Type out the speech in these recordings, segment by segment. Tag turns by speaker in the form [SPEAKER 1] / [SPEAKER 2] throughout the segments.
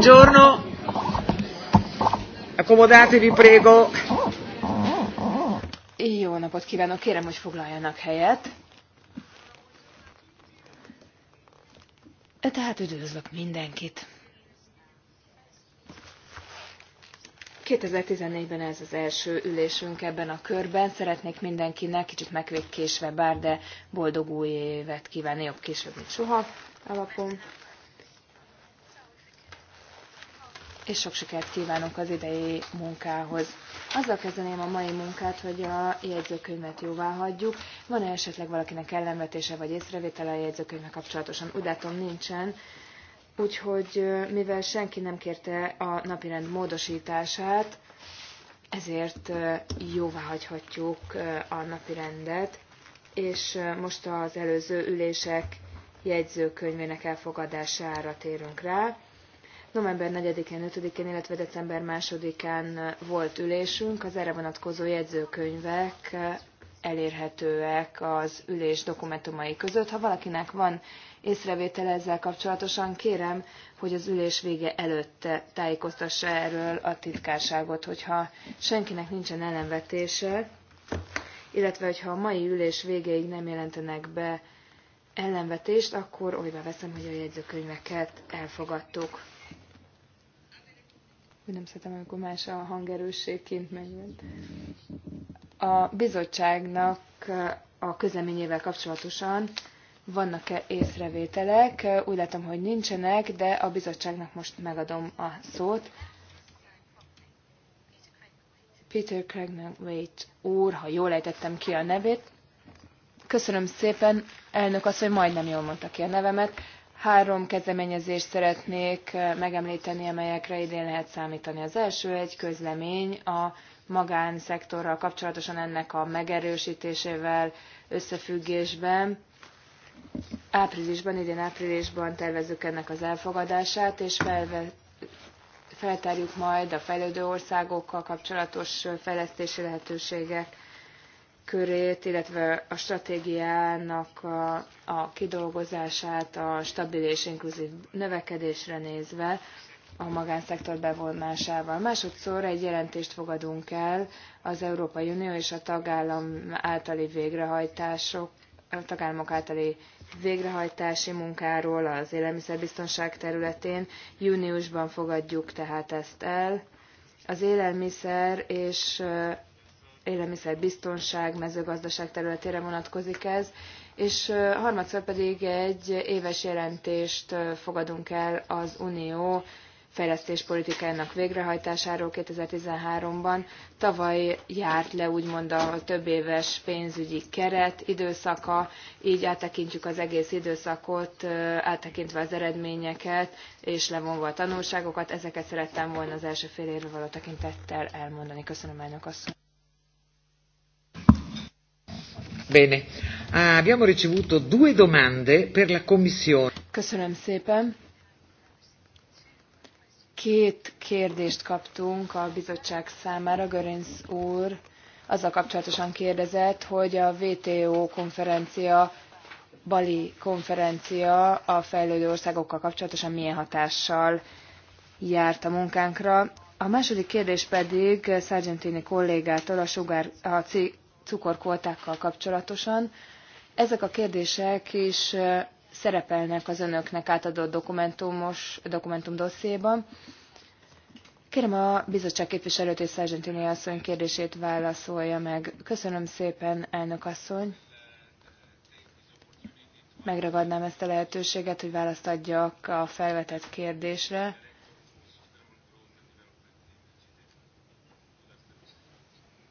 [SPEAKER 1] Buongiorno. Accomodatevi, prego. Jó napot kívánok, kérem, hogy foglaljanak helyet. Tehát üdvözlök mindenkit. 2014-ben ez az első ülésünk ebben a körben. Szeretnék mindenkinek, kicsit megvégkésve bár, de boldog új évet kívánni, jobb később, mint soha alapon. és sok sikert kívánok az idei munkához. Azzal kezdeném a mai munkát, hogy a jegyzőkönyvet jóvá hagyjuk. Van-e esetleg valakinek ellenvetése vagy észrevétele a jegyzőkönyvvel kapcsolatosan? Udátom nincsen. Úgyhogy mivel senki nem kérte a napirend módosítását, ezért jóvá hagyhatjuk a napirendet, és most az előző ülések jegyzőkönyvének elfogadására térünk rá. November 4-én, 5-én, illetve december 2-án volt ülésünk. Az erre vonatkozó jegyzőkönyvek elérhetőek az ülés dokumentumai között. Ha valakinek van észrevétele ezzel kapcsolatosan, kérem, hogy az ülés vége előtt tájékoztassa erről a titkárságot, hogyha senkinek nincsen ellenvetése, illetve hogyha a mai ülés végéig nem jelentenek be ellenvetést, akkor olyan veszem, hogy a jegyzőkönyveket elfogadtuk hogy nem szeretem, amikor más a hangerősségként kint megjön. A bizottságnak eh, a közleményével kapcsolatosan vannak-e észrevételek? Úgy látom, hogy nincsenek, de a bizottságnak most megadom a szót. Peter Wait, úr, ha jól ejtettem ki a nevét. Köszönöm szépen, elnök azt, hogy majdnem jól mondta ki a nevemet. Három kezdeményezést szeretnék megemlíteni, amelyekre idén lehet számítani. Az első egy közlemény a magánszektorral kapcsolatosan ennek a megerőstésével összefüggésben. Áprilisban, idén áprilisban tervezzük ennek az elfogadását, és feltárjuk majd a fejlődő országokkal kapcsolatos fejlesztési lehetőségek körét, illetve a stratégiának a, a kidolgozását a stabil és inkluzív növekedésre nézve a magánszektor bevonásával. Másodszor egy jelentést fogadunk el az Európai Unió és a tagállam általi végrehajtások, a tagállamok általi végrehajtási munkáról az élelmiszerbiztonság területén. Júniusban fogadjuk tehát ezt el. Az élelmiszer és élelmiszerbiztonság, mezőgazdaság területére vonatkozik ez, és harmadszor pedig egy éves jelentést fogadunk el az Unió fejlesztéspolitikának végrehajtásáról 2013-ban. Tavaly járt le úgymond a több éves pénzügyi keret időszaka, így áttekintjük az egész időszakot, áttekintve az eredményeket és levonva a tanulságokat. Ezeket szerettem volna az első fél évre való tekintettel elmondani. Köszönöm, elnök asszony! Bene. Ah, abbiamo ricevuto due domande per la Commissione. Köszönöm szépen. Két kérdést kaptunk a bizottság számára. Görinc úr azzal kapcsolatosan kérdezett, hogy a WTO konferencia, Bali konferencia a fejlődő országokkal kapcsolatosan milyen hatással járt a munkánkra. A második kérdés pedig Sargentini kollégától a, sugar, a, cukorkoltákkal kapcsolatosan. Ezek a kérdések is szerepelnek az önöknek átadott dokumentumos, dokumentum dosszéban. Kérem a bizottság képviselőt és Szerzsentini asszony kérdését válaszolja meg. Köszönöm szépen, elnök asszony. Megragadnám ezt a lehetőséget, hogy választ adjak a felvetett kérdésre.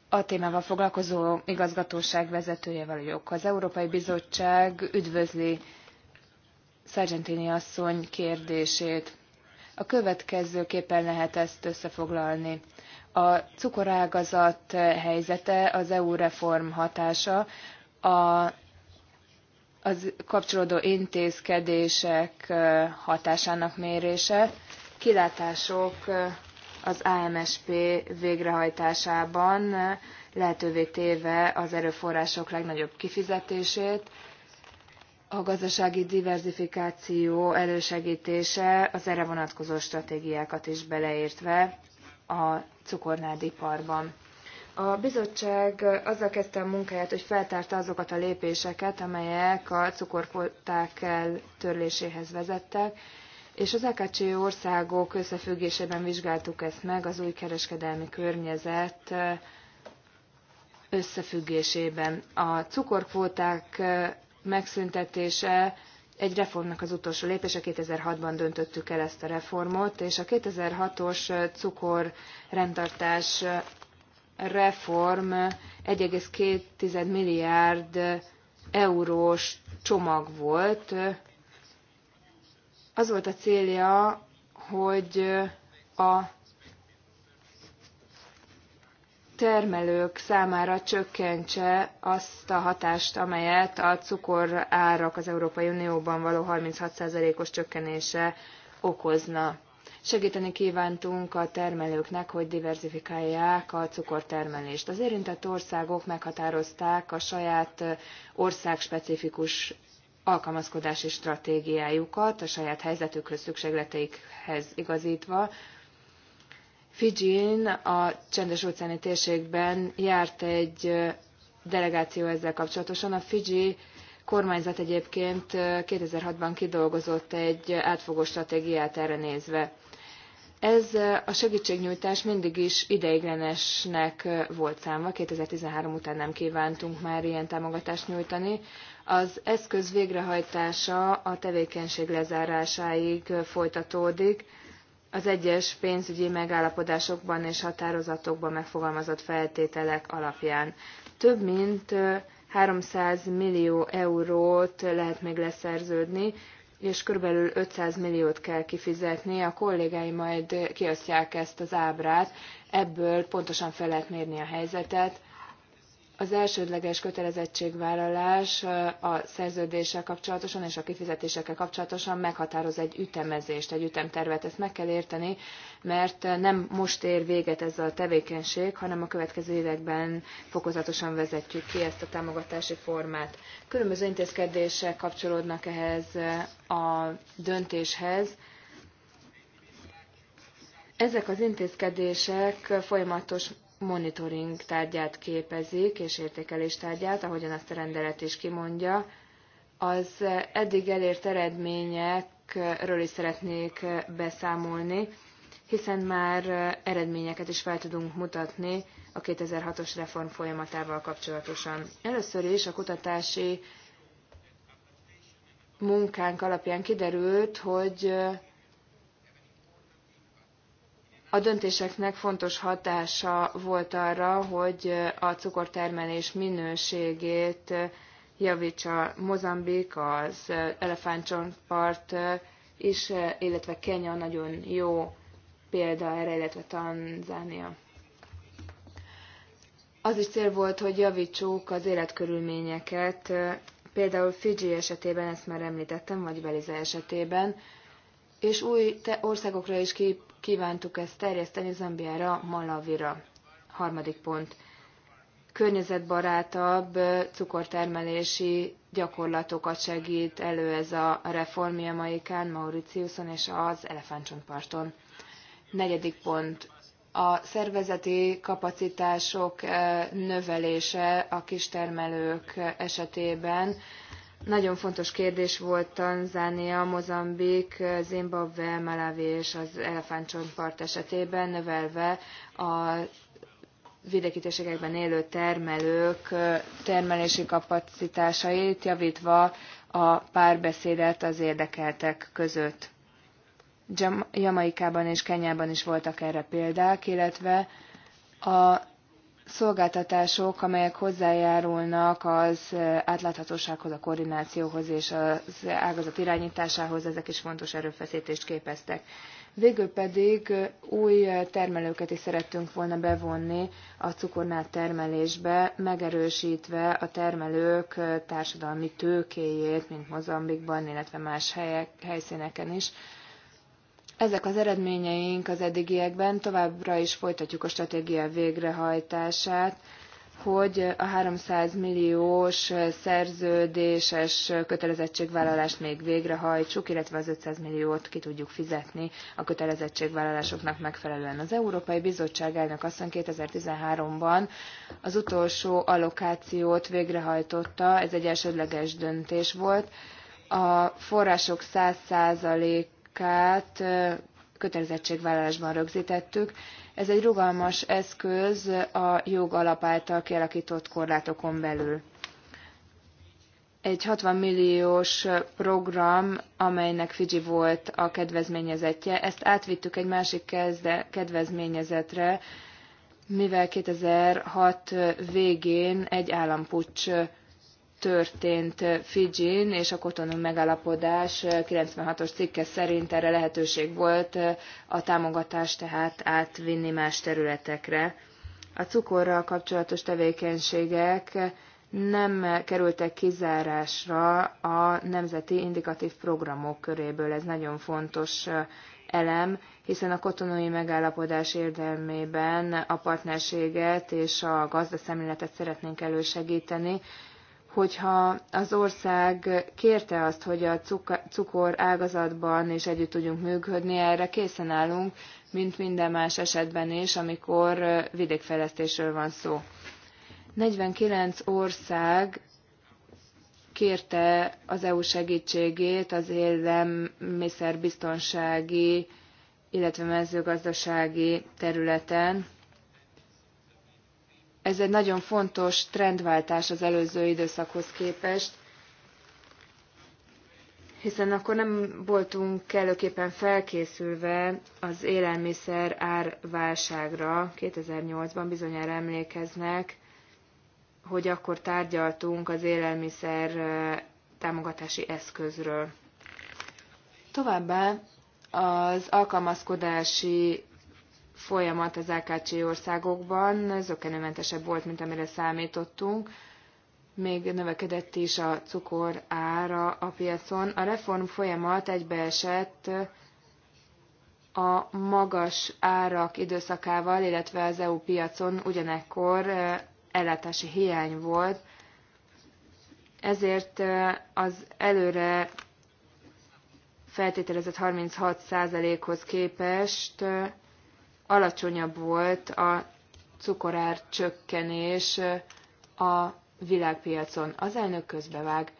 [SPEAKER 1] a témával foglalkozó igazgatóság vezetője vagyok. Az Európai Bizottság üdvözli Sargentini asszony kérdését. A következőképpen lehet ezt összefoglalni. A cukorágazat helyzete, az EU reform hatása, a az kapcsolódó intézkedések hatásának mérése, kilátások az AMSP végrehajtásában, lehetővé téve az erőforrások legnagyobb kifizetését, a gazdasági diversifikáció elősegítése az erre vonatkozó stratégiákat is beleértve a cukornádiparban. A bizottság azzal kezdte a munkáját, hogy feltárta azokat a lépéseket, amelyek a cukorkvóták törléséhez vezettek, és az AKC országok összefüggésében vizsgáltuk ezt meg az új kereskedelmi környezet összefüggésében. A cukorkvóták megszüntetése egy reformnak az utolsó lépése, 2006-ban döntöttük el ezt a reformot, és a 2006-os cukorrendtartás reform 1,2 milliárd eurós csomag volt, az volt a célja, hogy a termelők számára csökkentse azt a hatást, amelyet a cukor árak az Európai Unióban való 36%-os csökkenése okozna. Segíteni kívántunk a termelőknek, hogy diversifikálják a cukortermelést. Az érintett országok meghatározták a saját országspecifikus alkalmazkodási stratégiájukat a saját helyzetükhöz, szükségleteikhez igazítva. Fidzsin a csendes óceáni térségben járt egy delegáció ezzel kapcsolatosan. A Fidzsi kormányzat egyébként 2006-ban kidolgozott egy átfogó stratégiát erre nézve. Ez a segítségnyújtás mindig is ideiglenesnek volt számva, 2013 után nem kívántunk már ilyen támogatást nyújtani. Az eszköz végrehajtása a tevékenység lezárásáig folytatódik, az egyes pénzügyi megállapodásokban és határozatokban megfogalmazott feltételek alapján. Több mint 300 millió eurót lehet még leszerződni, és körülbelül 500 milliót kell kifizetni, a kollégáim majd kiosztják ezt az ábrát, ebből pontosan fel lehet mérni a helyzetet, az elsődleges kötelezettségvállalás a szerződéssel kapcsolatosan és a kifizetésekkel kapcsolatosan meghatároz egy ütemezést, egy ütemtervet. Ezt meg kell érteni, mert nem most ér véget ez a tevékenység, hanem a következő években fokozatosan vezetjük ki ezt a támogatási formát. Különböző intézkedések kapcsolódnak ehhez a döntéshez. Ezek az intézkedések folyamatos monitoring tárgyát képezik, és értékelés tárgyát, ahogyan azt a rendelet is kimondja. Az eddig elért eredményekről is szeretnék beszámolni, hiszen már eredményeket is fel tudunk mutatni a 2006-os reform folyamatával kapcsolatosan. Először is a kutatási munkánk alapján kiderült, hogy a döntéseknek fontos hatása volt arra, hogy a cukortermelés minőségét javítsa Mozambik, az elefántcsontpart is, illetve Kenya nagyon jó példa erre, illetve Tanzánia. Az is cél volt, hogy javítsuk az életkörülményeket, például Fiji esetében, ezt már említettem, vagy Belize esetében, és új országokra is kép kívántuk ezt terjeszteni Zambiára, Malavira. Harmadik pont. Környezetbarátabb cukortermelési gyakorlatokat segít elő ez a reformja Maikán, Mauritiuson és az Elefántcsontparton. Negyedik pont. A szervezeti kapacitások növelése a kistermelők esetében nagyon fontos kérdés volt Tanzánia, Mozambik, Zimbabwe, Malawi és az elefántcsontpart esetében, növelve a vidéki térségekben élő termelők termelési kapacitásait, javítva a párbeszédet az érdekeltek között. Jamaikában és Kenyában is voltak erre példák, illetve a szolgáltatások, amelyek hozzájárulnak az eh, átláthatósághoz, a koordinációhoz és az ágazat irányításához, ezek is fontos erőfeszítést képeztek. Végül pedig eh, új eh, termelőket is szerettünk volna bevonni a cukornát termelésbe, megerősítve a termelők társadalmi tőkéjét, mint Mozambikban, illetve más helyek, helyszíneken is, ezek az eredményeink az eddigiekben továbbra is folytatjuk a stratégia végrehajtását, hogy a 300 milliós szerződéses kötelezettségvállalást még végrehajtsuk, illetve az 500 milliót ki tudjuk fizetni a kötelezettségvállalásoknak megfelelően. Az Európai Bizottság elnök asszony 2013-ban az utolsó allokációt végrehajtotta, ez egy elsődleges döntés volt, a források 100 munkát kötelezettségvállalásban rögzítettük. Ez egy rugalmas eszköz a jog alap által kialakított korlátokon belül. Egy 60 milliós program, amelynek Fiji volt a kedvezményezetje, ezt átvittük egy másik kezde, kedvezményezetre, mivel 2006 végén egy állampucs történt Fidzsin, és a kotonú megalapodás 96-os cikke szerint erre lehetőség volt a támogatást tehát átvinni más területekre. A cukorral kapcsolatos tevékenységek nem kerültek kizárásra a nemzeti indikatív programok köréből. Ez nagyon fontos elem, hiszen a kotonói megállapodás érdemében a partnerséget és a gazdaszemléletet szeretnénk elősegíteni, hogyha az ország kérte azt, hogy a cukor ágazatban is együtt tudjunk működni, erre készen állunk, mint minden más esetben is, amikor vidékfejlesztésről van szó. 49 ország kérte az EU segítségét az élelmiszerbiztonsági, illetve mezőgazdasági területen. Ez egy nagyon fontos trendváltás az előző időszakhoz képest, hiszen akkor nem voltunk kellőképpen felkészülve az élelmiszer árválságra. 2008-ban bizonyára emlékeznek, hogy akkor tárgyaltunk az élelmiszer támogatási eszközről. Továbbá az alkalmazkodási folyamat az AKC országokban zökkenőmentesebb volt, mint amire számítottunk. Még növekedett is a cukor ára a piacon. A reform folyamat egybeesett a magas árak időszakával, illetve az EU piacon ugyanekkor ellátási hiány volt. Ezért az előre feltételezett 36%-hoz képest alacsonyabb volt a cukorár csökkenés a világpiacon. Az elnök közbevág.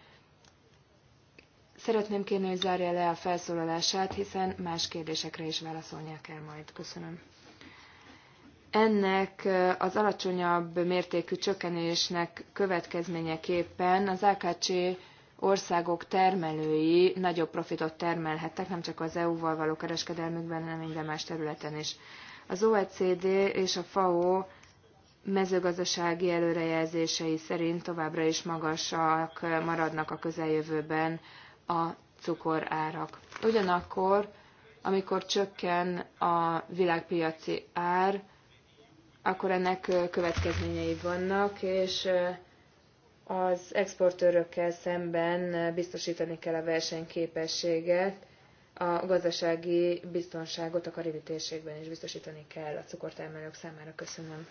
[SPEAKER 1] Szeretném kérni, hogy zárja le a felszólalását, hiszen más kérdésekre is válaszolnia kell majd. Köszönöm. Ennek az alacsonyabb mértékű csökkenésnek következményeképpen az AKC országok termelői nagyobb profitot termelhettek, nem csak az EU-val való kereskedelmükben, hanem minden más területen is. Az OECD és a FAO mezőgazdasági előrejelzései szerint továbbra is magasak maradnak a közeljövőben a cukorárak. Ugyanakkor, amikor csökken a világpiaci ár, akkor ennek következményei vannak, és eh, az exportőrökkel szemben eh, biztosítani kell a versenyképességet, a gazdasági biztonságot a karibi térségben is biztosítani kell a cukortermelők számára. Köszönöm.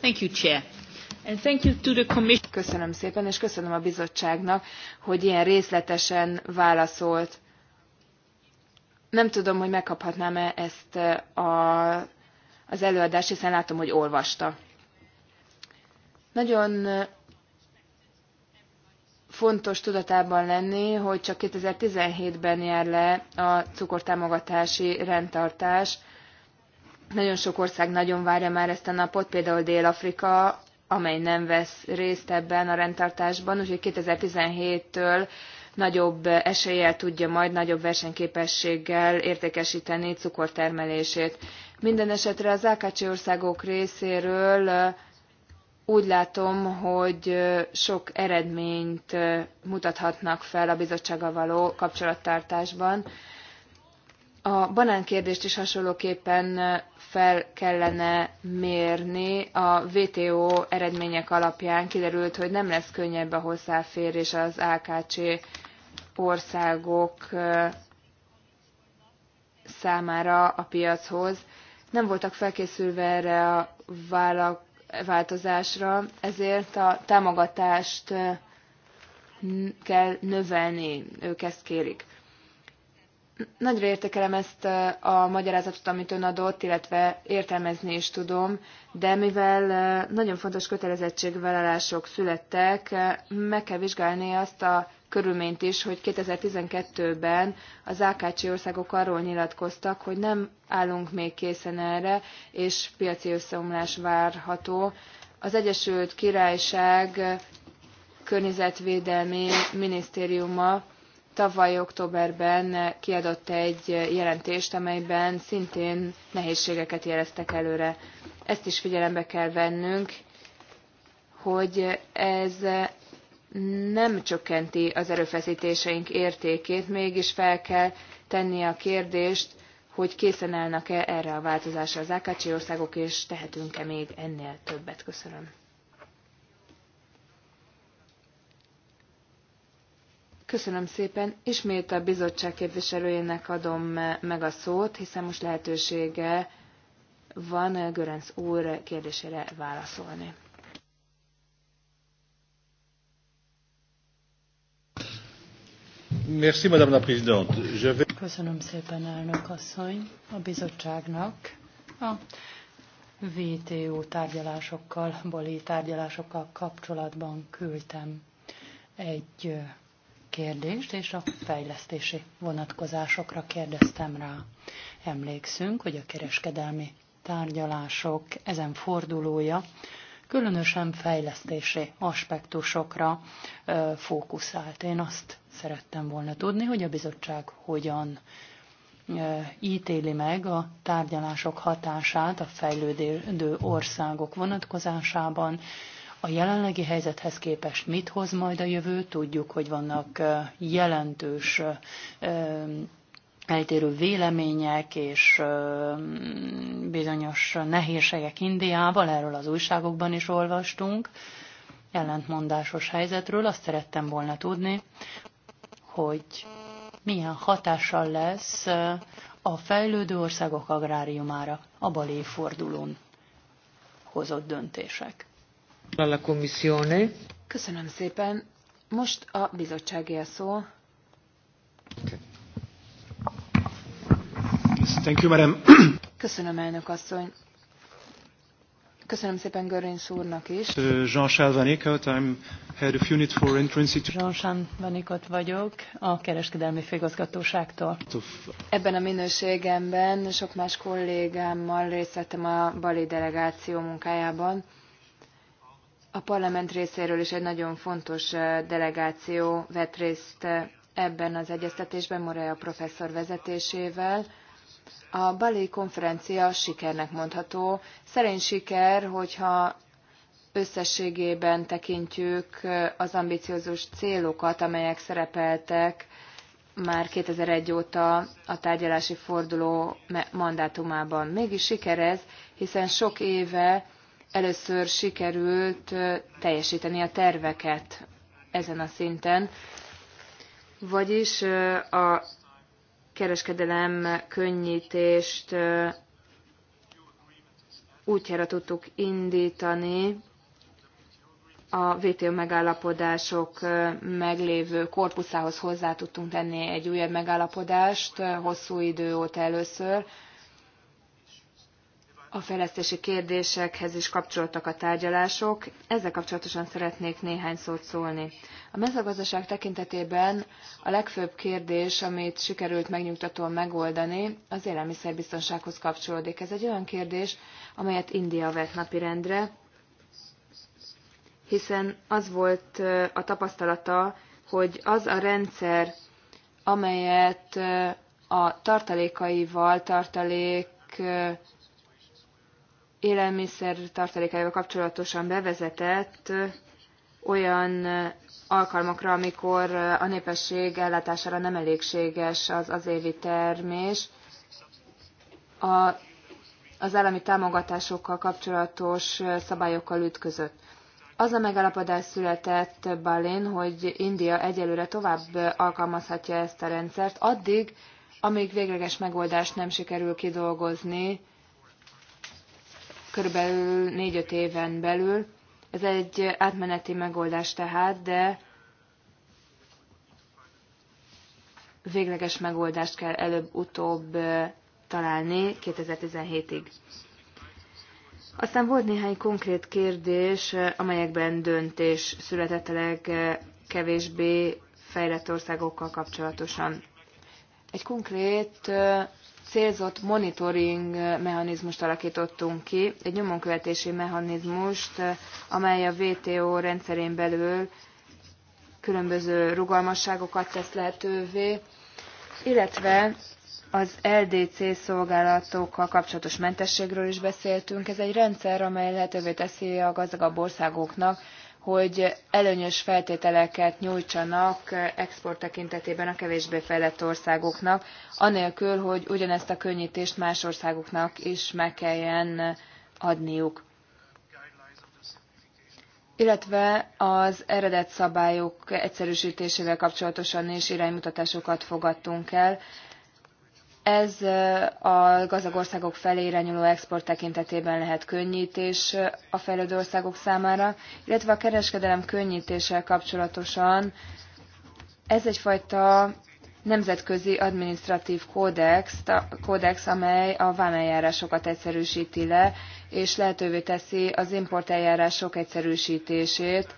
[SPEAKER 1] Thank you, Chair. And thank you to the commission. Köszönöm szépen, és köszönöm a bizottságnak, hogy ilyen részletesen válaszolt. Nem tudom, hogy megkaphatnám-e ezt eh, a, az előadást, hiszen látom, hogy olvasta. Nagyon eh, fontos tudatában lenni, hogy csak 2017-ben jár le a cukortámogatási rendtartás. Nagyon sok ország nagyon várja már ezt a napot, például Dél-Afrika, amely nem vesz részt ebben a rendtartásban, úgyhogy 2017-től nagyobb eséllyel tudja majd nagyobb versenyképességgel értékesíteni cukortermelését. Minden esetre az AKC országok részéről úgy látom, hogy sok eredményt mutathatnak fel a bizottsága való kapcsolattartásban. A banánkérdést is hasonlóképpen fel kellene mérni. A WTO eredmények alapján kiderült, hogy nem lesz könnyebb a hozzáférés az AKC országok számára a piachoz. Nem voltak felkészülve erre a vállalkozások változásra, ezért a támogatást kell növelni, ők ezt kérik. Nagyra értékelem ezt a magyarázatot, amit ön adott, illetve értelmezni is tudom, de mivel nagyon fontos kötelezettségvállalások születtek, meg kell vizsgálni azt a körülményt is, hogy 2012-ben az AKC országok arról nyilatkoztak, hogy nem állunk még készen erre, és piaci összeomlás várható. Az Egyesült Királyság környezetvédelmi minisztériuma tavaly októberben kiadott egy jelentést, amelyben szintén nehézségeket jeleztek előre. Ezt is figyelembe kell vennünk, hogy ez nem csökkenti az erőfeszítéseink értékét, mégis fel kell tenni a kérdést, hogy készen állnak-e erre a változásra az AKC országok, és tehetünk-e még ennél többet. Köszönöm. Köszönöm szépen. Ismét a bizottság képviselőjének adom meg a szót, hiszen most lehetősége van Görenc úr kérdésére válaszolni.
[SPEAKER 2] Köszönöm szépen, elnök asszony, a bizottságnak. A WTO tárgyalásokkal, bali tárgyalásokkal kapcsolatban küldtem egy kérdést, és a fejlesztési vonatkozásokra kérdeztem rá. Emlékszünk, hogy a kereskedelmi tárgyalások ezen fordulója különösen fejlesztési aspektusokra fókuszált. Én azt szerettem volna tudni, hogy a bizottság hogyan ítéli meg a tárgyalások hatását a fejlődő országok vonatkozásában, a jelenlegi helyzethez képest mit hoz majd a jövő? Tudjuk, hogy vannak jelentős eltérő vélemények és bizonyos nehézségek Indiával, erről az újságokban is olvastunk, ellentmondásos helyzetről. Azt szerettem volna tudni, hogy milyen hatással lesz a fejlődő országok agráriumára a balé fordulón hozott döntések.
[SPEAKER 1] Köszönöm szépen. Most a bizottságé a szó. Okay. Thank you, madam. Köszönöm, elnök asszony. Köszönöm szépen Görins úrnak is. Uh,
[SPEAKER 2] Jean Chalvanikot, I'm Head of Unit for Intrinsic... Jean
[SPEAKER 1] Chalvanikot vagyok,
[SPEAKER 2] a Kereskedelmi Főigazgatóságtól.
[SPEAKER 1] Ebben a minőségemben sok más kollégámmal részt vettem a Bali delegáció munkájában. A parlament részéről is egy nagyon fontos uh, delegáció vett részt uh, ebben az egyeztetésben, Morea professzor vezetésével. A Bali konferencia sikernek mondható. Szerény siker, hogyha összességében tekintjük az ambiciózus célokat, amelyek szerepeltek már 2001 óta a tárgyalási forduló mandátumában. Mégis sikerez, hiszen sok éve először sikerült teljesíteni a terveket ezen a szinten, vagyis a kereskedelem könnyítést útjára tudtuk indítani a WTO megállapodások meglévő korpuszához hozzá tudtunk tenni egy újabb megállapodást hosszú idő óta először, a fejlesztési kérdésekhez is kapcsoltak a tárgyalások, ezzel kapcsolatosan szeretnék néhány szót szólni. A mezőgazdaság tekintetében a legfőbb kérdés, amit sikerült megnyugtatóan megoldani, az élelmiszerbiztonsághoz kapcsolódik. Ez egy olyan kérdés, amelyet India vett napirendre, hiszen az volt a tapasztalata, hogy az a rendszer, amelyet a tartalékaival, tartalék élelmiszer tartalékával kapcsolatosan bevezetett olyan alkalmakra, amikor a népesség ellátására nem elégséges az az évi termés. A, az állami támogatásokkal kapcsolatos szabályokkal ütközött. Az a megállapodás született Balin, hogy India egyelőre tovább alkalmazhatja ezt a rendszert, addig, amíg végleges megoldást nem sikerül kidolgozni körülbelül 4-5 éven belül. Ez egy átmeneti megoldás tehát, de végleges megoldást kell előbb-utóbb találni 2017-ig. Aztán volt néhány konkrét kérdés, amelyekben döntés született a legkevésbé fejlett országokkal kapcsolatosan. Egy konkrét célzott monitoring mechanizmust alakítottunk ki, egy nyomonkövetési mechanizmust, amely a WTO rendszerén belül különböző rugalmasságokat tesz lehetővé, illetve az LDC szolgálatokkal kapcsolatos mentességről is beszéltünk. Ez egy rendszer, amely lehetővé teszi a gazdagabb országoknak, hogy előnyös feltételeket nyújtsanak export tekintetében a kevésbé fejlett országoknak, anélkül, hogy ugyanezt a könnyítést más országoknak is meg kelljen adniuk. Illetve az eredet szabályok egyszerűsítésével kapcsolatosan is iránymutatásokat fogadtunk el, ez a gazdag országok felé irányuló export tekintetében lehet könnyítés a fejlődő országok számára, illetve a kereskedelem könnyítéssel kapcsolatosan ez egyfajta nemzetközi adminisztratív kódex, kódex, amely a vámeljárásokat egyszerűsíti le, és lehetővé teszi az importeljárások egyszerűsítését,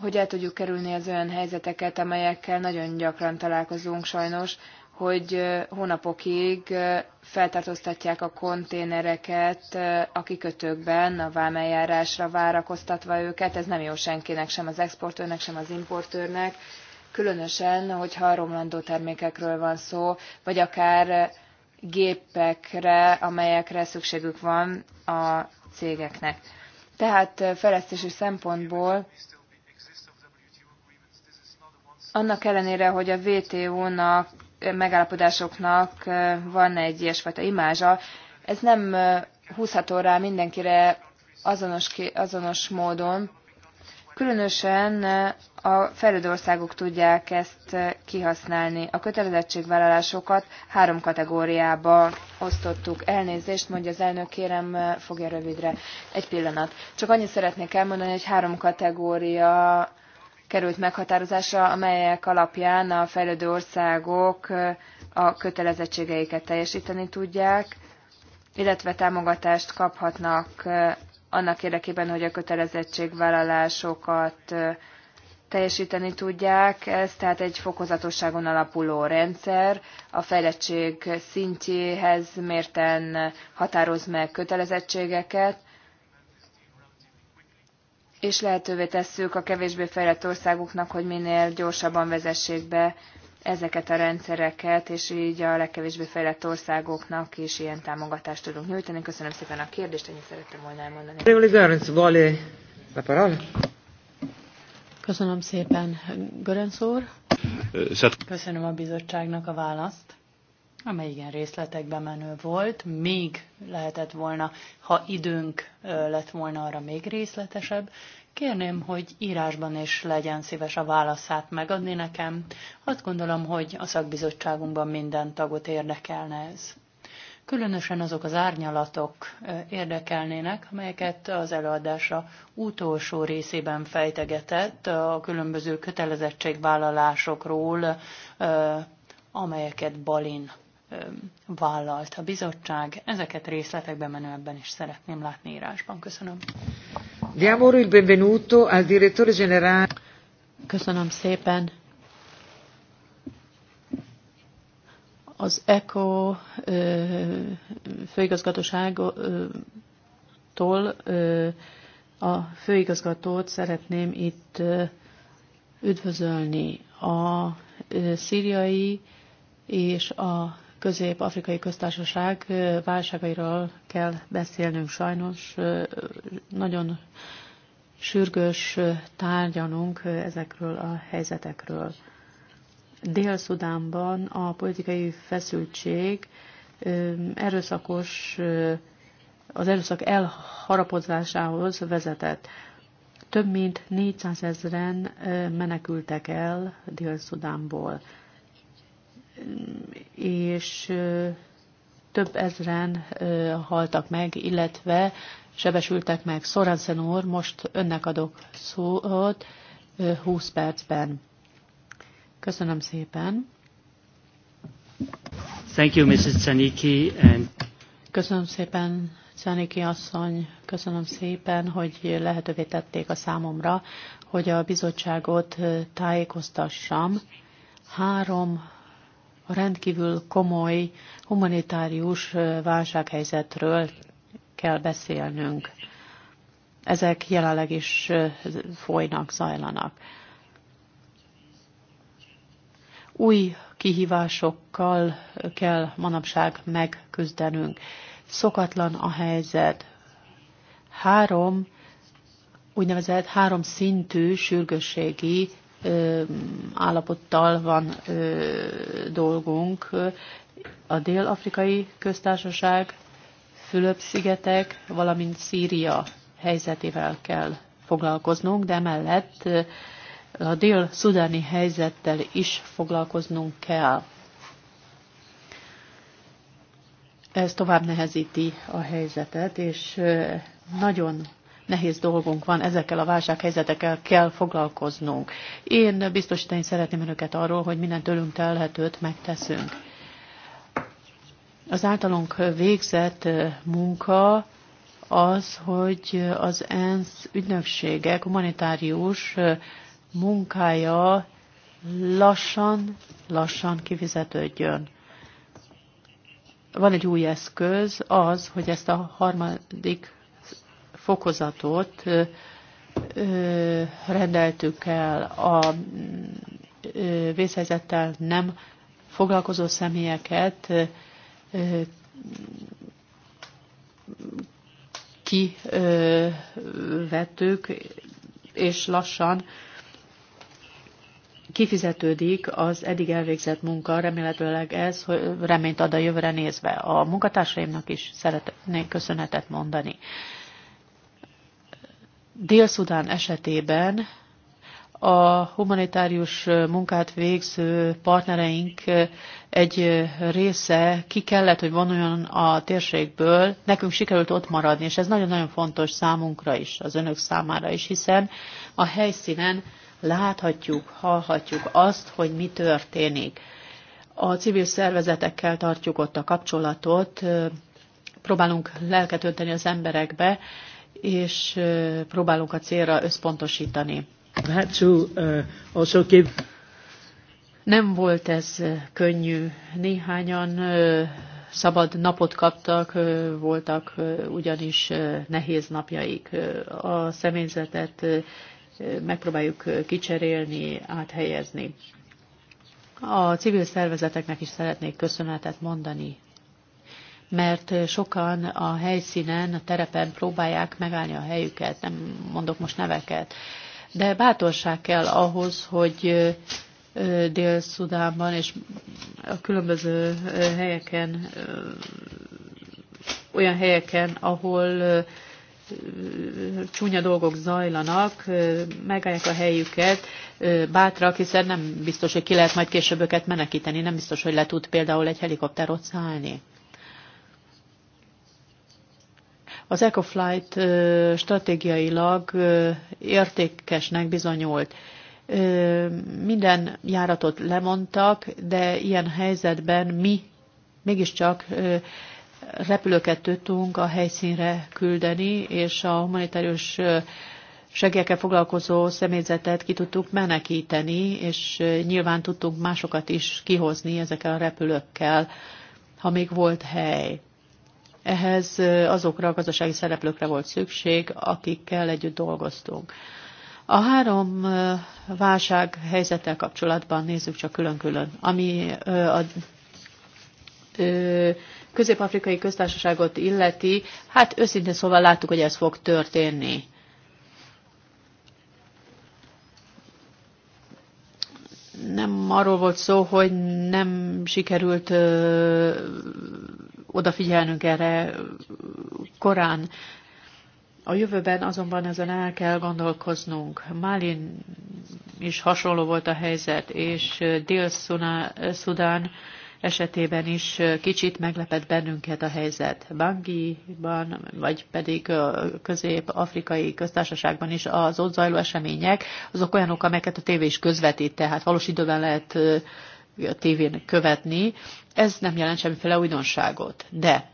[SPEAKER 1] hogy el tudjuk kerülni az olyan helyzeteket, amelyekkel nagyon gyakran találkozunk sajnos, hogy hónapokig feltartóztatják a konténereket a kikötőkben, a vámeljárásra várakoztatva őket. Ez nem jó senkinek, sem az exportőrnek, sem az importőrnek, különösen, hogyha romlandó termékekről van szó, vagy akár gépekre, amelyekre szükségük van a cégeknek. Tehát fejlesztési szempontból annak ellenére, hogy a WTO-nak megállapodásoknak van egy ilyesfajta imázsa. Ez nem húzható rá mindenkire azonos, azonos módon. Különösen a fejlődő országok tudják ezt kihasználni. A kötelezettségvállalásokat három kategóriába osztottuk. Elnézést, mondja az elnök, kérem, fogja rövidre. Egy pillanat. Csak annyit szeretnék elmondani, hogy három kategória került meghatározásra, amelyek alapján a fejlődő országok a kötelezettségeiket teljesíteni tudják, illetve támogatást kaphatnak annak érdekében, hogy a kötelezettségvállalásokat teljesíteni tudják. Ez tehát egy fokozatosságon alapuló rendszer. A fejlettség szintjéhez mérten határoz meg kötelezettségeket, és lehetővé tesszük a kevésbé fejlett országoknak, hogy minél gyorsabban vezessék be ezeket a rendszereket, és így a legkevésbé fejlett országoknak is ilyen támogatást tudunk nyújtani. Köszönöm szépen a kérdést, ennyit szerettem volna elmondani.
[SPEAKER 3] Köszönöm szépen, Görenc úr.
[SPEAKER 2] Köszönöm a bizottságnak a választ amely igen részletekbe menő volt, még lehetett volna, ha időnk lett volna arra még részletesebb, Kérném, hogy írásban is legyen szíves a válaszát megadni nekem. Azt gondolom, hogy a szakbizottságunkban minden tagot érdekelne ez. Különösen azok az árnyalatok érdekelnének, amelyeket az előadása utolsó részében fejtegetett a különböző kötelezettségvállalásokról, amelyeket Balin vállalt a bizottság. Ezeket részletekben menőbben is szeretném látni írásban. Köszönöm.
[SPEAKER 3] Diamo il benvenuto al direttore generale. Köszönöm szépen. Az ECO főigazgatóságtól a főigazgatót szeretném itt üdvözölni. A szíriai és a közép-afrikai köztársaság válságairól kell beszélnünk sajnos. Nagyon sürgős tárgyalunk ezekről a helyzetekről. Dél-Szudánban a politikai feszültség erőszakos, az erőszak elharapozásához vezetett. Több mint 400 ezeren menekültek el Dél-Szudánból és több ezren haltak meg, illetve sebesültek meg. Sorensen úr, most önnek adok szót 20 percben. Köszönöm szépen.
[SPEAKER 2] Thank you, Mrs. Czaniki, and...
[SPEAKER 3] Köszönöm szépen, Czaniki asszony, köszönöm szépen, hogy lehetővé tették a számomra, hogy a bizottságot tájékoztassam. Három a rendkívül komoly humanitárius válsághelyzetről kell beszélnünk. Ezek jelenleg is folynak, zajlanak. Új kihívásokkal kell manapság megküzdenünk. Szokatlan a helyzet. Három úgynevezett három szintű sürgősségi ö, állapottal van ö, dolgunk. A Dél-Afrikai Köztársaság, Fülöp-szigetek, valamint Szíria helyzetével kell foglalkoznunk, de mellett a dél-szudáni helyzettel is foglalkoznunk kell. Ez tovább nehezíti a helyzetet, és nagyon nehéz dolgunk van, ezekkel a válsághelyzetekkel kell foglalkoznunk. Én biztosítani szeretném önöket arról, hogy minden tőlünk telhetőt megteszünk. Az általunk végzett munka az, hogy az ENSZ ügynökségek humanitárius munkája lassan, lassan kifizetődjön. Van egy új eszköz, az, hogy ezt a harmadik fokozatot rendeltük el a vészhelyzettel nem foglalkozó személyeket kivettük, és lassan kifizetődik az eddig elvégzett munka, remélhetőleg ez hogy reményt ad a jövőre nézve. A munkatársaimnak is szeretnék köszönetet mondani. Dél-Szudán esetében a humanitárius munkát végző partnereink egy része ki kellett, hogy vonuljon a térségből, nekünk sikerült ott maradni, és ez nagyon-nagyon fontos számunkra is, az önök számára is, hiszen a helyszínen láthatjuk, hallhatjuk azt, hogy mi történik. A civil szervezetekkel tartjuk ott a kapcsolatot, próbálunk lelket önteni az emberekbe, és próbálunk a célra összpontosítani. Uh, Nem volt ez könnyű. Néhányan szabad napot kaptak, voltak ugyanis nehéz napjaik. A személyzetet megpróbáljuk kicserélni, áthelyezni. A civil szervezeteknek is szeretnék köszönetet mondani mert sokan a helyszínen, a terepen próbálják megállni a helyüket, nem mondok most neveket. De bátorság kell ahhoz, hogy Dél-Szudánban és a különböző helyeken, olyan helyeken, ahol csúnya dolgok zajlanak, megállják a helyüket, bátrak, hiszen nem biztos, hogy ki lehet majd később őket menekíteni, nem biztos, hogy le tud például egy helikopter ott szállni. Az EcoFlight stratégiailag értékesnek bizonyult. Minden járatot lemondtak, de ilyen helyzetben mi mégiscsak repülőket tudtunk a helyszínre küldeni, és a humanitárius segélyekkel foglalkozó személyzetet ki tudtuk menekíteni, és nyilván tudtunk másokat is kihozni ezekkel a repülőkkel, ha még volt hely ehhez azokra a gazdasági szereplőkre volt szükség, akikkel együtt dolgoztunk. A három válság helyzettel kapcsolatban nézzük csak külön-külön. Ami a közép-afrikai köztársaságot illeti, hát őszintén szóval láttuk, hogy ez fog történni. Nem arról volt szó, hogy nem sikerült odafigyelnünk erre korán. A jövőben azonban ezen el kell gondolkoznunk. Málin is hasonló volt a helyzet, és Dél-Szudán esetében is kicsit meglepett bennünket a helyzet. Bangiban, vagy pedig közép-afrikai köztársaságban is az ott zajló események, azok olyanok, amelyeket a tévé is közvetít, tehát valós időben lehet a tévén követni, ez nem jelent semmiféle újdonságot. De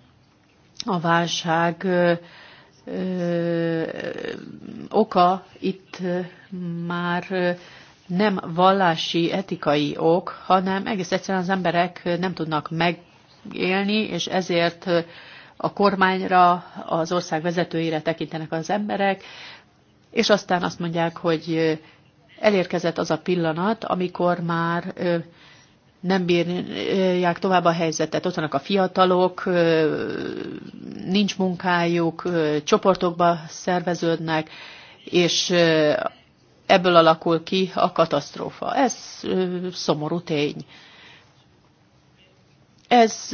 [SPEAKER 3] a válság ö, oka itt már nem vallási, etikai ok, hanem egész egyszerűen az emberek nem tudnak megélni, és ezért a kormányra, az ország vezetőire tekintenek az emberek, és aztán azt mondják, hogy elérkezett az a pillanat, amikor már nem bírják tovább a helyzetet. Ott vannak a fiatalok, nincs munkájuk, csoportokba szerveződnek, és ebből alakul ki a katasztrófa. Ez szomorú tény. Ez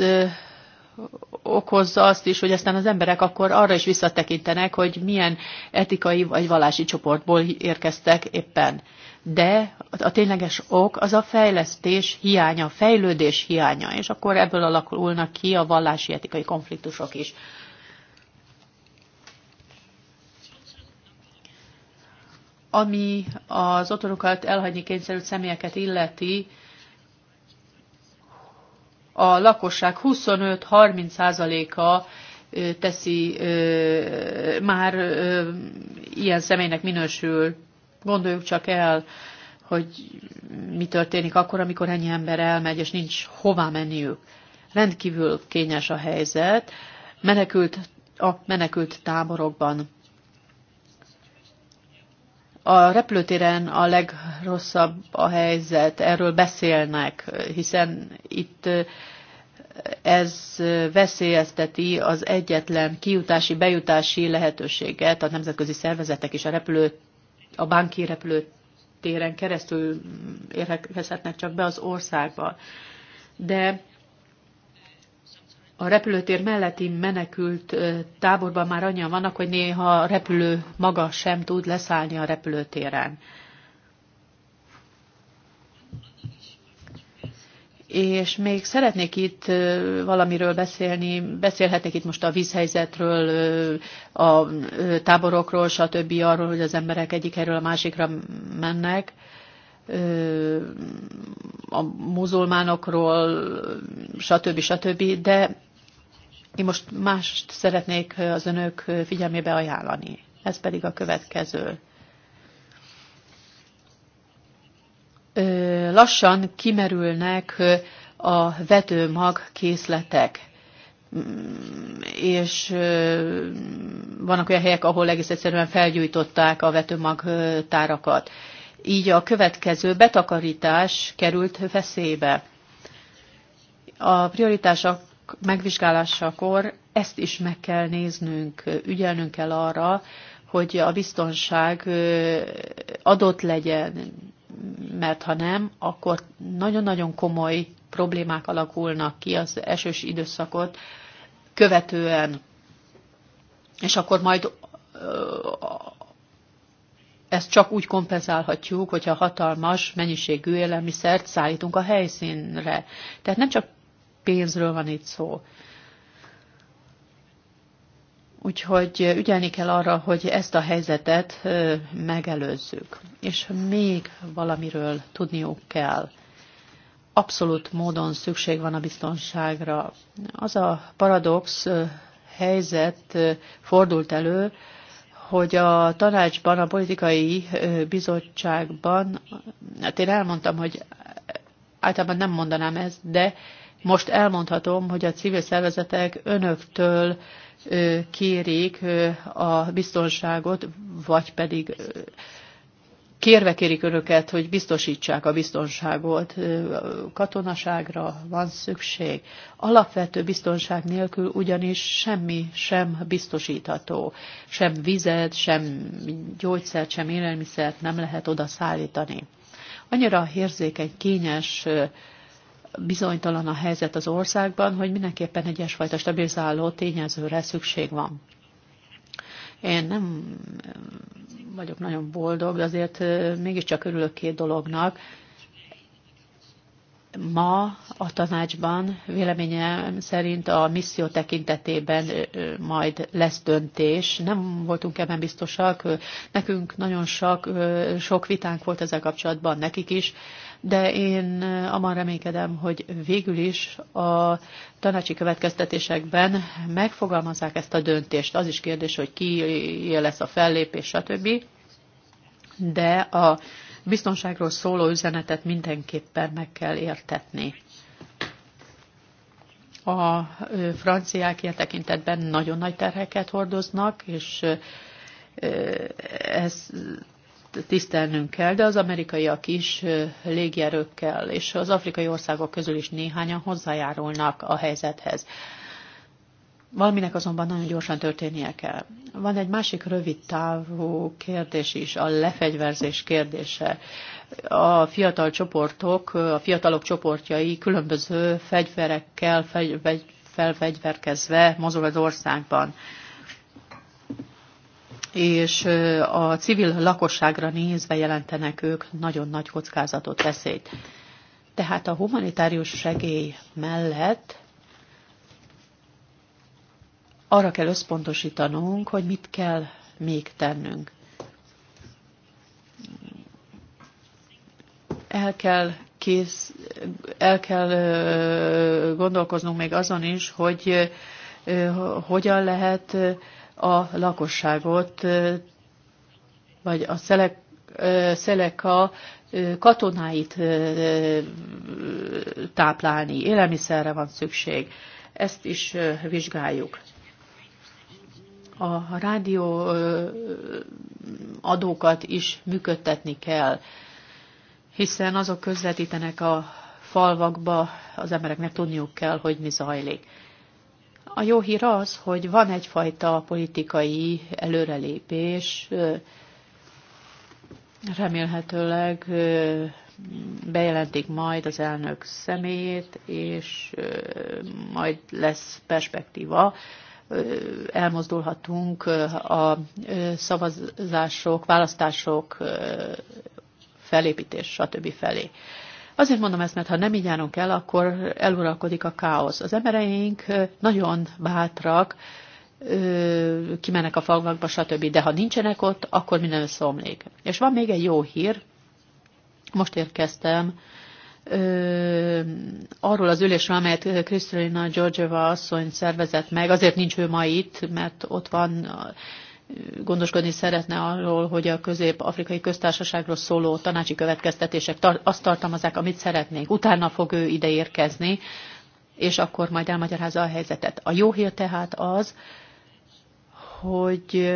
[SPEAKER 3] okozza azt is, hogy aztán az emberek akkor arra is visszatekintenek, hogy milyen etikai vagy valási csoportból érkeztek éppen de a tényleges ok az a fejlesztés hiánya, a fejlődés hiánya, és akkor ebből alakulnak ki a vallási etikai konfliktusok is. Ami az otthonukat elhagyni kényszerült személyeket illeti, a lakosság 25-30%-a teszi, már ilyen személynek minősül Gondoljuk csak el, hogy mi történik akkor, amikor ennyi ember elmegy, és nincs hová menniük. Rendkívül kényes a helyzet. Menekült a menekült táborokban. A repülőtéren a legrosszabb a helyzet, erről beszélnek, hiszen itt ez veszélyezteti az egyetlen kijutási, bejutási lehetőséget a nemzetközi szervezetek és a repülőt a banki repülőtéren keresztül érkezhetnek csak be az országba. De a repülőtér melletti menekült táborban már annyian vannak, hogy néha a repülő maga sem tud leszállni a repülőtéren. És még szeretnék itt valamiről beszélni, beszélhetnék itt most a vízhelyzetről, a táborokról, stb. arról, hogy az emberek egyik erről a másikra mennek, a muzulmánokról, stb. stb. De én most mást szeretnék az önök figyelmébe ajánlani. Ez pedig a következő. lassan kimerülnek a vetőmag készletek mm, és vannak olyan helyek, ahol egész egyszerűen felgyújtották a vetőmag tárakat. Így a következő betakarítás került veszélybe. A prioritások megvizsgálásakor ezt is meg kell néznünk, ügyelnünk kell arra, hogy a biztonság adott legyen, mert ha nem, akkor nagyon-nagyon komoly problémák alakulnak ki az esős időszakot követően, és akkor majd ezt csak úgy kompenzálhatjuk, hogyha hatalmas mennyiségű élelmiszert szállítunk a helyszínre. Tehát nem csak pénzről van itt szó. Úgyhogy ügyelni kell arra, hogy ezt a helyzetet megelőzzük. És még valamiről tudniuk kell. Abszolút módon szükség van a biztonságra. Az a paradox helyzet fordult elő, hogy a tanácsban, a politikai bizottságban, hát én elmondtam, hogy általában nem mondanám ezt, de most elmondhatom, hogy a civil szervezetek önöktől kérik a biztonságot, vagy pedig kérve kérik önöket, hogy biztosítsák a biztonságot. Katonaságra van szükség. Alapvető biztonság nélkül ugyanis semmi sem biztosítható. Sem vizet, sem gyógyszert, sem élelmiszert nem lehet oda szállítani. Annyira érzékeny, kényes bizonytalan a helyzet az országban, hogy mindenképpen egyesfajta stabilizáló tényezőre szükség van. Én nem vagyok nagyon boldog, de azért mégiscsak örülök két dolognak. Ma a tanácsban véleményem szerint a misszió tekintetében majd lesz döntés. Nem voltunk ebben biztosak. Nekünk nagyon sok, sok vitánk volt ezzel kapcsolatban, nekik is de én eh, amar reménykedem, hogy végül is a tanácsi következtetésekben megfogalmazzák ezt a döntést. Az is kérdés, hogy ki lesz a fellépés, stb. De a biztonságról szóló üzenetet mindenképpen meg kell értetni. A franciák ilyen tekintetben nagyon nagy terheket hordoznak, és ez tisztelnünk kell, de az amerikaiak is légierőkkel, és az afrikai országok közül is néhányan hozzájárulnak a helyzethez. Valaminek azonban nagyon gyorsan történnie kell. Van egy másik rövid távú kérdés is, a lefegyverzés kérdése. A fiatal csoportok, a fiatalok csoportjai különböző fegyverekkel felfegyverkezve mozog az országban és a civil lakosságra nézve jelentenek ők nagyon nagy kockázatot, veszélyt. Tehát a humanitárius segély mellett arra kell összpontosítanunk, hogy mit kell még tennünk. El kell, kész, el kell gondolkoznunk még azon is, hogy hogyan lehet a lakosságot, vagy a szelek, szeleka katonáit táplálni. Élelmiszerre van szükség. Ezt is vizsgáljuk. A rádió adókat is működtetni kell, hiszen azok közvetítenek a falvakba, az embereknek tudniuk kell, hogy mi zajlik. A jó hír az, hogy van egyfajta politikai előrelépés, remélhetőleg bejelentik majd az elnök szemét, és majd lesz perspektíva, elmozdulhatunk a szavazások, választások felépítés, stb. felé. Azért mondom ezt, mert ha nem így járunk el, akkor eluralkodik a káosz. Az embereink nagyon bátrak, kimennek a falvakba, stb. De ha nincsenek ott, akkor minden összeomlik. És van még egy jó hír, most érkeztem ö, arról az ülésről, amelyet Krisztina Georgieva asszony szervezett meg, azért nincs ő ma itt, mert ott van gondoskodni szeretne arról, hogy a közép-afrikai köztársaságról szóló tanácsi következtetések azt tartalmazzák, amit szeretnénk. Utána fog ő ide érkezni, és akkor majd elmagyarázza a helyzetet. A jó hír tehát az, hogy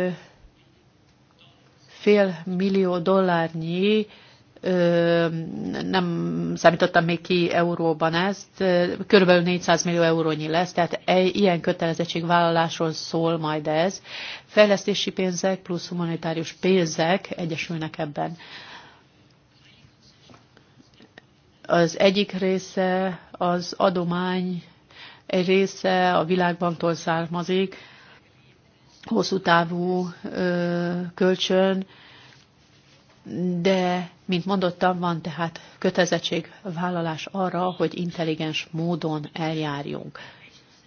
[SPEAKER 3] fél millió dollárnyi nem számítottam még ki euróban ezt, körülbelül 400 millió eurónyi lesz, tehát ilyen kötelezettségvállalásról szól majd ez. Fejlesztési pénzek plusz humanitárius pénzek egyesülnek ebben. Az egyik része az adomány, egy része a világbanktól származik, hosszú távú kölcsön, de, mint mondottam, van tehát kötelezettségvállalás arra, hogy intelligens módon eljárjunk.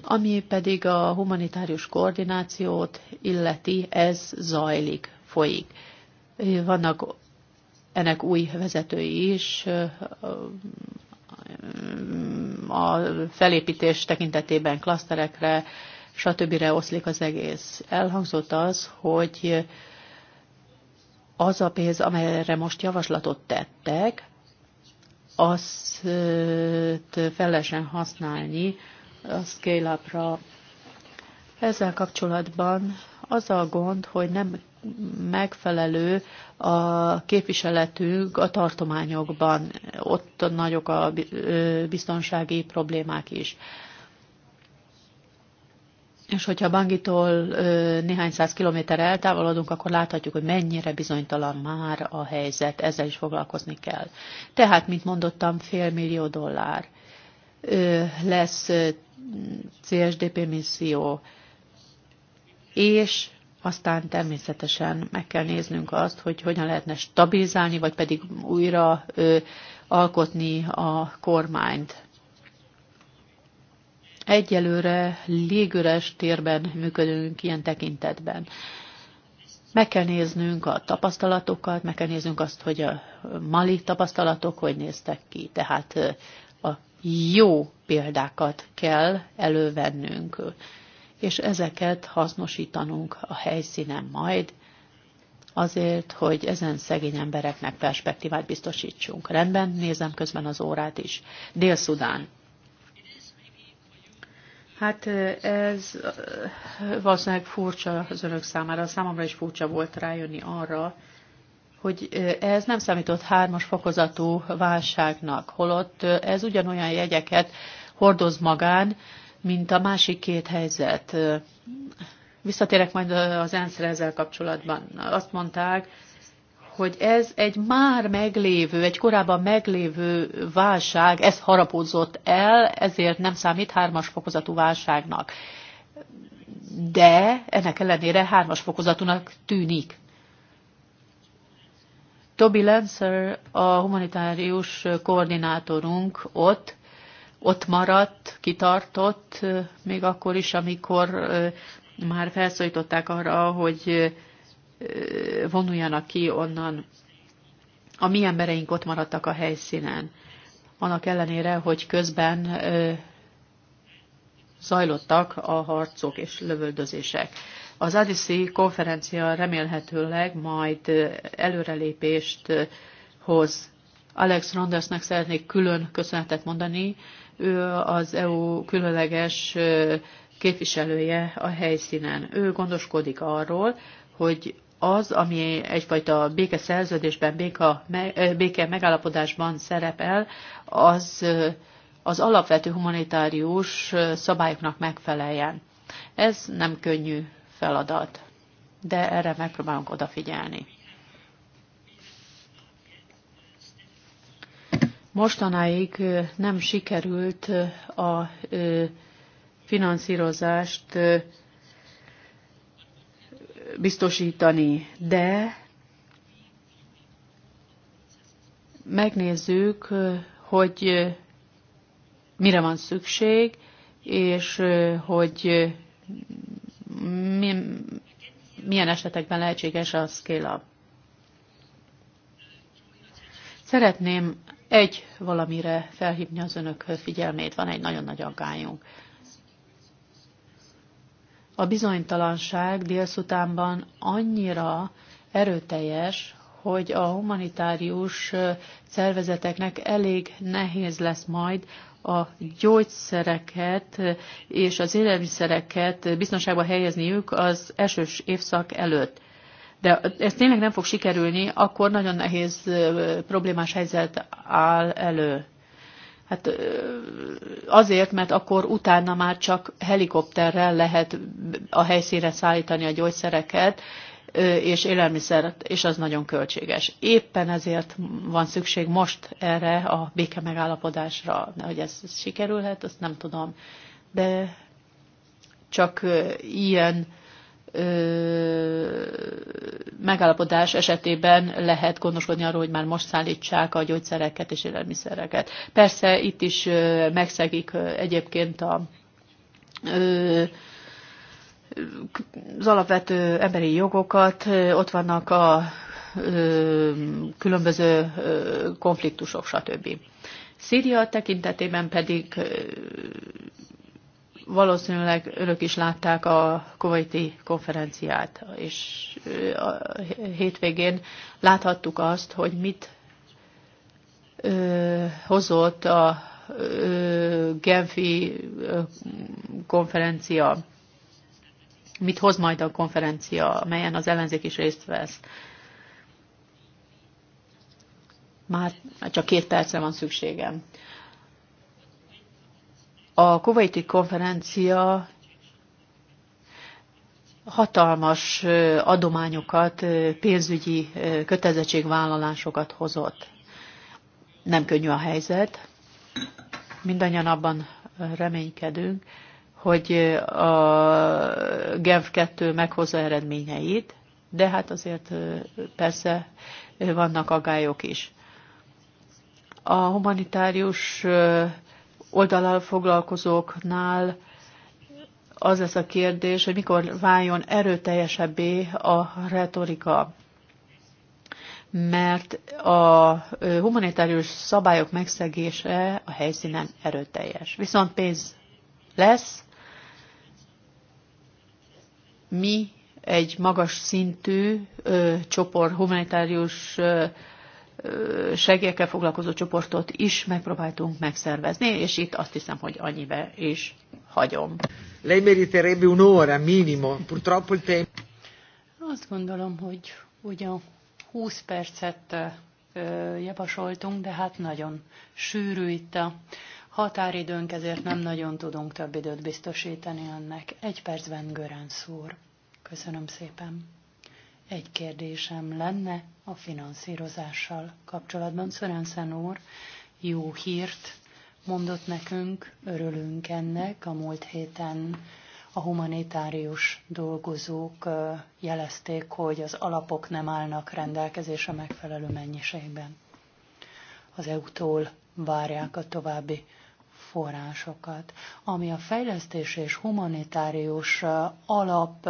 [SPEAKER 3] Ami pedig a humanitárius koordinációt illeti, ez zajlik, folyik. Vannak ennek új vezetői is, a felépítés tekintetében klaszterekre, stb. oszlik az egész. Elhangzott az, hogy az a pénz, amelyre most javaslatot tettek, azt fel használni a scale-upra. Ezzel kapcsolatban az a gond, hogy nem megfelelő a képviseletünk a tartományokban. Ott nagyok a biztonsági problémák is. És hogyha Bangitól néhány száz kilométer eltávolodunk, akkor láthatjuk, hogy mennyire bizonytalan már a helyzet, ezzel is foglalkozni kell. Tehát, mint mondottam, fél millió dollár lesz CSDP misszió, és aztán természetesen meg kell néznünk azt, hogy hogyan lehetne stabilizálni, vagy pedig újra alkotni a kormányt egyelőre légüres térben működünk ilyen tekintetben. Meg kell néznünk a tapasztalatokat, meg kell néznünk azt, hogy a mali tapasztalatok hogy néztek ki. Tehát a jó példákat kell elővennünk, és ezeket hasznosítanunk a helyszínen majd, azért, hogy ezen szegény embereknek perspektívát biztosítsunk. Rendben, nézem közben az órát is. Dél-Szudán. Hát ez valószínűleg furcsa az önök számára. Számomra is furcsa volt rájönni arra, hogy ez nem számított hármas fokozatú válságnak, holott ez ugyanolyan jegyeket hordoz magán, mint a másik két helyzet. Visszatérek majd az ENSZ-re ezzel kapcsolatban. Azt mondták, hogy ez egy már meglévő, egy korábban meglévő válság, ez harapódzott el, ezért nem számít hármas fokozatú válságnak. De ennek ellenére hármas fokozatúnak tűnik. Toby Lancer, a humanitárius koordinátorunk ott, ott maradt, kitartott, még akkor is, amikor már felszólították arra, hogy vonuljanak ki onnan. A mi embereink ott maradtak a helyszínen. Annak ellenére, hogy közben zajlottak a harcok és lövöldözések. Az Adiszi konferencia remélhetőleg majd előrelépést hoz. Alex Rondersnek szeretnék külön köszönetet mondani, ő az EU különleges képviselője a helyszínen. Ő gondoskodik arról, hogy az, ami egyfajta békeszerződésben, béka, béke megállapodásban szerepel, az az alapvető humanitárius szabályoknak megfeleljen. Ez nem könnyű feladat, de erre megpróbálunk odafigyelni. Mostanáig nem sikerült a finanszírozást biztosítani, de megnézzük, hogy mire van szükség, és hogy milyen esetekben lehetséges a scale-up. Szeretném egy valamire felhívni az önök figyelmét, van egy nagyon nagy aggályunk. A bizonytalanság délszutánban annyira erőteljes, hogy a humanitárius szervezeteknek elég nehéz lesz majd a gyógyszereket és az élelmiszereket biztonságban helyezniük az esős évszak előtt. De ez tényleg nem fog sikerülni, akkor nagyon nehéz problémás helyzet áll elő. Hát azért, mert akkor utána már csak helikopterrel lehet a helyszínre szállítani a gyógyszereket és élelmiszeret, és az nagyon költséges. Éppen ezért van szükség most erre a béke megállapodásra, hogy ez sikerülhet, azt nem tudom. De csak ilyen megállapodás esetében lehet gondoskodni arról, hogy már most szállítsák a gyógyszereket és élelmiszereket. Persze itt is megszegik egyébként a az alapvető emberi jogokat, ott vannak a különböző konfliktusok, stb. Szíria tekintetében pedig valószínűleg önök is látták a kovaiti konferenciát, és a hétvégén láthattuk azt, hogy mit ö, hozott a ö, Genfi ö, konferencia, mit hoz majd a konferencia, melyen az ellenzék is részt vesz. Már csak két percre van szükségem. Ö, a kuwaiti konferencia hatalmas adományokat, pénzügyi kötelezettségvállalásokat hozott. Nem könnyű a helyzet. Mindannyian abban reménykedünk, hogy a Genf 2 meghozza eredményeit, de hát azért persze vannak agályok is. A humanitárius oldalal foglalkozóknál az lesz a kérdés, hogy mikor váljon erőteljesebbé a retorika. Mert a humanitárius szabályok megszegése a helyszínen erőteljes. Viszont pénz lesz. Mi egy magas szintű ö, csoport, humanitárius ö, segélyekkel foglalkozó csoportot is megpróbáltunk megszervezni, és itt azt hiszem, hogy annyibe is hagyom. Lei meriterebbe un'ora minimo, purtroppo il tempo. Azt
[SPEAKER 2] gondolom, hogy ugyan 20 percet javasoltunk, de hát nagyon sűrű itt a határidőnk, ezért nem nagyon tudunk több időt biztosítani annak. Egy percben Görán szúr. Köszönöm szépen. Egy kérdésem lenne a finanszírozással kapcsolatban. Szörenszen úr jó hírt mondott nekünk, örülünk ennek. A múlt héten a humanitárius dolgozók jelezték, hogy az alapok nem állnak rendelkezésre megfelelő mennyiségben. Az EU-tól várják a további forrásokat, ami a fejlesztés és humanitárius alap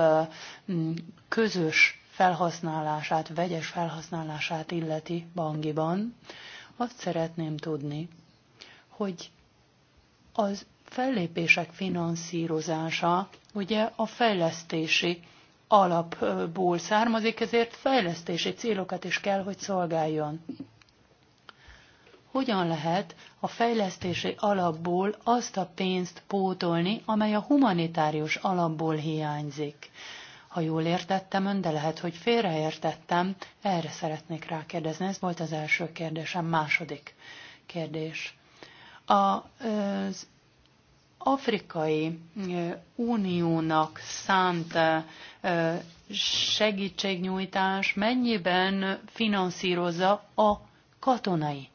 [SPEAKER 2] közös felhasználását, vegyes felhasználását illeti bangiban, azt szeretném tudni, hogy az fellépések finanszírozása ugye a fejlesztési alapból származik, ezért fejlesztési célokat is kell, hogy szolgáljon. Hogyan lehet a fejlesztési alapból azt a pénzt pótolni, amely a humanitárius alapból hiányzik? Ha jól értettem ön, de lehet, hogy félreértettem, erre szeretnék rákérdezni. Ez volt az első kérdésem. Második kérdés. A, az Afrikai Uniónak szánt segítségnyújtás mennyiben finanszírozza a katonai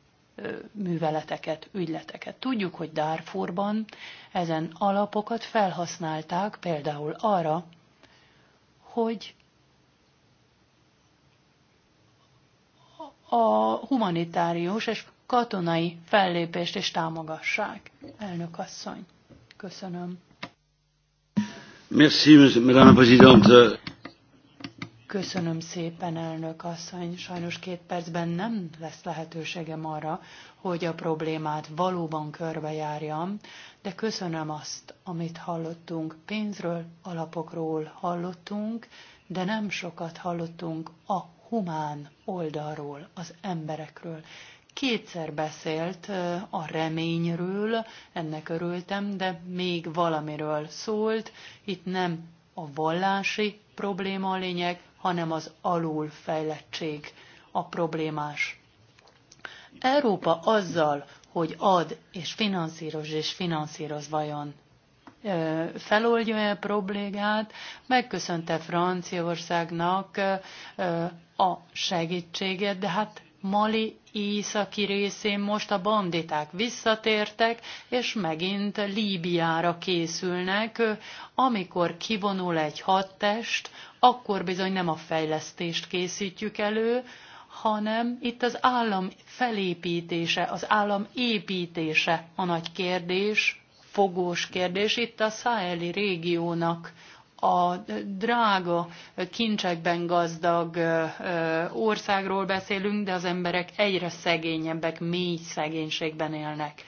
[SPEAKER 2] műveleteket, ügyleteket. Tudjuk, hogy Darfurban ezen alapokat felhasználták például arra, hogy a humanitárius és katonai fellépést is támogassák. Elnök asszony, köszönöm.
[SPEAKER 1] Merci, Madame la Présidente.
[SPEAKER 2] Köszönöm szépen, elnök asszony. Sajnos két percben nem lesz lehetőségem arra, hogy a problémát valóban körbejárjam, de köszönöm azt, amit hallottunk. Pénzről, alapokról hallottunk, de nem sokat hallottunk a humán oldalról, az emberekről. Kétszer beszélt a reményről, ennek örültem, de még valamiről szólt. Itt nem a vallási probléma a lényeg, hanem az alulfejlettség a problémás. Európa azzal, hogy ad és finanszíroz és finanszíroz vajon feloldja -e problémát, megköszönte Franciaországnak a segítséget, de hát Mali északi részén most a banditák visszatértek, és megint Líbiára készülnek. Amikor kivonul egy hadtest, akkor bizony nem a fejlesztést készítjük elő, hanem itt az állam felépítése, az állam építése a nagy kérdés, fogós kérdés itt a száeli régiónak a drága kincsekben gazdag országról beszélünk, de az emberek egyre szegényebbek, mély szegénységben élnek.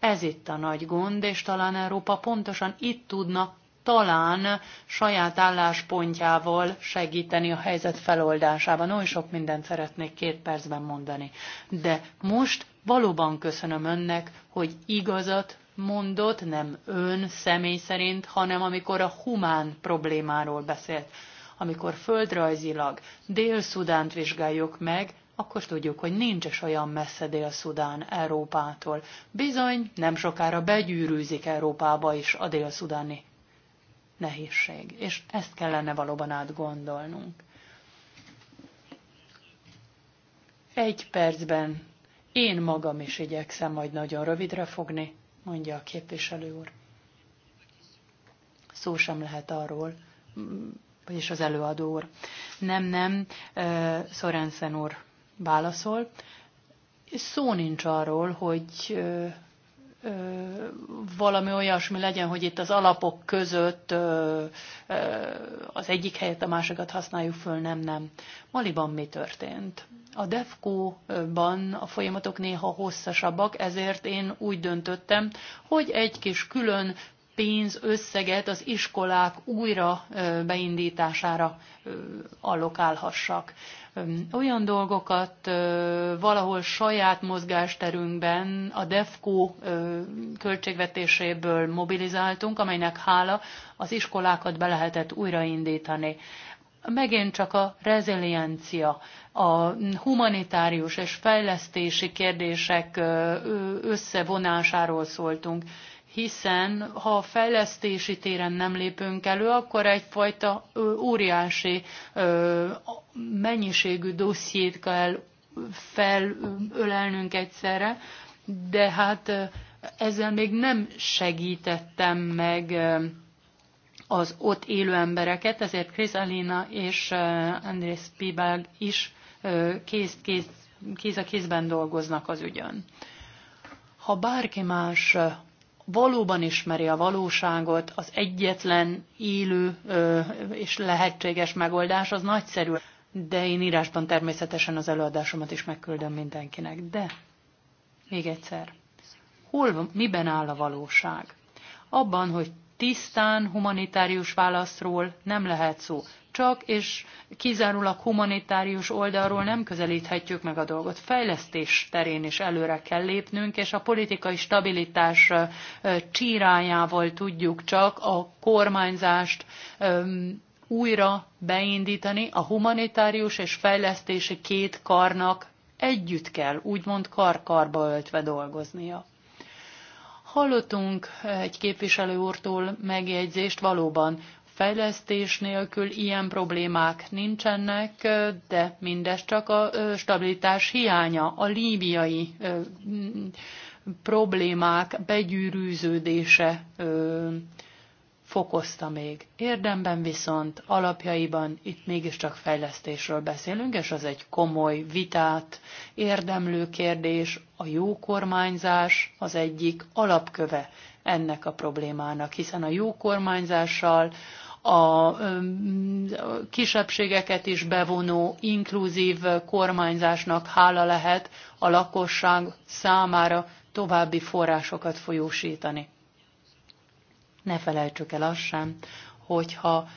[SPEAKER 2] Ez itt a nagy gond, és talán Európa pontosan itt tudna talán saját álláspontjával segíteni a helyzet feloldásában. Oly sok mindent szeretnék két percben mondani. De most valóban köszönöm önnek, hogy igazat, mondott, nem ön személy szerint, hanem amikor a humán problémáról beszélt. Amikor földrajzilag Dél-Szudánt vizsgáljuk meg, akkor tudjuk, hogy nincs is olyan messze Dél-Szudán Európától. Bizony, nem sokára begyűrűzik Európába is a dél-szudáni nehézség, és ezt kellene valóban átgondolnunk. Egy percben én magam is igyekszem majd nagyon rövidre fogni, mondja a képviselő úr. Szó sem lehet arról, vagyis az előadó úr. Nem, nem, Szorenszen úr válaszol. Szó nincs arról, hogy valami olyasmi legyen, hogy itt az alapok között az egyik helyet a másikat használjuk föl, nem, nem. Maliban mi történt? A DEFCO-ban a folyamatok néha hosszasabbak, ezért én úgy döntöttem, hogy egy kis külön pénzösszeget az iskolák újra beindítására allokálhassak. Olyan dolgokat valahol saját mozgásterünkben a DEFCO költségvetéséből mobilizáltunk, amelynek hála az iskolákat be lehetett újraindítani. Megint csak a reziliencia a humanitárius és fejlesztési kérdések összevonásáról szóltunk, hiszen ha a fejlesztési téren nem lépünk elő, akkor egyfajta óriási mennyiségű dossziét kell felölelnünk egyszerre, de hát ezzel még nem segítettem meg az ott élő embereket, ezért Krisz és Andrész Pibág is kéz, kéz, kéz a kézben dolgoznak az ügyön. Ha bárki más valóban ismeri a valóságot, az egyetlen élő és lehetséges megoldás az nagyszerű. De én írásban természetesen az előadásomat is megküldöm mindenkinek. De, még egyszer, hol, miben áll a valóság? Abban, hogy tisztán humanitárius válaszról nem lehet szó csak és kizárólag humanitárius oldalról nem közelíthetjük meg a dolgot. Fejlesztés terén is előre kell lépnünk, és a politikai stabilitás csírájával tudjuk csak a kormányzást újra beindítani. A humanitárius és fejlesztési két karnak együtt kell, úgymond kar-karba öltve dolgoznia. Hallottunk egy képviselő úrtól megjegyzést valóban fejlesztés nélkül ilyen problémák nincsenek, de mindez csak a stabilitás hiánya, a líbiai problémák begyűrűződése fokozta még. Érdemben viszont alapjaiban itt mégiscsak fejlesztésről beszélünk, és az egy komoly vitát, érdemlő kérdés, a jó kormányzás az egyik alapköve ennek a problémának, hiszen a jó kormányzással a kisebbségeket is bevonó inkluzív kormányzásnak hála lehet a lakosság számára további forrásokat folyósítani. Ne felejtsük el azt sem, hogyha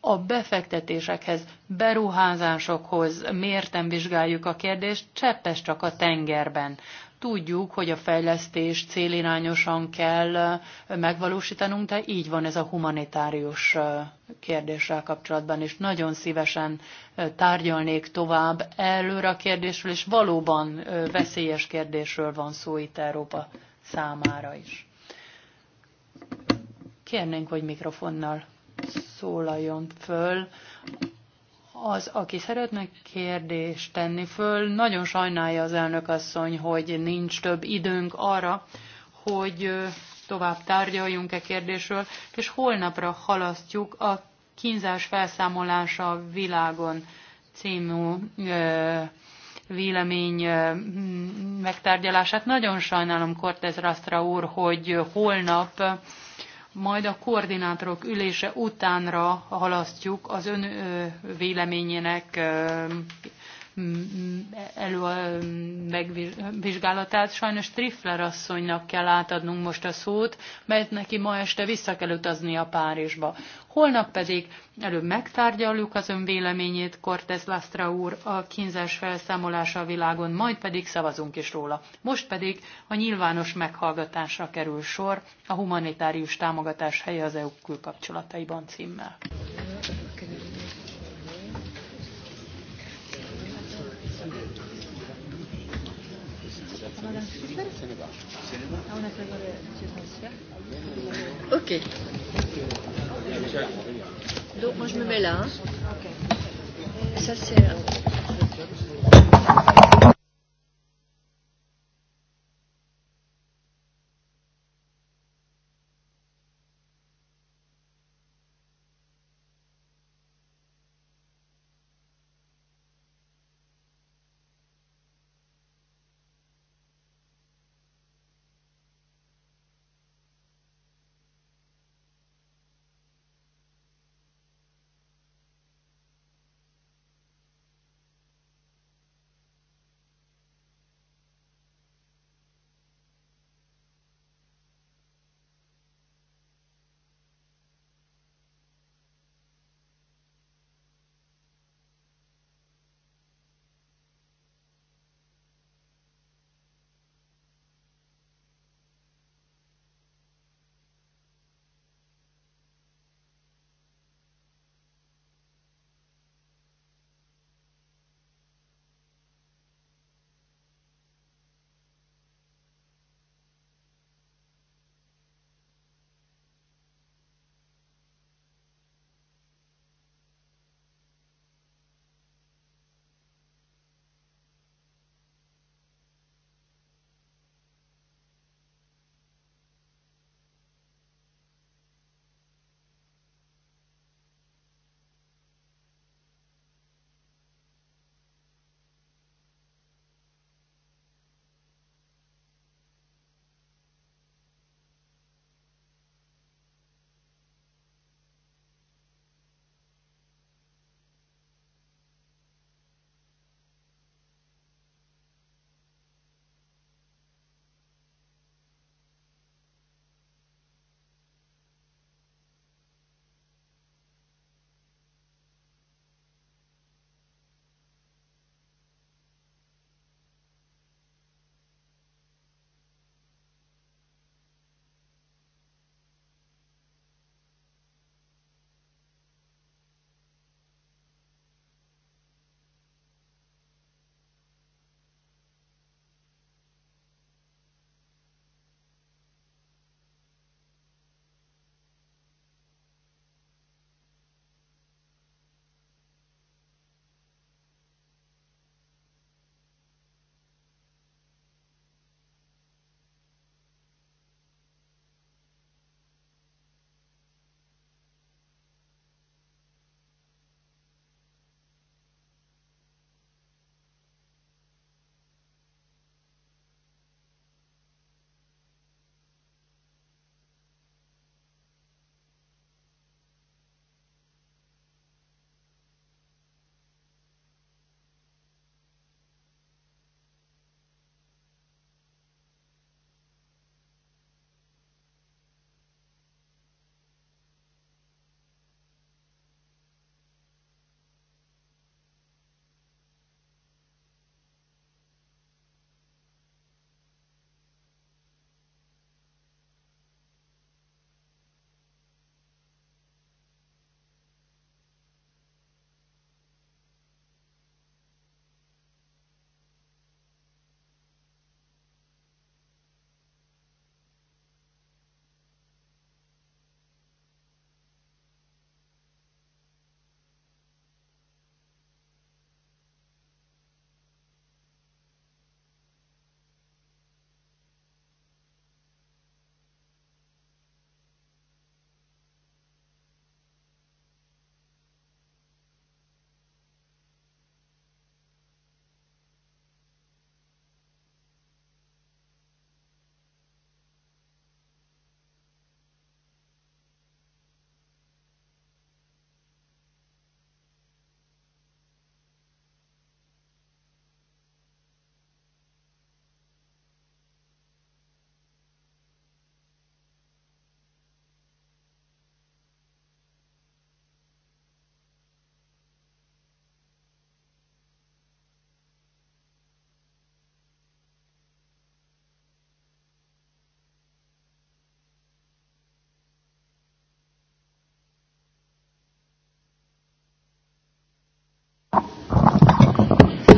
[SPEAKER 2] a befektetésekhez, beruházásokhoz mérten vizsgáljuk a kérdést, cseppes csak a tengerben. Tudjuk, hogy a fejlesztés célirányosan kell megvalósítanunk, de így van ez a humanitárius kérdéssel kapcsolatban, és nagyon szívesen tárgyalnék tovább előre a kérdésről, és valóban veszélyes kérdésről van szó itt Európa számára is. Kérnénk, hogy mikrofonnal szólaljon föl az, aki szeretne kérdést tenni föl, nagyon sajnálja az elnök asszony, hogy nincs több időnk arra, hogy tovább tárgyaljunk-e kérdésről, és holnapra halasztjuk a kínzás felszámolása világon című vélemény megtárgyalását. Nagyon sajnálom Cortez Rastra úr, hogy holnap majd a koordinátorok ülése utánra halasztjuk az ön véleményének elő megvizsgálatát. Sajnos Trifler asszonynak kell átadnunk most a szót, mert neki ma este vissza kell a Párizsba. Holnap pedig előbb megtárgyaljuk az ön véleményét, Cortez Lastra úr, a kínzás felszámolása a világon, majd pedig szavazunk is róla. Most pedig a nyilvános meghallgatásra kerül sor a humanitárius támogatás helye az EU külkapcsolataiban címmel.
[SPEAKER 3] Ok.
[SPEAKER 1] Donc moi je me mets là. Hein. Ça c'est.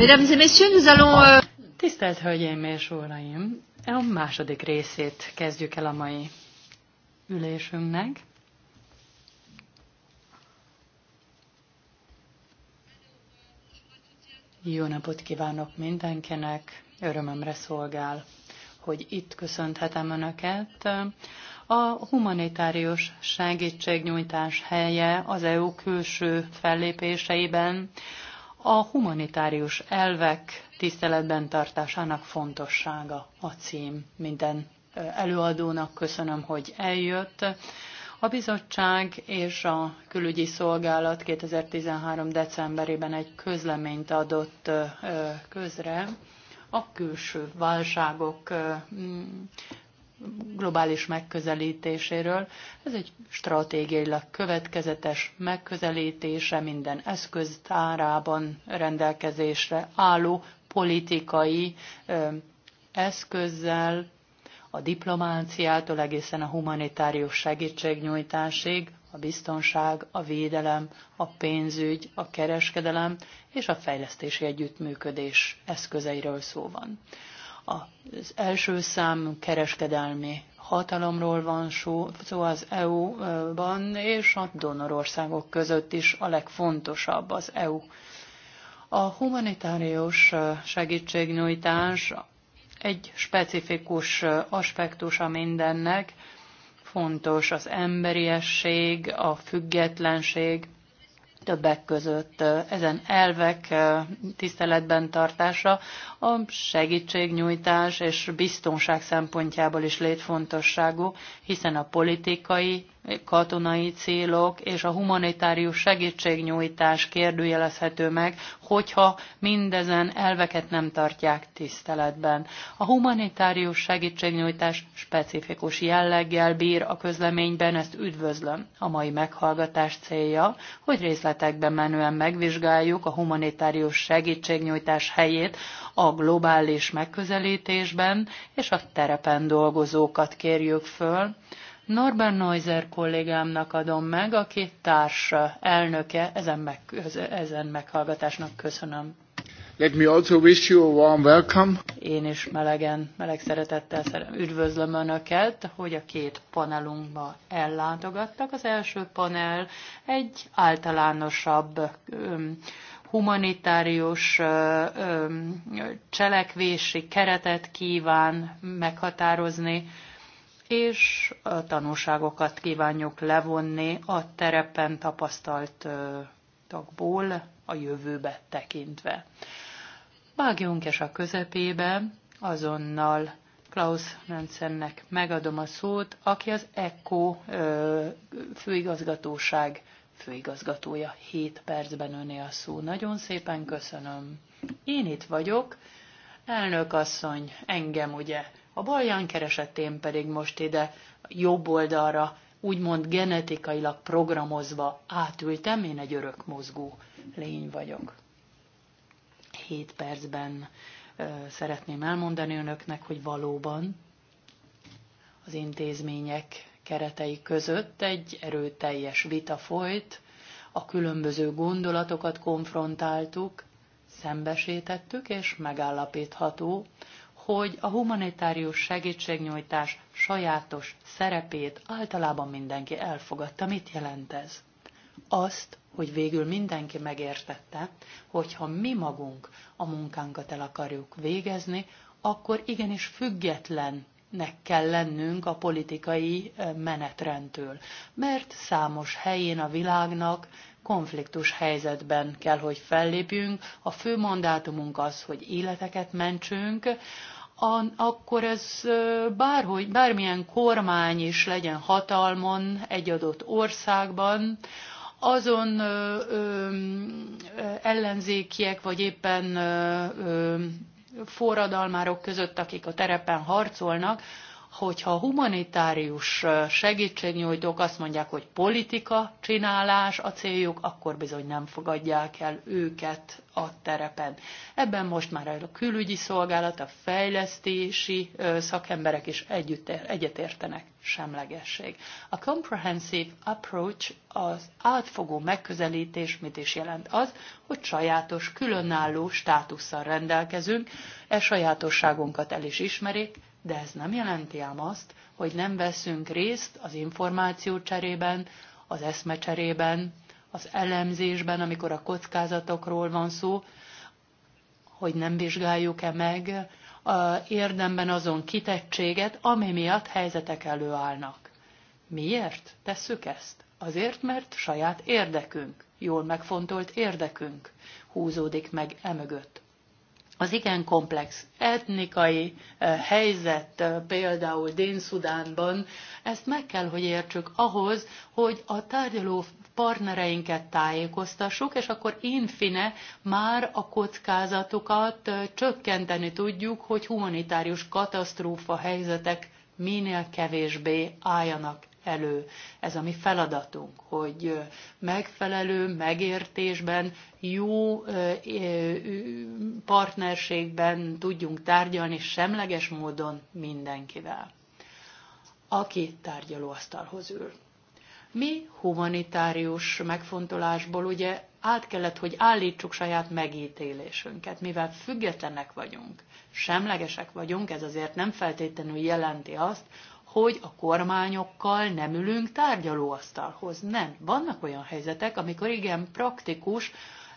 [SPEAKER 1] Mesdames et messieurs,
[SPEAKER 3] nous allons... Euh,
[SPEAKER 2] Tisztelt Hölgyeim és Uraim! A második részét kezdjük el a mai ülésünknek. Jó napot kívánok mindenkinek, örömömre szolgál, hogy itt köszönthetem Önöket. A humanitárius segítségnyújtás helye az EU külső fellépéseiben a humanitárius elvek tiszteletben tartásának fontossága a cím. Minden előadónak köszönöm, hogy eljött. A bizottság és a külügyi szolgálat 2013. decemberében egy közleményt adott közre a külső válságok globális megközelítéséről. Ez egy stratégiailag következetes megközelítése minden eszköztárában rendelkezésre álló politikai eszközzel, a diplomáciától egészen a humanitárius segítségnyújtásig, a biztonság, a védelem, a pénzügy, a kereskedelem és a fejlesztési együttműködés eszközeiről szó van. Az első szám kereskedelmi hatalomról van szó, szó az EU-ban, és a donorországok között is a legfontosabb az EU. A humanitárius segítségnyújtás egy specifikus aspektusa mindennek, fontos az emberiesség, a függetlenség, többek között ezen elvek tiszteletben tartása a segítségnyújtás és biztonság szempontjából is létfontosságú, hiszen a politikai katonai célok és a humanitárius segítségnyújtás kérdőjelezhető meg, hogyha mindezen elveket nem tartják tiszteletben. A humanitárius segítségnyújtás specifikus jelleggel bír a közleményben, ezt üdvözlöm. A mai meghallgatás célja, hogy részletekben menően megvizsgáljuk a humanitárius segítségnyújtás helyét a globális megközelítésben, és a terepen dolgozókat kérjük föl, Norbert Neuser kollégámnak adom meg, aki társa elnöke ezen, meg, ezen meghallgatásnak. Köszönöm.
[SPEAKER 1] Let me also wish you a warm welcome.
[SPEAKER 2] Én is melegen, meleg szeretettel üdvözlöm Önöket, hogy a két panelunkba ellátogattak. Az első panel egy általánosabb humanitárius cselekvési keretet kíván meghatározni és a tanulságokat kívánjuk levonni a terepen tapasztalt tagból a jövőbe tekintve. Vágjunk és a közepébe, azonnal Klaus Nansennek megadom a szót, aki az ECO főigazgatóság főigazgatója. 7 percben öné a szó. Nagyon szépen köszönöm. Én itt vagyok. Elnök asszony, engem ugye a balján keresetén pedig most ide jobb oldalra, úgymond genetikailag programozva átültem, én egy örök mozgó lény vagyok. Hét percben ö, szeretném elmondani önöknek, hogy valóban az intézmények keretei között egy erőteljes vita folyt, a különböző gondolatokat konfrontáltuk, szembesítettük, és megállapítható, hogy a humanitárius segítségnyújtás sajátos szerepét általában mindenki elfogadta. Mit jelent ez? Azt, hogy végül mindenki megértette, hogy ha mi magunk a munkánkat el akarjuk végezni, akkor igenis független nek kell lennünk a politikai menetrendtől, mert számos helyén a világnak konfliktus helyzetben kell, hogy fellépjünk. A fő mandátumunk az, hogy életeket mentsünk, an, akkor ez bárhogy, bármilyen kormány is legyen hatalmon egy adott országban, azon ö, ö, ellenzékiek, vagy éppen ö, ö, forradalmárok között, akik a terepen harcolnak, hogyha humanitárius segítségnyújtók azt mondják, hogy politika csinálás a céljuk, akkor bizony nem fogadják el őket a terepen. Ebben most már a külügyi szolgálat, a fejlesztési szakemberek is együtt, egyetértenek semlegesség. A comprehensive approach az átfogó megközelítés mit is jelent az, hogy sajátos, különálló státusszal rendelkezünk, e sajátosságunkat el is ismerik, de ez nem jelenti ám azt, hogy nem veszünk részt az információ cserében, az cserében, az elemzésben, amikor a kockázatokról van szó, hogy nem vizsgáljuk-e meg a érdemben azon kitettséget, ami miatt helyzetek előállnak. Miért tesszük ezt? Azért, mert saját érdekünk, jól megfontolt érdekünk húzódik meg emögött az igen komplex etnikai eh, helyzet eh, például dén szudánban ezt meg kell, hogy értsük ahhoz, hogy a tárgyaló partnereinket tájékoztassuk, és akkor infine már a kockázatokat eh, csökkenteni tudjuk, hogy humanitárius katasztrófa helyzetek minél kevésbé álljanak elő. Ez a mi feladatunk, hogy megfelelő megértésben, jó partnerségben tudjunk tárgyalni semleges módon mindenkivel, aki tárgyalóasztalhoz ül. Mi humanitárius megfontolásból ugye át kellett, hogy állítsuk saját megítélésünket, mivel függetlenek vagyunk, semlegesek vagyunk, ez azért nem feltétlenül jelenti azt, hogy a kormányokkal nem ülünk tárgyalóasztalhoz. Nem. Vannak olyan helyzetek, amikor igen praktikus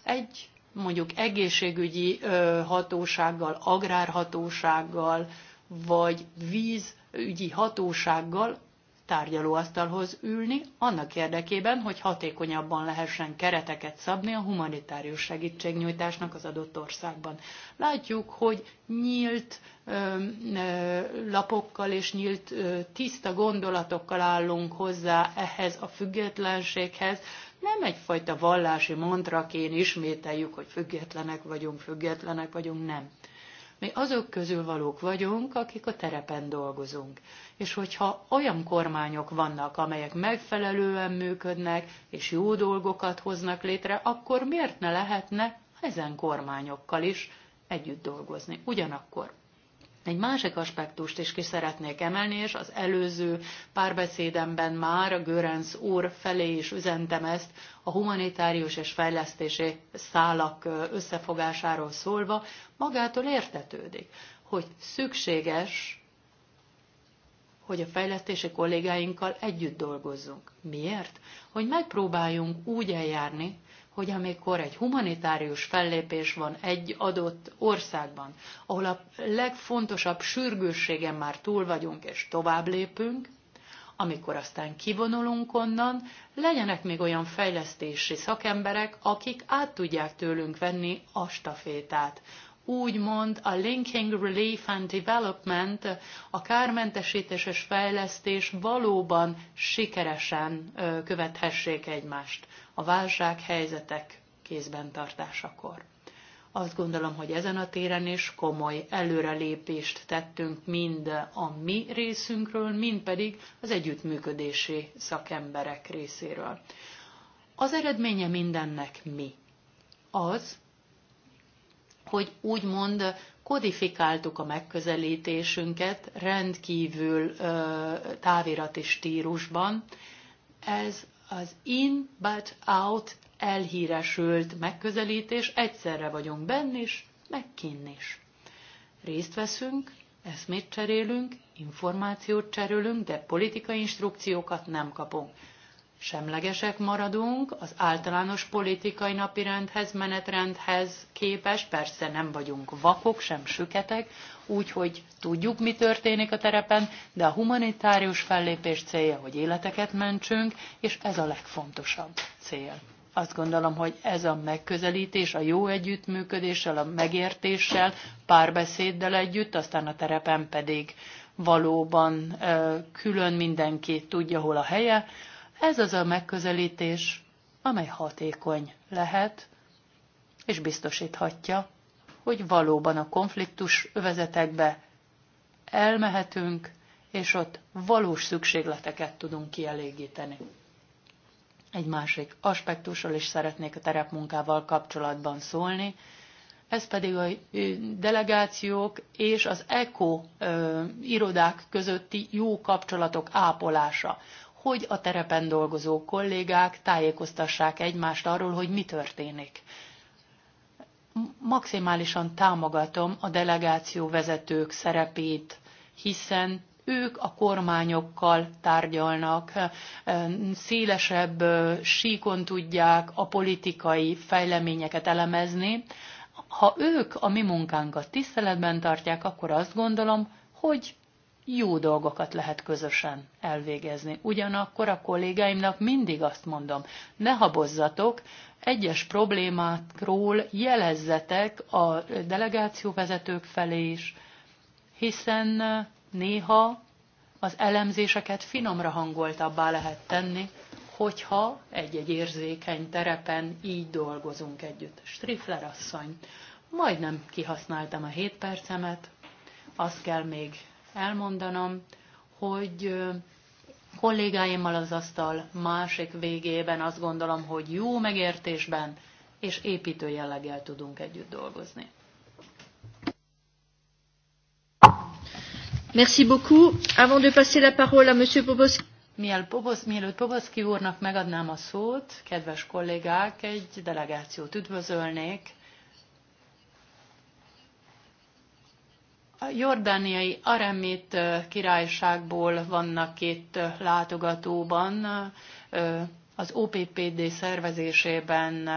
[SPEAKER 2] egy mondjuk egészségügyi hatósággal, agrárhatósággal, vagy vízügyi hatósággal tárgyalóasztalhoz ülni, annak érdekében, hogy hatékonyabban lehessen kereteket szabni a humanitárius segítségnyújtásnak az adott országban. Látjuk, hogy nyílt ö, ö, lapokkal és nyílt, tiszta gondolatokkal állunk hozzá ehhez a függetlenséghez, nem egyfajta vallási mantraként ismételjük, hogy függetlenek vagyunk, függetlenek vagyunk, nem. Mi azok közül valók vagyunk, akik a terepen dolgozunk. És hogyha olyan kormányok vannak, amelyek megfelelően működnek, és jó dolgokat hoznak létre, akkor miért ne lehetne ezen kormányokkal is együtt dolgozni? Ugyanakkor egy másik aspektust is ki szeretnék emelni, és az előző párbeszédemben már a Görenc úr felé is üzentem ezt, a humanitárius és fejlesztési szálak összefogásáról szólva, magától értetődik, hogy szükséges, hogy a fejlesztési kollégáinkkal együtt dolgozzunk. Miért? Hogy megpróbáljunk úgy eljárni, hogy amikor egy humanitárius fellépés van egy adott országban, ahol a legfontosabb sürgősségen már túl vagyunk és tovább lépünk, amikor aztán kivonulunk onnan, legyenek még olyan fejlesztési szakemberek, akik át tudják tőlünk venni a stafétát, úgymond a Linking Relief and Development, a kármentesítés és fejlesztés valóban sikeresen követhessék egymást a válság helyzetek kézben tartásakor. Azt gondolom, hogy ezen a téren is komoly előrelépést tettünk mind a mi részünkről, mind pedig az együttműködési szakemberek részéről. Az eredménye mindennek mi? Az, hogy úgymond kodifikáltuk a megközelítésünket rendkívül távirati stílusban. Ez az in but out elhíresült megközelítés, egyszerre vagyunk benn is, meg kinn is. Részt veszünk, eszmét cserélünk, információt cserélünk, de politikai instrukciókat nem kapunk semlegesek maradunk az általános politikai napirendhez, menetrendhez képest, persze nem vagyunk vakok, sem süketek, úgyhogy tudjuk, mi történik a terepen, de a humanitárius fellépés célja, hogy életeket mentsünk, és ez a legfontosabb cél. Azt gondolom, hogy ez a megközelítés a jó együttműködéssel, a megértéssel, párbeszéddel együtt, aztán a terepen pedig valóban külön mindenki tudja, hol a helye, ez az a megközelítés, amely hatékony lehet, és biztosíthatja, hogy valóban a konfliktus övezetekbe elmehetünk, és ott valós szükségleteket tudunk kielégíteni. Egy másik aspektusról is szeretnék a terepmunkával kapcsolatban szólni, ez pedig a delegációk és az ECO irodák közötti jó kapcsolatok ápolása hogy a terepen dolgozó kollégák tájékoztassák egymást arról, hogy mi történik. Maximálisan támogatom a delegáció vezetők szerepét, hiszen ők a kormányokkal tárgyalnak, szélesebb síkon tudják a politikai fejleményeket elemezni. Ha ők a mi munkánkat tiszteletben tartják, akkor azt gondolom, hogy jó dolgokat lehet közösen elvégezni. Ugyanakkor a kollégáimnak mindig azt mondom, ne habozzatok, egyes problémákról jelezzetek a delegációvezetők felé is, hiszen néha az elemzéseket finomra hangoltabbá lehet tenni, hogyha egy-egy érzékeny terepen így dolgozunk együtt. Strifler asszony, majdnem kihasználtam a 7 percemet, azt kell még elmondanom, hogy kollégáimmal az asztal másik végében azt gondolom, hogy jó megértésben és építő jelleggel tudunk együtt dolgozni.
[SPEAKER 3] Merci beaucoup. Avant de passer la parole à Monsieur Poboski. Mielőtt, Pobosz, mielőtt
[SPEAKER 2] Poboszki úrnak megadnám a szót, kedves kollégák, egy delegációt üdvözölnék, jordániai Aramit királyságból vannak itt látogatóban, az OPPD szervezésében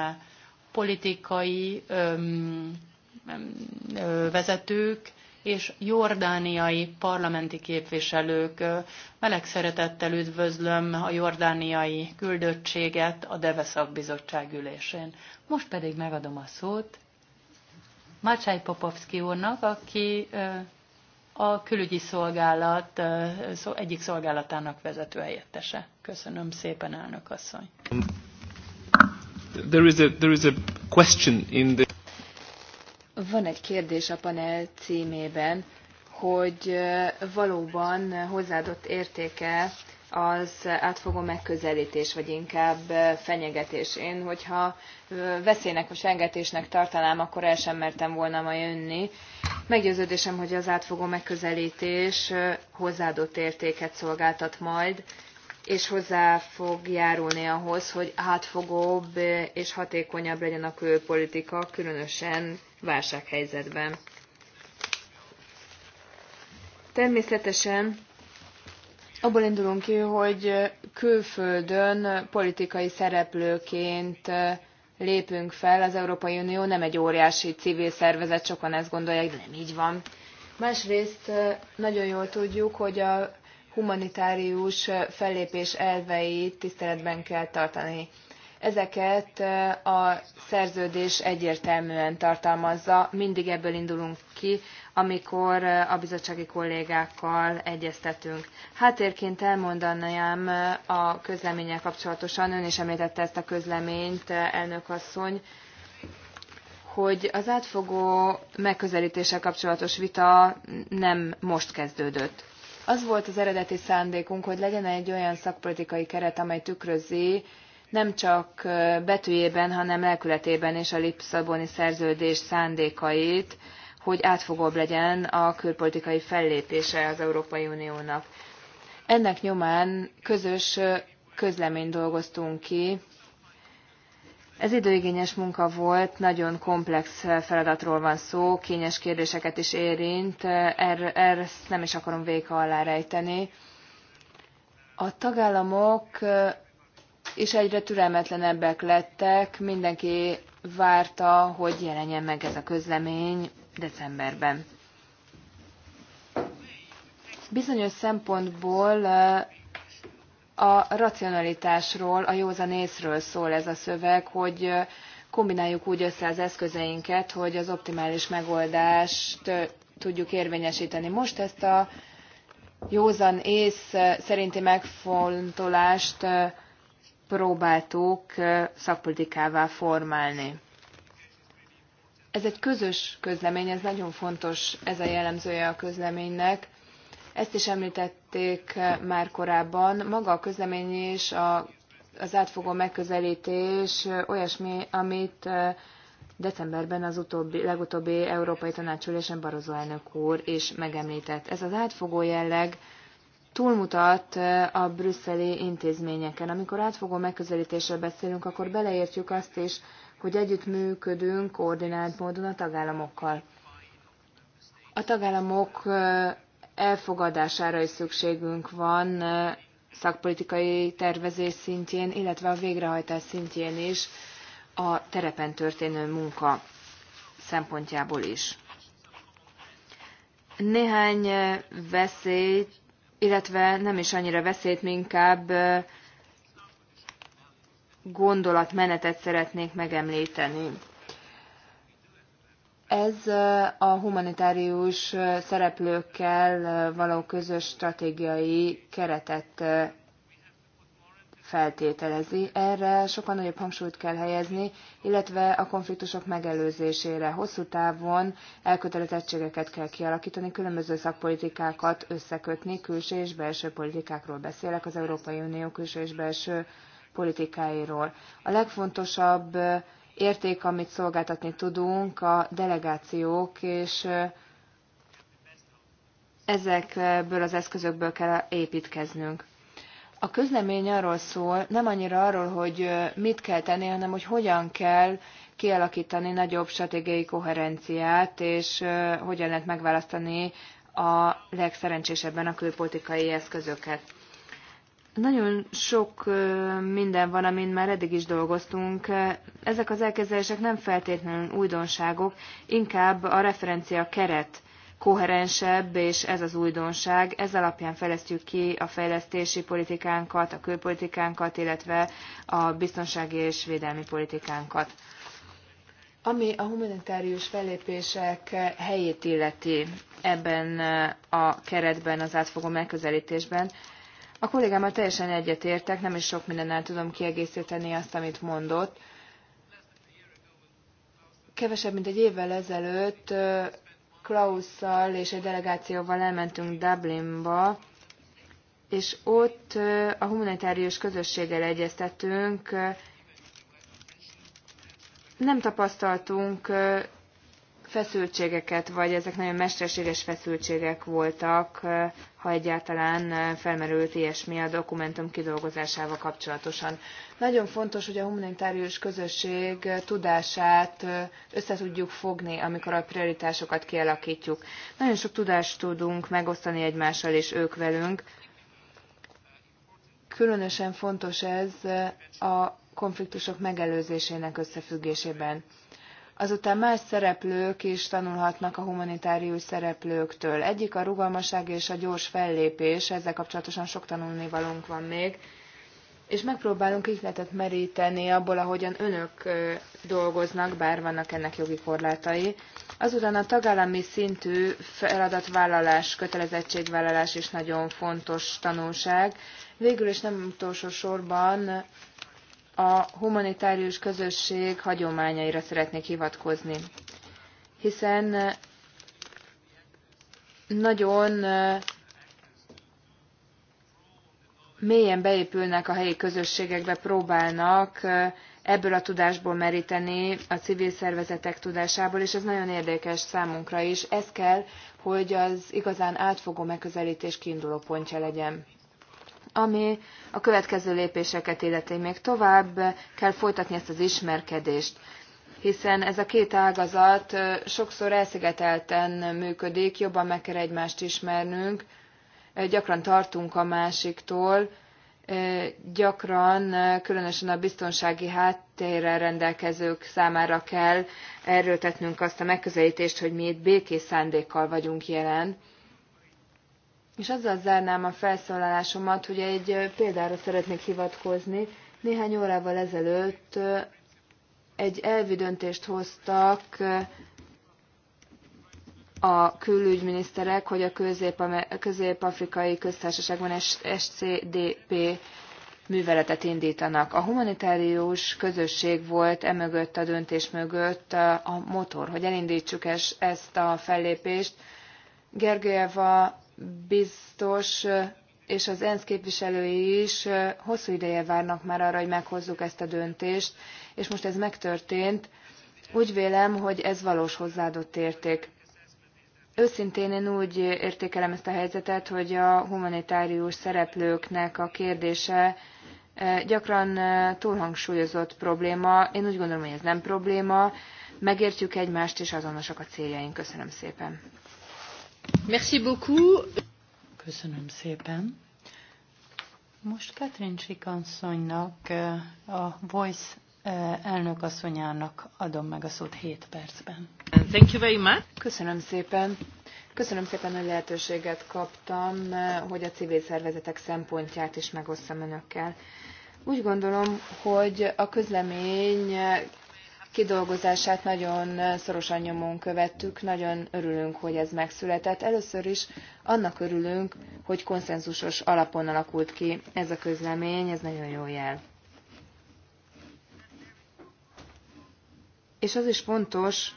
[SPEAKER 2] politikai vezetők és jordániai parlamenti képviselők. Meleg szeretettel üdvözlöm a jordániai küldöttséget a Deveszak bizottság ülésén. Most pedig megadom a szót Mácsáj Popovszki úrnak, aki a külügyi szolgálat egyik szolgálatának vezető helyettese. Köszönöm szépen, elnök asszony.
[SPEAKER 3] There is a, there is a question in the...
[SPEAKER 1] Van egy kérdés a panel címében, hogy valóban hozzáadott értéke az átfogó megközelítés, vagy inkább fenyegetés. Én, hogyha veszélynek vagy fenyegetésnek tartanám, akkor el sem mertem volna ma jönni. Meggyőződésem, hogy az átfogó megközelítés hozzáadott értéket szolgáltat majd, és hozzá fog járulni ahhoz, hogy átfogóbb és hatékonyabb legyen a külpolitika, különösen válsághelyzetben. Természetesen abból indulunk ki, hogy külföldön politikai szereplőként lépünk fel. Az Európai Unió nem egy óriási civil szervezet, sokan ezt gondolják, de nem így van. Másrészt nagyon jól tudjuk, hogy a humanitárius fellépés elveit tiszteletben kell tartani. Ezeket a szerződés egyértelműen tartalmazza, mindig ebből indulunk ki, amikor a bizottsági kollégákkal egyeztetünk. Hátérként elmondanám a közleménnyel kapcsolatosan, ön is említette ezt a közleményt, elnök asszony, hogy az átfogó megközelítéssel kapcsolatos vita nem most kezdődött. Az volt az eredeti szándékunk, hogy legyen egy olyan szakpolitikai keret, amely tükrözi nem csak betűjében, hanem lelkületében és a Lipszaboni szerződés szándékait, hogy átfogóbb legyen a külpolitikai fellépése az Európai Uniónak. Ennek nyomán közös közleményt dolgoztunk ki. Ez időigényes munka volt, nagyon komplex feladatról van szó, kényes kérdéseket is érint, er, erre, er, nem is akarom véka alá rejteni. A tagállamok és egyre türelmetlenebbek lettek. Mindenki várta, hogy jelenjen meg ez a közlemény decemberben. Bizonyos szempontból a racionalitásról, a józan észről szól ez a szöveg, hogy kombináljuk úgy össze az eszközeinket, hogy az optimális megoldást tudjuk érvényesíteni. Most ezt a józan ész szerinti megfontolást próbáltuk szakpolitikává formálni. Ez egy közös közlemény, ez nagyon fontos, ez a jellemzője a közleménynek. Ezt is említették már korábban. Maga a közlemény és a, az átfogó megközelítés olyasmi, amit decemberben az utóbbi, legutóbbi Európai Tanácsülésen Barozó elnök úr is megemlített. Ez az átfogó jelleg túlmutat a brüsszeli intézményeken. Amikor átfogó megközelítésről beszélünk, akkor beleértjük azt is, hogy együttműködünk koordinált módon a tagállamokkal. A tagállamok elfogadására is szükségünk van szakpolitikai tervezés szintjén, illetve a végrehajtás szintjén is a terepen történő munka szempontjából is. Néhány veszélyt illetve nem is annyira veszélyt, mi inkább gondolatmenetet szeretnék megemlíteni. Ez a humanitárius szereplőkkel való közös stratégiai keretet feltételezi. Erre sokkal nagyobb hangsúlyt kell helyezni, illetve a konfliktusok megelőzésére. Hosszú távon elkötelezettségeket kell kialakítani, különböző szakpolitikákat összekötni, külső és belső politikákról beszélek, az Európai Unió külső és belső politikáiról. A legfontosabb érték, amit szolgáltatni tudunk, a delegációk, és ezekből az eszközökből kell építkeznünk. A közlemény arról szól, nem annyira arról, hogy mit kell tenni, hanem hogy hogyan kell kialakítani nagyobb stratégiai koherenciát, és hogyan lehet megválasztani a legszerencsésebben a külpolitikai eszközöket. Nagyon sok minden van, amin már eddig is dolgoztunk. Ezek az elképzelések nem feltétlenül újdonságok, inkább a referencia keret koherensebb, és ez az újdonság. Ez alapján fejlesztjük ki a fejlesztési politikánkat, a külpolitikánkat, illetve a biztonsági és védelmi politikánkat. Ami a humanitárius fellépések helyét illeti ebben a keretben, az átfogó megközelítésben, a kollégámmal teljesen egyetértek, nem is sok mindennel tudom kiegészíteni azt, amit mondott. Kevesebb, mint egy évvel ezelőtt Klaussal és egy delegációval elmentünk Dublinba, és ott a humanitárius közösséggel egyeztetünk. Nem tapasztaltunk feszültségeket, vagy ezek nagyon mesterséges feszültségek voltak, ha egyáltalán felmerült ilyesmi a dokumentum kidolgozásával kapcsolatosan. Nagyon fontos, hogy a humanitárius közösség tudását összetudjuk fogni, amikor a prioritásokat kialakítjuk. Nagyon sok tudást tudunk megosztani egymással és ők velünk. Különösen fontos ez a konfliktusok megelőzésének összefüggésében azután más szereplők is tanulhatnak a humanitárius szereplőktől. Egyik a rugalmasság és a gyors fellépés, ezzel kapcsolatosan sok tanulnivalónk van még, és megpróbálunk ihletet meríteni abból, ahogyan önök dolgoznak, bár vannak ennek jogi korlátai. Azután a tagállami szintű feladatvállalás, kötelezettségvállalás is nagyon fontos tanulság. Végül és nem utolsó sorban a humanitárius közösség hagyományaira szeretnék hivatkozni, hiszen eh, nagyon eh, mélyen beépülnek a helyi közösségekbe, próbálnak eh, ebből a tudásból meríteni a civil szervezetek tudásából, és ez nagyon érdekes számunkra is. Ez kell, hogy az igazán átfogó megközelítés kiinduló pontja legyen ami a következő lépéseket illeti. Még tovább kell folytatni ezt az ismerkedést, hiszen ez a két ágazat sokszor elszigetelten működik, jobban meg kell egymást ismernünk, gyakran tartunk a másiktól, gyakran, különösen a biztonsági háttérrel rendelkezők számára kell erőltetnünk azt a megközelítést, hogy mi itt békés szándékkal vagyunk jelen és azzal zárnám a felszólalásomat, hogy egy példára szeretnék hivatkozni. Néhány órával ezelőtt egy elvi döntést hoztak a külügyminiszterek, hogy a közép-afrikai köztársaságban SCDP műveletet indítanak. A humanitárius közösség volt emögött a döntés mögött a motor, hogy elindítsuk ezt a fellépést. Gergőjeva biztos és az ENSZ képviselői is hosszú ideje várnak már arra, hogy meghozzuk ezt a döntést, és most ez megtörtént. Úgy vélem, hogy ez valós hozzáadott érték. Őszintén én úgy értékelem ezt a helyzetet, hogy a humanitárius szereplőknek a kérdése eh, gyakran eh, túlhangsúlyozott probléma. Én úgy gondolom, hogy ez nem probléma. Megértjük egymást, és azonosak a céljaink. Köszönöm szépen.
[SPEAKER 2] Köszönöm szépen. Most Katrin Sikanszonynak, eh, a Voice eh, elnök asszonyának adom meg a szót 7 percben.
[SPEAKER 1] Thank you very much. Köszönöm szépen. Köszönöm szépen, hogy lehetőséget kaptam, eh, hogy a civil szervezetek szempontját is megosszam önökkel. Úgy gondolom, hogy a közlemény kidolgozását nagyon szorosan nyomon követtük, nagyon örülünk, hogy ez megszületett. Először is annak örülünk, hogy konszenzusos alapon alakult ki ez a közlemény, ez nagyon jó jel. És az is fontos,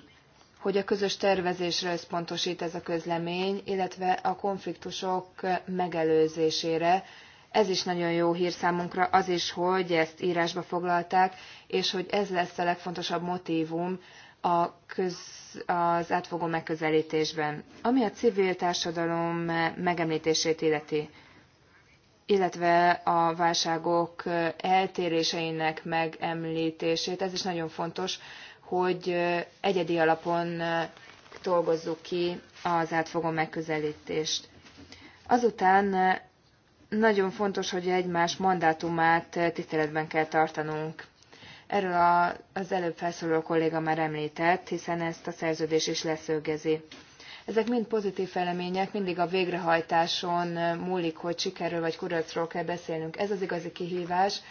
[SPEAKER 1] hogy a közös tervezésre összpontosít ez a közlemény, illetve a konfliktusok megelőzésére, ez is nagyon jó hír számunkra, az is, hogy ezt írásba foglalták, és hogy ez lesz a legfontosabb motívum a köz, az átfogó megközelítésben, ami a civil társadalom megemlítését illeti illetve a válságok eltéréseinek megemlítését. Ez is nagyon fontos, hogy egyedi alapon dolgozzuk ki az átfogó megközelítést. Azután nagyon fontos, hogy egymás mandátumát eh, tiszteletben kell tartanunk. Erről az előbb felszóló kolléga már említett, hiszen ezt a szerződés is leszögezi. Ezek mind pozitív felemények, mindig a végrehajtáson eh, múlik, hogy sikerről vagy kudarcról kell beszélnünk. Ez az igazi kihívás,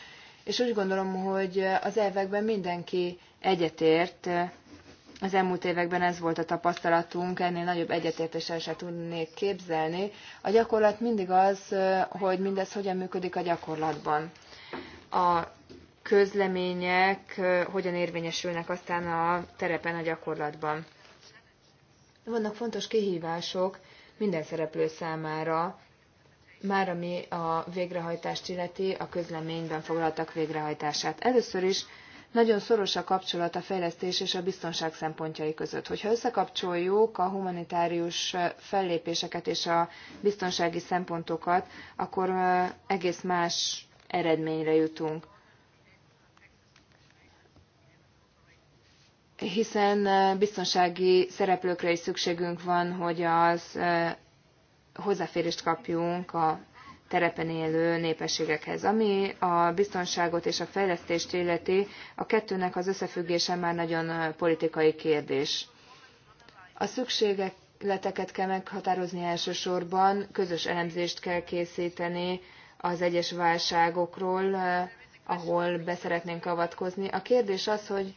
[SPEAKER 1] és úgy gondolom, hogy eh, az elvekben mindenki egyetért, az elmúlt években ez volt a tapasztalatunk, ennél nagyobb egyetértéssel se tudnék képzelni. A gyakorlat mindig az, hogy mindez hogyan működik a gyakorlatban. A közlemények hogyan érvényesülnek aztán a terepen, a gyakorlatban. Vannak fontos kihívások minden szereplő számára, már ami a végrehajtást illeti, a közleményben foglaltak végrehajtását. Először is nagyon szoros a kapcsolat a fejlesztés és a biztonság szempontjai között. Hogyha összekapcsoljuk a humanitárius fellépéseket és a biztonsági szempontokat, akkor egész más eredményre jutunk. hiszen biztonsági szereplőkre is szükségünk van, hogy az hozzáférést kapjunk a terepen élő népességekhez. Ami a biztonságot és a fejlesztést illeti, a kettőnek az összefüggése már nagyon politikai kérdés. A szükségleteket kell meghatározni elsősorban, közös elemzést kell készíteni az egyes válságokról, ahol beszeretnénk avatkozni. A kérdés az, hogy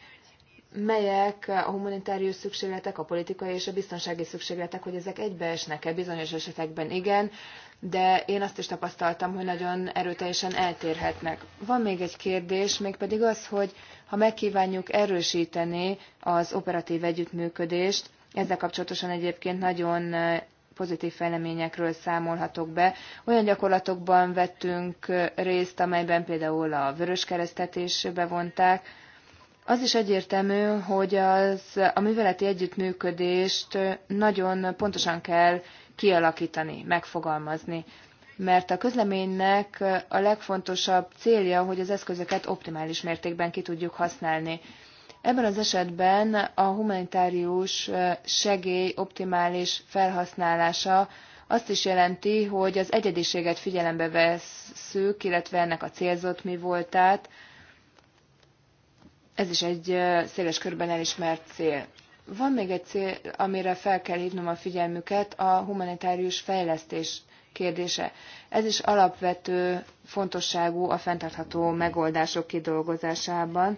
[SPEAKER 1] melyek a humanitárius szükségletek, a politikai és a biztonsági szükségletek, hogy ezek egybeesnek-e bizonyos esetekben igen, de én azt is tapasztaltam, hogy nagyon erőteljesen eltérhetnek. Van még egy kérdés, mégpedig az, hogy ha megkívánjuk erősíteni az operatív együttműködést, ezzel kapcsolatosan egyébként nagyon eh, pozitív fejleményekről számolhatok be. Olyan gyakorlatokban vettünk eh, részt, amelyben például a vöröskeresztet is bevonták. Az is egyértelmű, hogy az, a műveleti együttműködést eh, nagyon pontosan kell kialakítani, megfogalmazni. Mert a közleménynek a legfontosabb célja, hogy az eszközöket optimális mértékben ki tudjuk használni. Ebben az esetben a humanitárius segély optimális felhasználása azt is jelenti, hogy az egyediséget figyelembe veszük, illetve ennek a célzott mi voltát. Ez is egy széles körben elismert cél. Van még egy cél, amire fel kell hívnom a figyelmüket, a humanitárius fejlesztés kérdése. Ez is alapvető fontosságú a fenntartható megoldások kidolgozásában.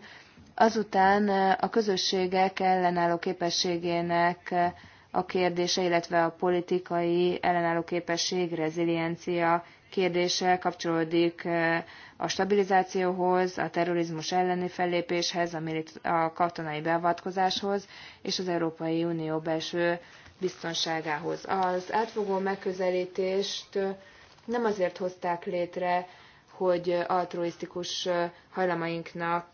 [SPEAKER 1] Azután eh, a közösségek ellenálló képességének eh, a kérdése, illetve a politikai ellenálló képesség, reziliencia kérdése kapcsolódik eh, a stabilizációhoz, a terrorizmus elleni fellépéshez, a, a katonai beavatkozáshoz és az Európai Unió belső biztonságához. Az átfogó megközelítést eh, nem azért hozták létre, hogy altruisztikus eh, hajlamainknak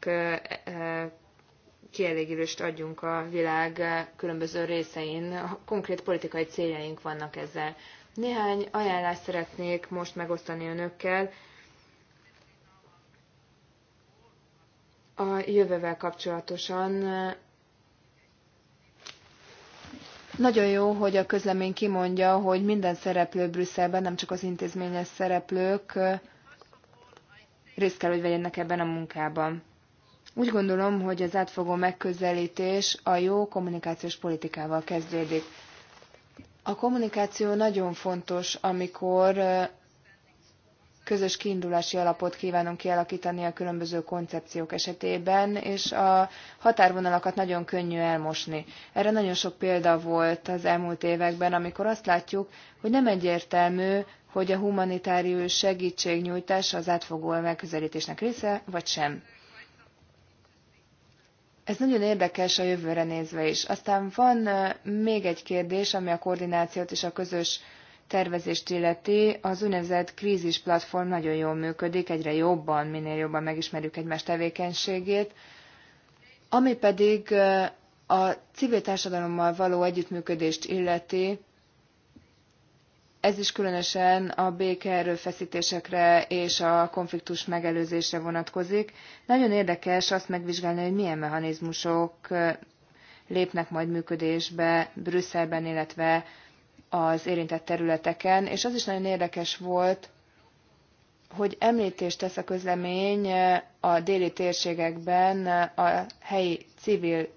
[SPEAKER 1] kielégülést adjunk a világ különböző részein. Konkrét politikai céljaink vannak ezzel. Néhány ajánlást szeretnék most megosztani önökkel a jövővel kapcsolatosan. Eh, Nagyon jó, hogy a közlemény kimondja, hogy minden szereplő Brüsszelben, nem csak az intézményes szereplők eh, részt kell, hogy vegyenek ebben a munkában. Úgy gondolom, hogy az átfogó megközelítés a jó kommunikációs politikával kezdődik. A kommunikáció nagyon fontos, amikor közös kiindulási alapot kívánunk kialakítani a különböző koncepciók esetében, és a határvonalakat nagyon könnyű elmosni. Erre nagyon sok példa volt az elmúlt években, amikor azt látjuk, hogy nem egyértelmű, hogy a humanitárius segítségnyújtás az átfogó megközelítésnek része, vagy sem. Ez nagyon érdekes a jövőre nézve is. Aztán van még egy kérdés, ami a koordinációt és a közös tervezést illeti. Az úgynevezett krízis platform nagyon jól működik, egyre jobban, minél jobban megismerjük egymás tevékenységét. Ami pedig a civil társadalommal való együttműködést illeti, ez is különösen a békeerőfeszítésekre és a konfliktus megelőzésre vonatkozik. Nagyon érdekes azt megvizsgálni, hogy milyen mechanizmusok lépnek majd működésbe Brüsszelben, illetve az érintett területeken, és az is nagyon érdekes volt, hogy említést tesz a közlemény a déli térségekben a helyi civil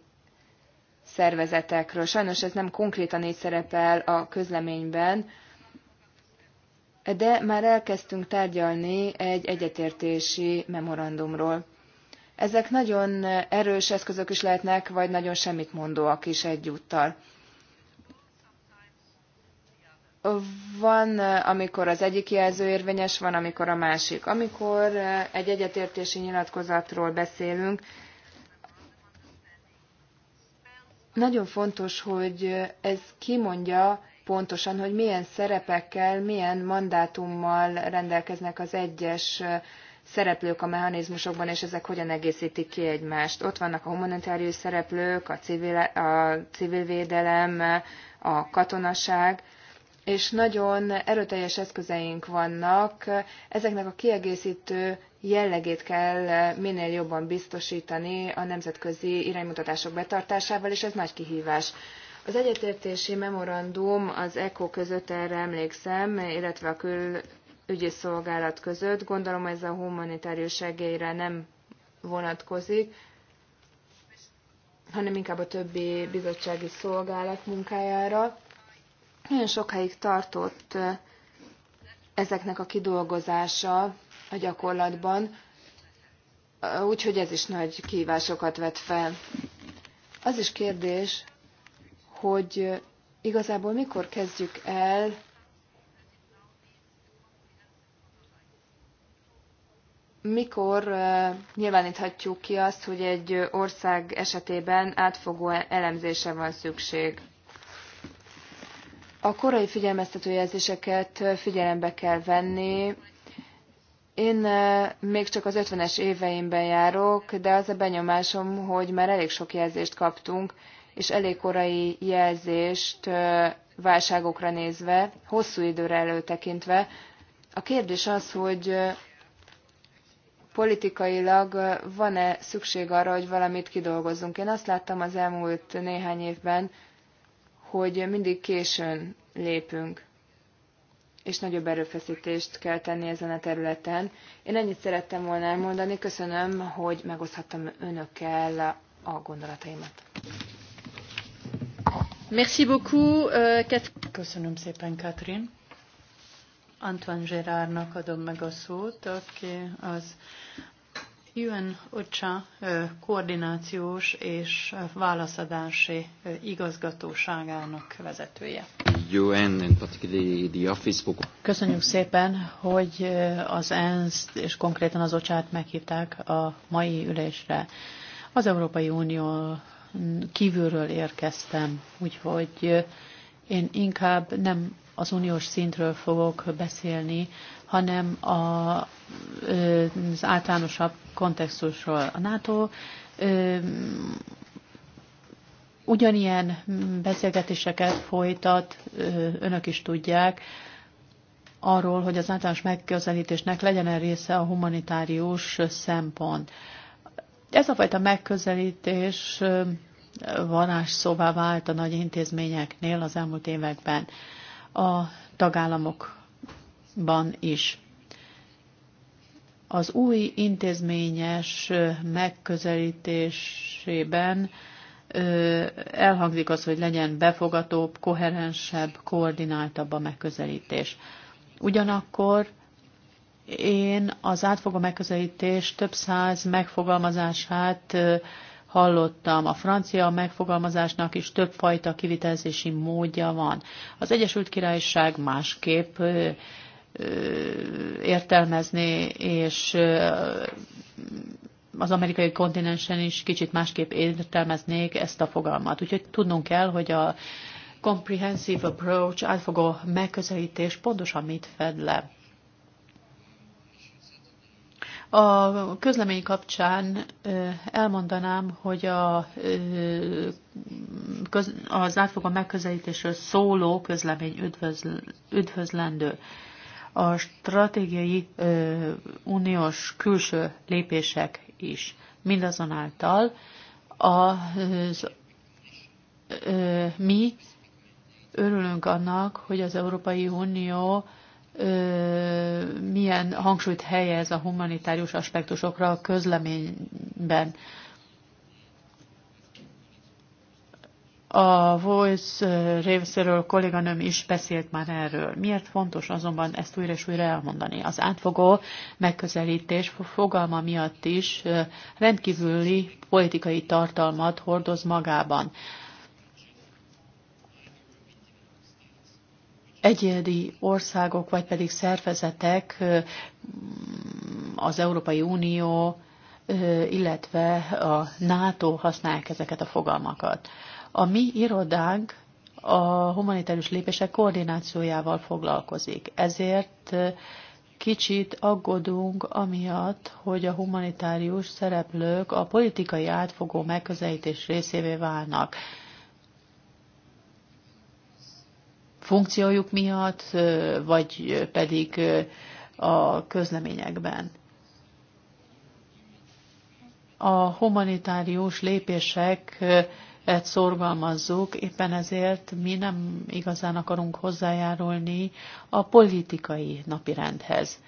[SPEAKER 1] szervezetekről. Sajnos ez nem konkrétan így szerepel a közleményben, de már elkezdtünk tárgyalni egy egyetértési memorandumról. Ezek nagyon erős eszközök is lehetnek, vagy nagyon semmit mondóak is egyúttal. Van, amikor az egyik jelző érvényes, van, amikor a másik. Amikor egy egyetértési nyilatkozatról beszélünk, nagyon fontos, hogy ez kimondja, pontosan, hogy milyen szerepekkel, milyen mandátummal rendelkeznek az egyes szereplők a mechanizmusokban, és ezek hogyan egészítik ki egymást. Ott vannak a humanitárius szereplők, a civil, a civil védelem, a katonaság, és nagyon erőteljes eszközeink vannak. Ezeknek a kiegészítő jellegét kell minél jobban biztosítani a nemzetközi iránymutatások betartásával, és ez nagy kihívás. Az egyetértési memorandum az ECO között erre emlékszem, illetve a külügyi szolgálat között. Gondolom ez a humanitárius segélyre nem vonatkozik, hanem inkább a többi bizottsági szolgálat munkájára. Nagyon sokáig tartott ezeknek a kidolgozása a gyakorlatban, úgyhogy ez is nagy kívásokat vet fel. Az is kérdés, hogy igazából mikor kezdjük el mikor uh, nyilváníthatjuk ki azt, hogy egy ország esetében átfogó elemzése van szükség? A korai figyelmeztető jelzéseket figyelembe kell venni. Én uh, még csak az 50-es éveimben járok, de az a benyomásom, hogy már elég sok jelzést kaptunk és elég korai jelzést válságokra nézve, hosszú időre előtekintve. A kérdés az, hogy politikailag van-e szükség arra, hogy valamit kidolgozzunk. Én azt láttam az elmúlt néhány évben, hogy mindig későn lépünk, és nagyobb erőfeszítést kell tenni ezen a területen. Én ennyit szerettem volna elmondani, köszönöm, hogy megoszthattam önökkel a gondolataimat.
[SPEAKER 2] Merci beaucoup, euh, Köszönöm szépen, Katrin. Antoine Gerardnak adom meg a szót, aki az UN OCSA koordinációs és válaszadási igazgatóságának vezetője. UN and particularly the office book.
[SPEAKER 3] Köszönjük szépen, hogy az ENSZ és konkrétan az OCSA-t meghívták a mai ülésre. Az Európai Unió kívülről érkeztem, úgyhogy én inkább nem az uniós szintről fogok beszélni, hanem a, az általánosabb kontextusról. A NATO ugyanilyen beszélgetéseket folytat, önök is tudják, arról, hogy az általános megközelítésnek legyen -e része a humanitárius szempont. Ez a fajta megközelítés szóvá vált a nagy intézményeknél az elmúlt években, a tagállamokban is. Az új intézményes megközelítésében elhangzik az, hogy legyen befogatóbb, koherensebb, koordináltabb a megközelítés. Ugyanakkor én az átfogó megközelítés több száz megfogalmazását hallottam. A francia megfogalmazásnak is többfajta kivitelezési módja van. Az Egyesült Királyság másképp értelmezni, és az amerikai kontinensen is kicsit másképp értelmeznék ezt a fogalmat. Úgyhogy tudnunk kell, hogy a comprehensive approach, átfogó megközelítés pontosan mit fed le. A közlemény kapcsán elmondanám, hogy a, az átfogó megközelítésről szóló közlemény üdvözlendő. A stratégiai uniós külső lépések is. Mindazonáltal az, mi örülünk annak, hogy az Európai Unió milyen hangsúlyt helyez a humanitárius aspektusokra a közleményben. A Voice részéről kolléganőm is beszélt már erről. Miért fontos azonban ezt újra és újra elmondani? Az átfogó megközelítés fogalma miatt is rendkívüli politikai tartalmat hordoz magában. egyedi országok, vagy pedig szervezetek, az Európai Unió, illetve a NATO használják ezeket a fogalmakat. A mi irodánk a humanitárius lépések koordinációjával foglalkozik. Ezért kicsit aggódunk amiatt, hogy a humanitárius szereplők a politikai átfogó megközelítés részévé válnak. funkciójuk miatt, vagy pedig a közleményekben. A humanitárius lépéseket szorgalmazzuk, éppen ezért mi nem igazán akarunk hozzájárulni a politikai napirendhez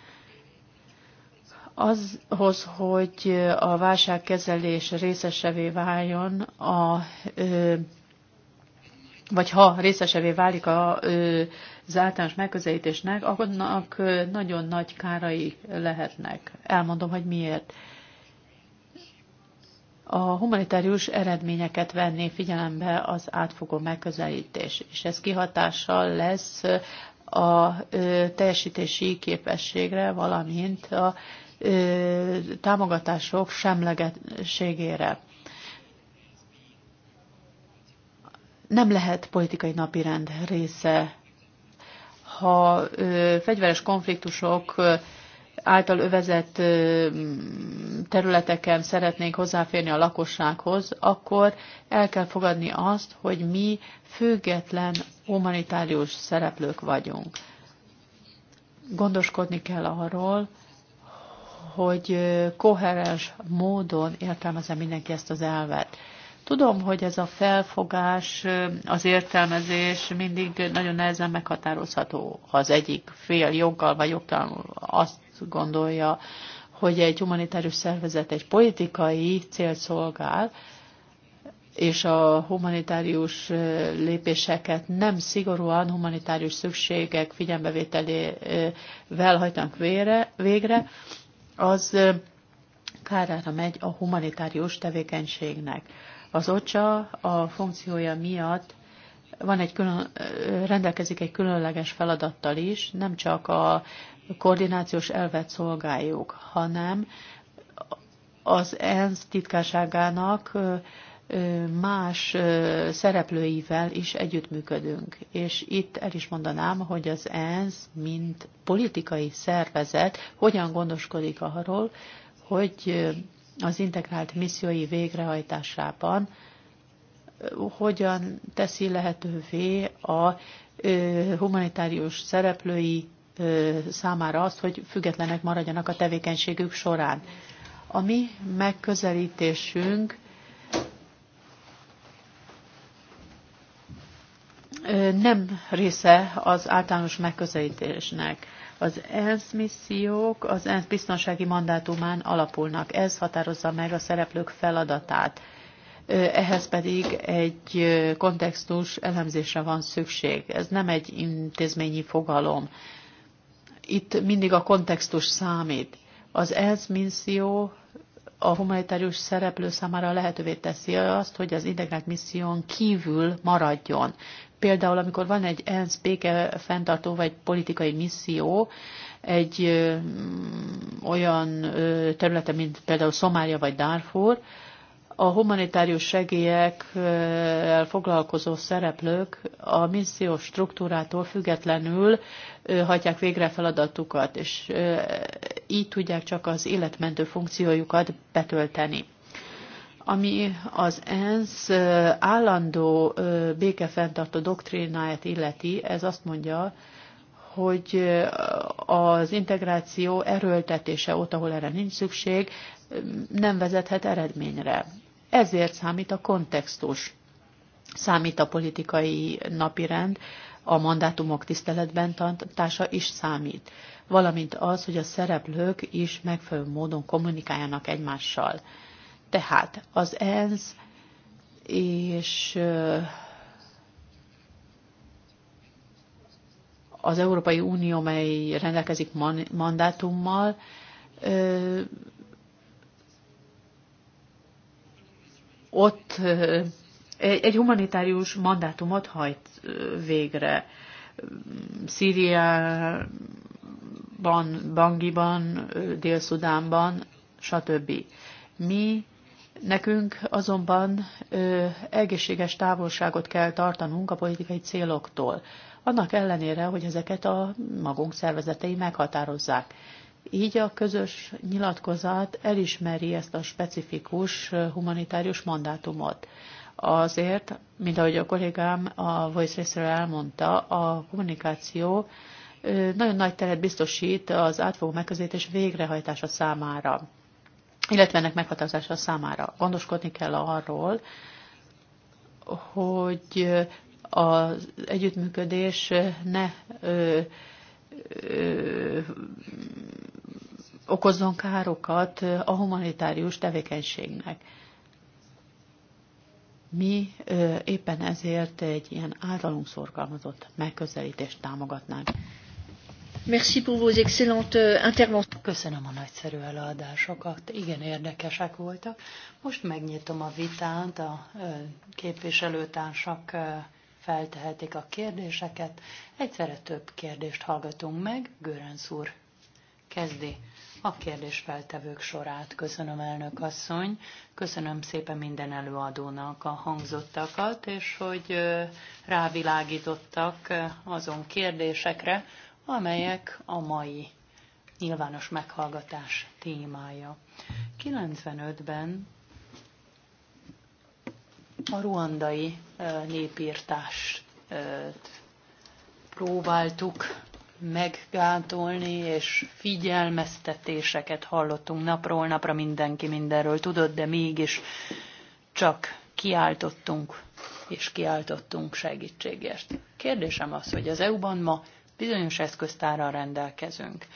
[SPEAKER 3] azhoz, hogy a válságkezelés részesevé váljon a vagy ha részesevé válik a, az általános megközelítésnek, annak nagyon nagy kárai lehetnek. Elmondom, hogy miért. A humanitárius eredményeket venné figyelembe az átfogó megközelítés, és ez kihatással lesz a teljesítési képességre, valamint a támogatások semlegességére. nem lehet politikai napirend része. Ha ö, fegyveres konfliktusok ö, által övezett ö, területeken szeretnénk hozzáférni a lakossághoz, akkor el kell fogadni azt, hogy mi független humanitárius szereplők vagyunk. Gondoskodni kell arról, hogy koherens módon értelmezze mindenki ezt az elvet. Tudom, hogy ez a felfogás, az értelmezés mindig nagyon nehezen meghatározható, ha az egyik fél joggal vagy jogtalanul azt gondolja, hogy egy humanitárius szervezet egy politikai célt szolgál, és a humanitárius lépéseket nem szigorúan humanitárius szükségek figyelmevételével hajtanak végre, az kárára megy a humanitárius tevékenységnek. Az OCSA a funkciója miatt van egy külön, rendelkezik egy különleges feladattal is, nem csak a koordinációs elvet szolgáljuk, hanem az ENSZ titkárságának más szereplőivel is együttműködünk. És itt el is mondanám, hogy az ENSZ, mint politikai szervezet, hogyan gondoskodik arról, hogy az integrált missziói végrehajtásában hogyan teszi lehetővé a humanitárius szereplői számára azt, hogy függetlenek maradjanak a tevékenységük során. A mi megközelítésünk nem része az általános megközelítésnek. Az ENSZ missziók az ENSZ biztonsági mandátumán alapulnak. Ez határozza meg a szereplők feladatát. Ehhez pedig egy kontextus elemzésre van szükség. Ez nem egy intézményi fogalom. Itt mindig a kontextus számít. Az ENSZ misszió a humanitárius szereplő számára lehetővé teszi azt, hogy az integrált misszión kívül maradjon. Például, amikor van egy ENSZ béke fenntartó vagy politikai misszió, egy ö, mm, olyan ö, területe, mint például Szomália vagy Darfur, a humanitárius segélyekkel foglalkozó szereplők a missziós struktúrától függetlenül hagyják végre feladatukat, és így tudják csak az életmentő funkciójukat betölteni ami az ENSZ állandó békefenntartó doktrínáját illeti, ez azt mondja, hogy az integráció erőltetése ott, ahol erre nincs szükség, nem vezethet eredményre. Ezért számít a kontextus, számít a politikai napirend, a mandátumok tiszteletben tartása is számít, valamint az, hogy a szereplők is megfelelő módon kommunikáljanak egymással. Tehát az ENSZ és az Európai Unió, mely rendelkezik mandátummal, ott egy humanitárius mandátumot hajt végre. Szíriában, Bangiban, Dél-Szudánban, stb. Mi Nekünk azonban ö, egészséges távolságot kell tartanunk a politikai céloktól, annak ellenére, hogy ezeket a magunk szervezetei meghatározzák. Így a közös nyilatkozat elismeri ezt a specifikus humanitárius mandátumot. Azért, mint ahogy a kollégám a Voice Racer elmondta, a kommunikáció nagyon nagy teret biztosít az átfogó megközelítés végrehajtása számára illetve ennek meghatározása számára. Gondoskodni kell arról, hogy az együttműködés ne ö, ö, okozzon károkat a humanitárius tevékenységnek. Mi ö, éppen ezért egy ilyen általunk szorgalmazott megközelítést támogatnánk.
[SPEAKER 2] Merci pour vos excellentes euh, interventions. Köszönöm a nagyszerű előadásokat, igen érdekesek voltak. Most megnyitom a vitát, a képviselőtársak feltehetik a kérdéseket. Egyszerre több kérdést hallgatunk meg. Görenc úr kezdi a kérdésfeltevők sorát. Köszönöm, elnök asszony, köszönöm szépen minden előadónak a hangzottakat, és hogy rávilágítottak azon kérdésekre, amelyek a mai nyilvános meghallgatás témája. 95-ben a ruandai népírtást próbáltuk meggátolni, és figyelmeztetéseket hallottunk napról napra, mindenki mindenről tudott, de mégis csak kiáltottunk, és kiáltottunk segítségért. Kérdésem az, hogy az EU-ban ma bizonyos eszköztárral rendelkezünk,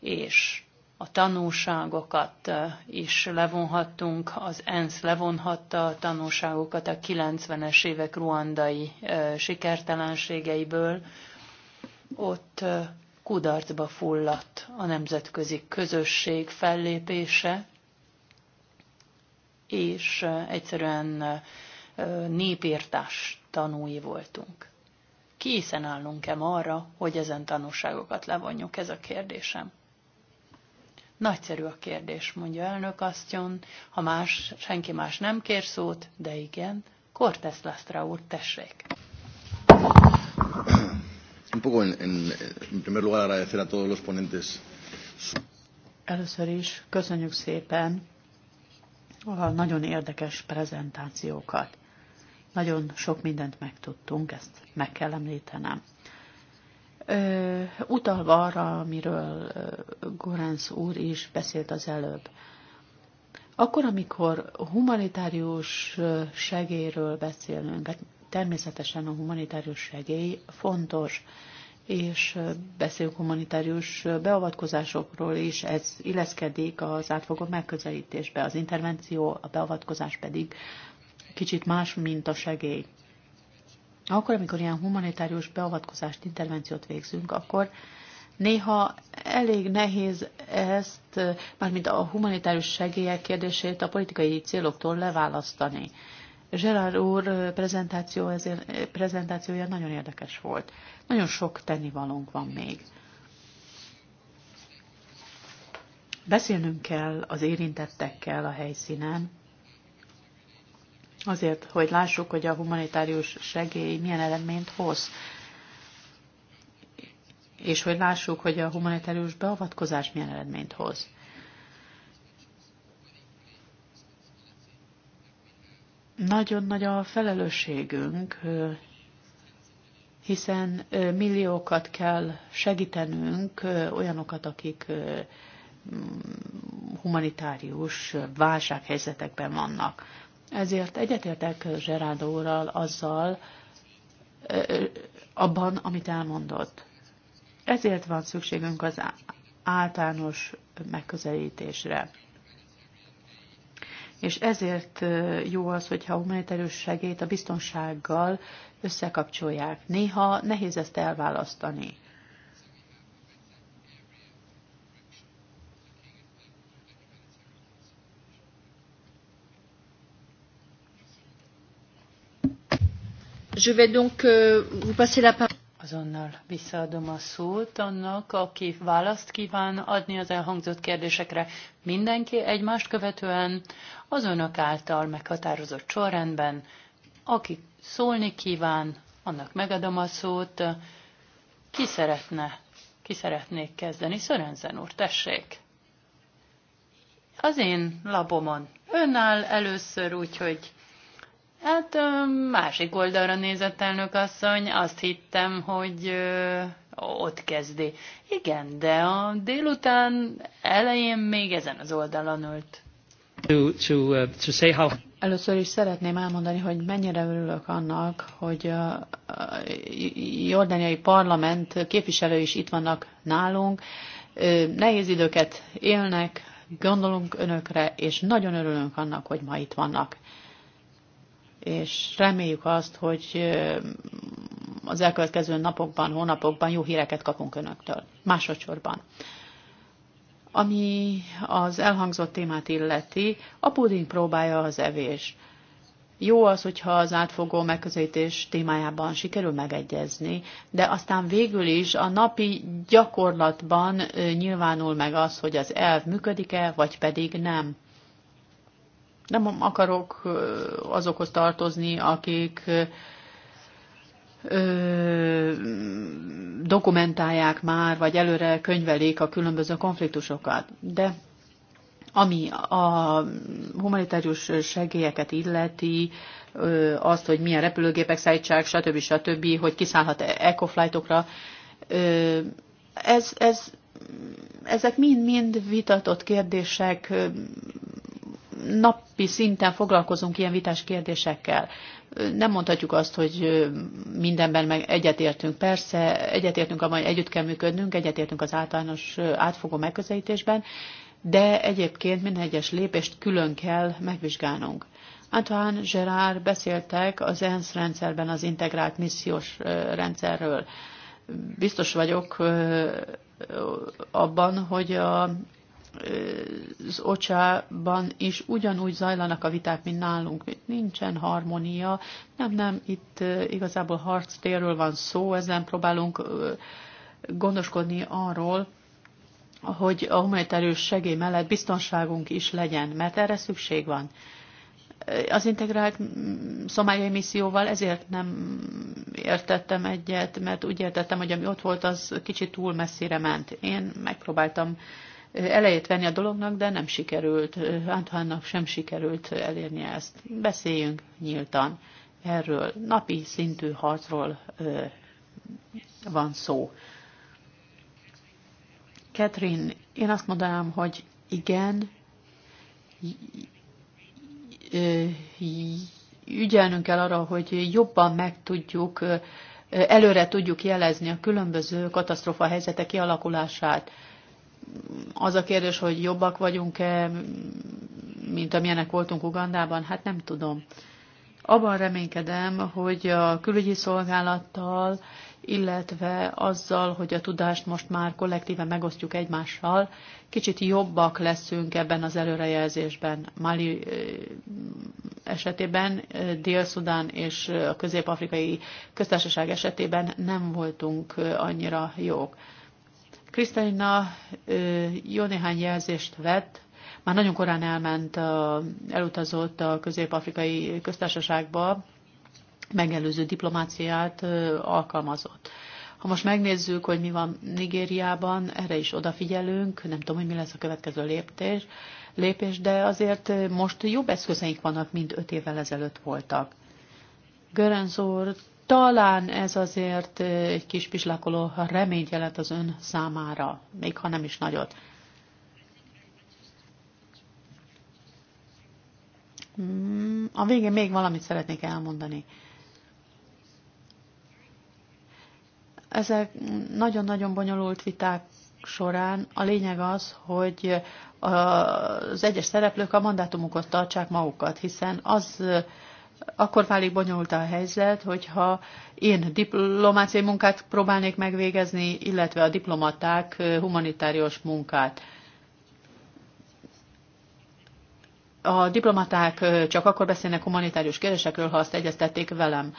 [SPEAKER 2] és a tanulságokat is levonhattunk, az ENSZ levonhatta a tanulságokat a 90-es évek ruandai sikertelenségeiből. Ott kudarcba fulladt a nemzetközi közösség fellépése, és egyszerűen népírtás tanúi voltunk készen állunk-e arra, hogy ezen tanulságokat levonjuk? Ez a kérdésem. Nagyszerű a kérdés, mondja elnök asszony, ha más, senki más nem kér szót, de igen, Cortes Lastra úr, tessék.
[SPEAKER 1] Un poco en, en, en primer lugar agradecer a todos los ponentes.
[SPEAKER 3] Először is köszönjük szépen a nagyon érdekes prezentációkat. Nagyon sok mindent megtudtunk, ezt meg kell említenem. Ö, utalva arra, amiről Goránsz úr is beszélt az előbb, akkor, amikor humanitárius segélyről beszélünk, hát természetesen a humanitárius segély fontos, és beszélünk humanitárius beavatkozásokról is, ez illeszkedik az átfogó megközelítésbe, az intervenció, a beavatkozás pedig kicsit más, mint a segély. Akkor, amikor ilyen humanitárius beavatkozást, intervenciót végzünk, akkor néha elég nehéz ezt, mármint a humanitárius segélyek kérdését a politikai céloktól leválasztani. Gerard úr prezentáció, ezért, prezentációja nagyon érdekes volt. Nagyon sok tennivalónk van még. Beszélnünk kell az érintettekkel a helyszínen, azért, hogy lássuk, hogy a humanitárius segély milyen eredményt hoz, és hogy lássuk, hogy a humanitárius beavatkozás milyen eredményt hoz. Nagyon nagy a felelősségünk, hiszen milliókat kell segítenünk, olyanokat, akik humanitárius válsághelyzetekben vannak. Ezért egyetértek Gerardo úrral azzal, abban, amit elmondott. Ezért van szükségünk az általános megközelítésre. És ezért jó az, hogyha a humanitárius segélyt a biztonsággal összekapcsolják. Néha nehéz ezt elválasztani.
[SPEAKER 2] Je vais donc euh, vous passer la parole. Azonnal visszaadom a szót annak, aki választ kíván adni az elhangzott kérdésekre. Mindenki egymást követően az önök által meghatározott sorrendben, aki szólni kíván, annak megadom a szót. Ki szeretne, ki szeretnék kezdeni? Szörenzen úr, tessék! Az én labomon. áll először úgy, hogy Hát másik oldalra nézett elnök asszony, azt hittem, hogy ott kezdi. Igen, de a délután elején még ezen az oldalon ült. Uh,
[SPEAKER 3] Először is szeretném elmondani, hogy mennyire örülök annak, hogy a jordániai parlament képviselői is itt vannak nálunk. Nehéz időket élnek, gondolunk önökre, és nagyon örülünk annak, hogy ma itt vannak és reméljük azt, hogy az elkövetkező napokban, hónapokban jó híreket kapunk önöktől. Másodszorban. Ami az elhangzott témát illeti, a puding próbálja az evés. Jó az, hogyha az átfogó megközelítés témájában sikerül megegyezni, de aztán végül is a napi gyakorlatban nyilvánul meg az, hogy az elv működik-e, vagy pedig nem. Nem akarok azokhoz tartozni, akik dokumentálják már, vagy előre könyvelik a különböző konfliktusokat. De ami a humanitárius segélyeket illeti, azt, hogy milyen repülőgépek szállítsák, stb. stb., hogy kiszállhat ecoflightokra, ez, ez, ezek mind-mind vitatott kérdések, napi szinten foglalkozunk ilyen vitás kérdésekkel. Nem mondhatjuk azt, hogy mindenben meg egyetértünk. Persze, egyetértünk, amely együtt kell működnünk, egyetértünk az általános átfogó megközelítésben, de egyébként minden egyes lépést külön kell megvizsgálnunk. Antoine Gerard beszéltek az ENSZ rendszerben az integrált missziós rendszerről. Biztos vagyok abban, hogy a az ocsában is ugyanúgy zajlanak a viták, mint nálunk. nincsen harmónia, nem, nem, itt igazából harctérről van szó, ezen próbálunk gondoskodni arról, hogy a humanitárius segély mellett biztonságunk is legyen, mert erre szükség van. Az integrált szomályai misszióval ezért nem értettem egyet, mert úgy értettem, hogy ami ott volt, az kicsit túl messzire ment. Én megpróbáltam uh, elejét venni a dolognak, de nem sikerült, Antoánnak sem sikerült elérni ezt. Beszéljünk nyíltan erről. Napi szintű harcról van szó. Catherine, én azt mondanám, hogy igen, ügyelnünk kell arra, hogy jobban meg tudjuk, előre tudjuk jelezni a különböző katasztrófa helyzetek kialakulását az a kérdés, hogy jobbak vagyunk-e, mint amilyenek voltunk Ugandában, hát nem tudom. Abban reménykedem, hogy a külügyi szolgálattal, illetve azzal, hogy a tudást most már kollektíven megosztjuk egymással, kicsit jobbak leszünk ebben az előrejelzésben. Mali eh, esetében, eh, Dél-Szudán és eh, a közép-afrikai köztársaság esetében nem voltunk annyira jók. Krisztalina jó néhány jelzést vett, már nagyon korán elment, elutazott a közép-afrikai köztársaságba, megelőző diplomáciát alkalmazott. Ha most megnézzük, hogy mi van Nigériában, erre is odafigyelünk, nem tudom, hogy mi lesz a következő léptés, lépés, de azért most jobb eszközeink vannak, mint öt évvel ezelőtt voltak. Görenz úr talán ez azért egy kis pislakoló reményt jelent az ön számára, még ha nem is nagyot. Mm, a végén még valamit szeretnék elmondani. Ezek nagyon-nagyon bonyolult viták során a lényeg az, hogy az egyes szereplők a mandátumukat tartsák magukat, hiszen az akkor válik bonyolult a helyzet, hogyha én diplomáciai munkát próbálnék megvégezni, illetve a diplomaták humanitárius munkát. A diplomaták csak akkor beszélnek humanitárius kérdésekről, ha azt egyeztették velem.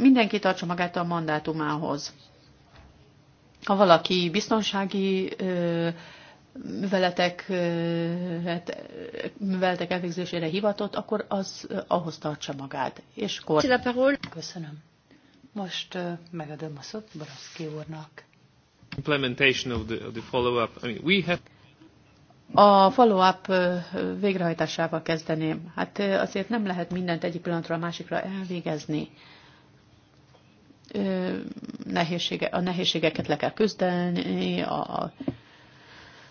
[SPEAKER 3] Mindenki tartsa magát a mandátumához. Ha valaki biztonsági műveletek, hát, műveletek elvégzésére hivatott, akkor az ahhoz tartsa magát. És kor...
[SPEAKER 2] Köszönöm. Most megadom a szót Boroszki úrnak.
[SPEAKER 3] Implementation of the, of the follow-up. I mean, we have... A follow-up végrehajtásával kezdeném. Hát azért nem lehet mindent egyik pillanatról a másikra elvégezni nehézsége, a nehézségeket le kell küzdeni, a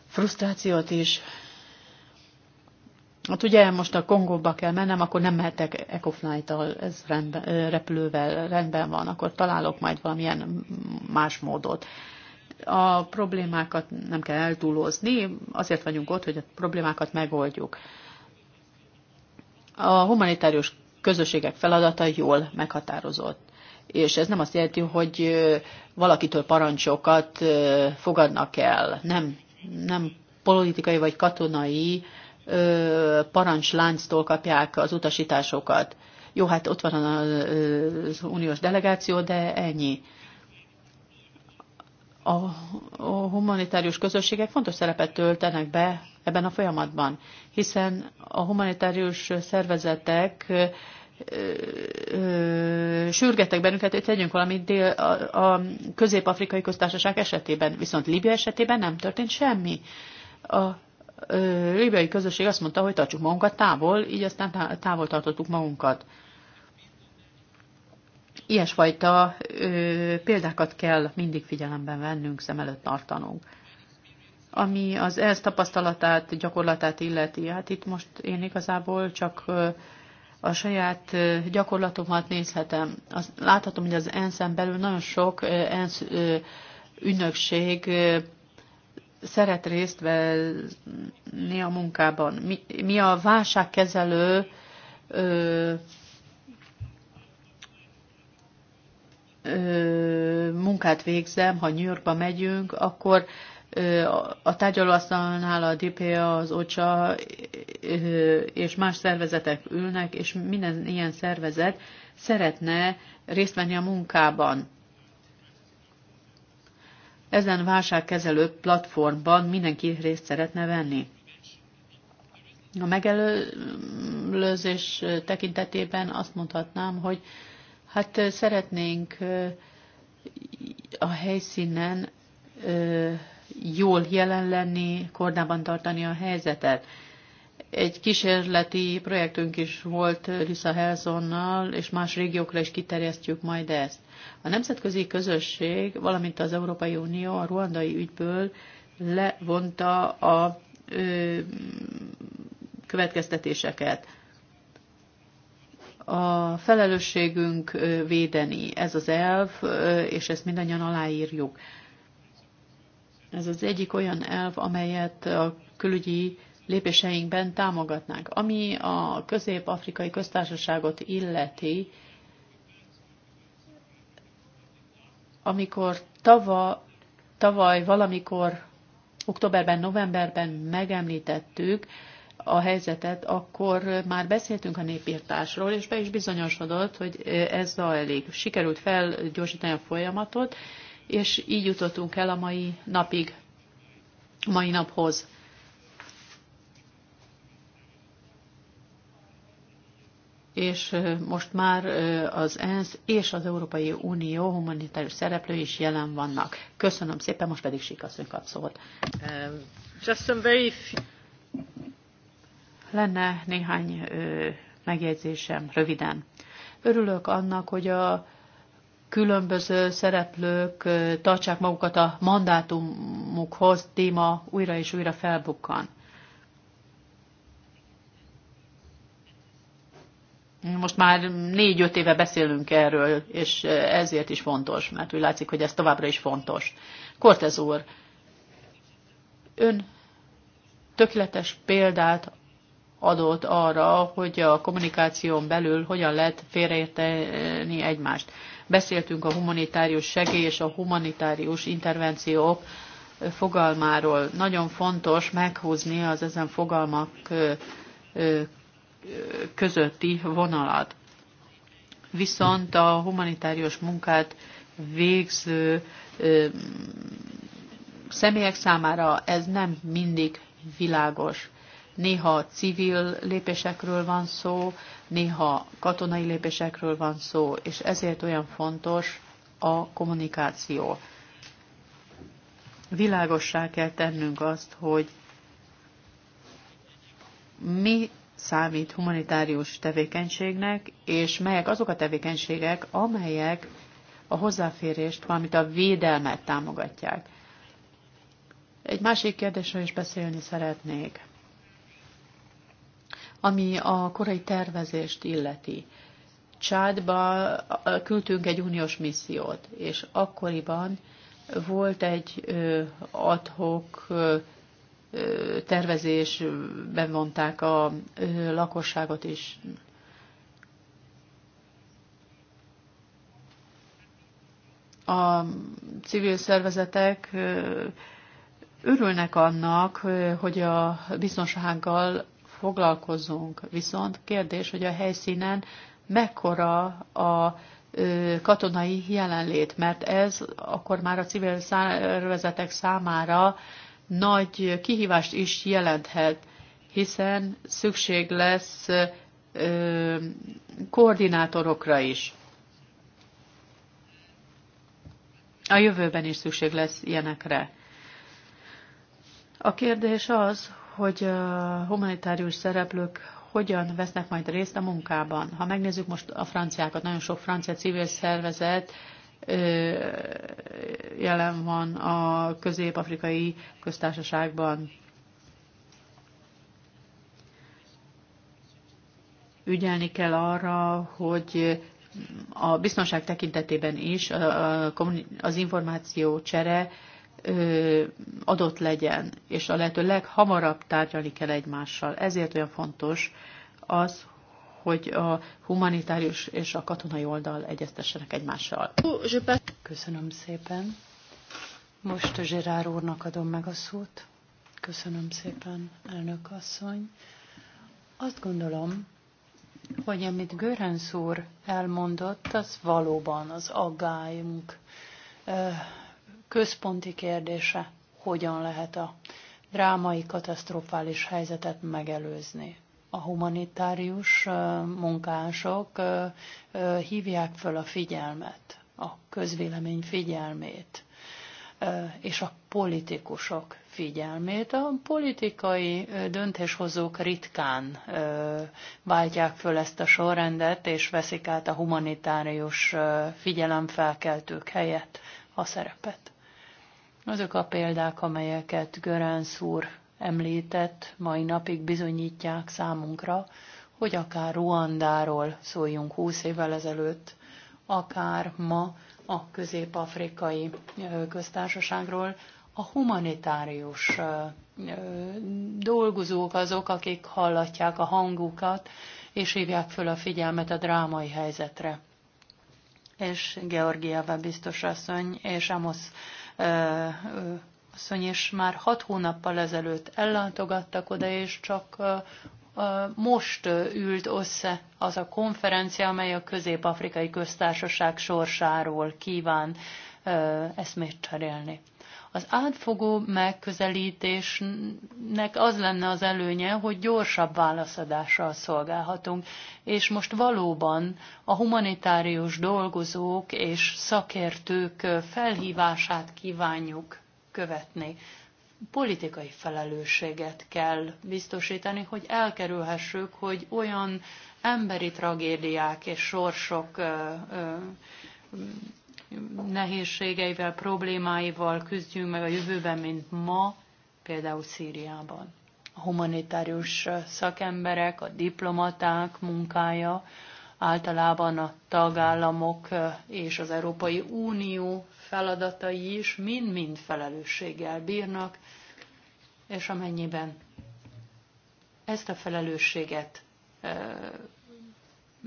[SPEAKER 3] frusztrációt is. Hát ugye most a Kongóba kell mennem, akkor nem mehetek Ecoflight-tal, ez rendben, repülővel rendben van, akkor találok majd valamilyen más módot. A problémákat nem kell eltúlozni, azért vagyunk ott, hogy a problémákat megoldjuk. A humanitárius közösségek feladata jól meghatározott. És ez nem azt jelenti, hogy valakitől parancsokat fogadnak el. Nem, nem politikai vagy katonai parancslánctól kapják az utasításokat. Jó, hát ott van az uniós delegáció, de ennyi. A, a humanitárius közösségek fontos szerepet töltenek be ebben a folyamatban, hiszen a humanitárius szervezetek sürgetek bennünket, hogy tegyünk valamit dél, a, a közép-afrikai köztársaság esetében, viszont Líbia esetében nem történt semmi. A ö, líbiai közösség azt mondta, hogy tartsuk magunkat távol, így aztán távol tartottuk magunkat. Ilyesfajta ö, példákat kell mindig figyelemben vennünk, szem előtt tartanunk. Ami az ezt tapasztalatát, gyakorlatát illeti, hát itt most én igazából csak ö, a saját gyakorlatomat nézhetem. Azt láthatom, hogy az ensz belül nagyon sok ENSZ ügynökség szeret részt venni a munkában. Mi, mi a válságkezelő ö, ö, munkát végzem, ha New Yorkba megyünk, akkor ö, a tárgyalóasztalnál a DPA, az OCSA és más szervezetek ülnek, és minden ilyen szervezet szeretne részt venni a munkában. Ezen válságkezelő platformban mindenki részt szeretne venni. A megelőzés tekintetében azt mondhatnám, hogy hát szeretnénk a helyszínen jól jelen lenni, kordában tartani a helyzetet. Egy kísérleti projektünk is volt Lisa Helsonnal, és más régiókra is kiterjesztjük majd ezt. A nemzetközi közösség, valamint az Európai Unió a ruandai ügyből levonta a ö, következtetéseket. A felelősségünk védeni, ez az elv, és ezt mindannyian aláírjuk. Ez az egyik olyan elv, amelyet a külügyi lépéseinkben támogatnánk. Ami a közép-afrikai köztársaságot illeti, amikor tava, tavaly valamikor októberben, novemberben megemlítettük a helyzetet, akkor már beszéltünk a népírtásról, és be is bizonyosodott, hogy ez zajlik. Sikerült felgyorsítani a folyamatot, és így jutottunk el a mai napig, a mai naphoz. és most már az ENSZ és az Európai Unió humanitárius szereplői is jelen vannak. Köszönöm szépen, most pedig Sikasszony kap szót. Um, Lenne néhány megjegyzésem röviden. Örülök annak, hogy a különböző szereplők tartsák magukat a mandátumukhoz, téma újra és újra felbukkan. Most már négy-öt éve beszélünk erről, és ezért is fontos, mert úgy látszik, hogy ez továbbra is fontos. Kortez úr, ön tökéletes példát adott arra, hogy a kommunikáción belül hogyan lehet félreérteni egymást. Beszéltünk a humanitárius segély és a humanitárius intervenciók fogalmáról. Nagyon fontos meghúzni az ezen fogalmak közötti vonalat. Viszont a humanitárius munkát végző személyek számára ez nem mindig világos. Néha civil lépésekről van szó, néha katonai lépésekről van szó, és ezért olyan fontos a kommunikáció. Világossá kell tennünk azt, hogy mi számít humanitárius tevékenységnek, és melyek azok a tevékenységek, amelyek a hozzáférést, valamint a védelmet támogatják. Egy másik kérdésről is beszélni szeretnék. Ami a korai tervezést illeti, Csádba küldtünk egy uniós missziót, és akkoriban volt egy adhok tervezés, bevonták a lakosságot is. A civil szervezetek örülnek annak, hogy a biztonsággal foglalkozunk. Viszont kérdés, hogy a helyszínen mekkora a katonai jelenlét, mert ez akkor már a civil szervezetek számára nagy kihívást is jelenthet, hiszen szükség lesz koordinátorokra is. A jövőben is szükség lesz ilyenekre. A kérdés az, hogy a humanitárius szereplők hogyan vesznek majd részt a munkában. Ha megnézzük most a franciákat, nagyon sok francia civil szervezet jelen van a közép-afrikai köztársaságban. Ügyelni kell arra, hogy a biztonság tekintetében is az információ csere adott legyen, és a lehető leghamarabb tárgyalni kell egymással. Ezért olyan fontos az, hogy a humanitárius és a katonai oldal egyeztessenek egymással.
[SPEAKER 2] Köszönöm szépen. Most Zsirár úrnak adom meg a szót. Köszönöm szépen, elnök asszony. Azt gondolom, hogy amit Görenz úr elmondott, az valóban az aggályunk központi kérdése, hogyan lehet a drámai, katasztrofális helyzetet megelőzni. A humanitárius munkások hívják föl a figyelmet, a közvélemény figyelmét és a politikusok figyelmét. A politikai döntéshozók ritkán váltják föl ezt a sorrendet, és veszik át a humanitárius figyelemfelkeltők helyett a szerepet. Azok a példák, amelyeket Göránsz úr említett, mai napig bizonyítják számunkra, hogy akár Ruandáról szóljunk 20 évvel ezelőtt, akár ma a közép-afrikai köztársaságról, a humanitárius dolgozók azok, akik hallatják a hangukat, és hívják föl a figyelmet a drámai helyzetre. És Georgieva biztos asszony és Amos asszony, és már hat hónappal ezelőtt ellátogattak oda, és csak most ült össze az a konferencia, amely a Közép-Afrikai Köztársaság sorsáról kíván eszmét cserélni. Az átfogó megközelítésnek az lenne az előnye, hogy gyorsabb válaszadással szolgálhatunk, és most valóban a humanitárius dolgozók és szakértők felhívását kívánjuk követni politikai felelősséget kell biztosítani, hogy elkerülhessük, hogy olyan emberi tragédiák és sorsok ö, ö, nehézségeivel, problémáival küzdjünk meg a jövőben, mint ma, például Szíriában. A humanitárius szakemberek, a diplomaták munkája, általában a tagállamok és az Európai Unió feladatai is mind-mind felelősséggel bírnak, és amennyiben ezt a felelősséget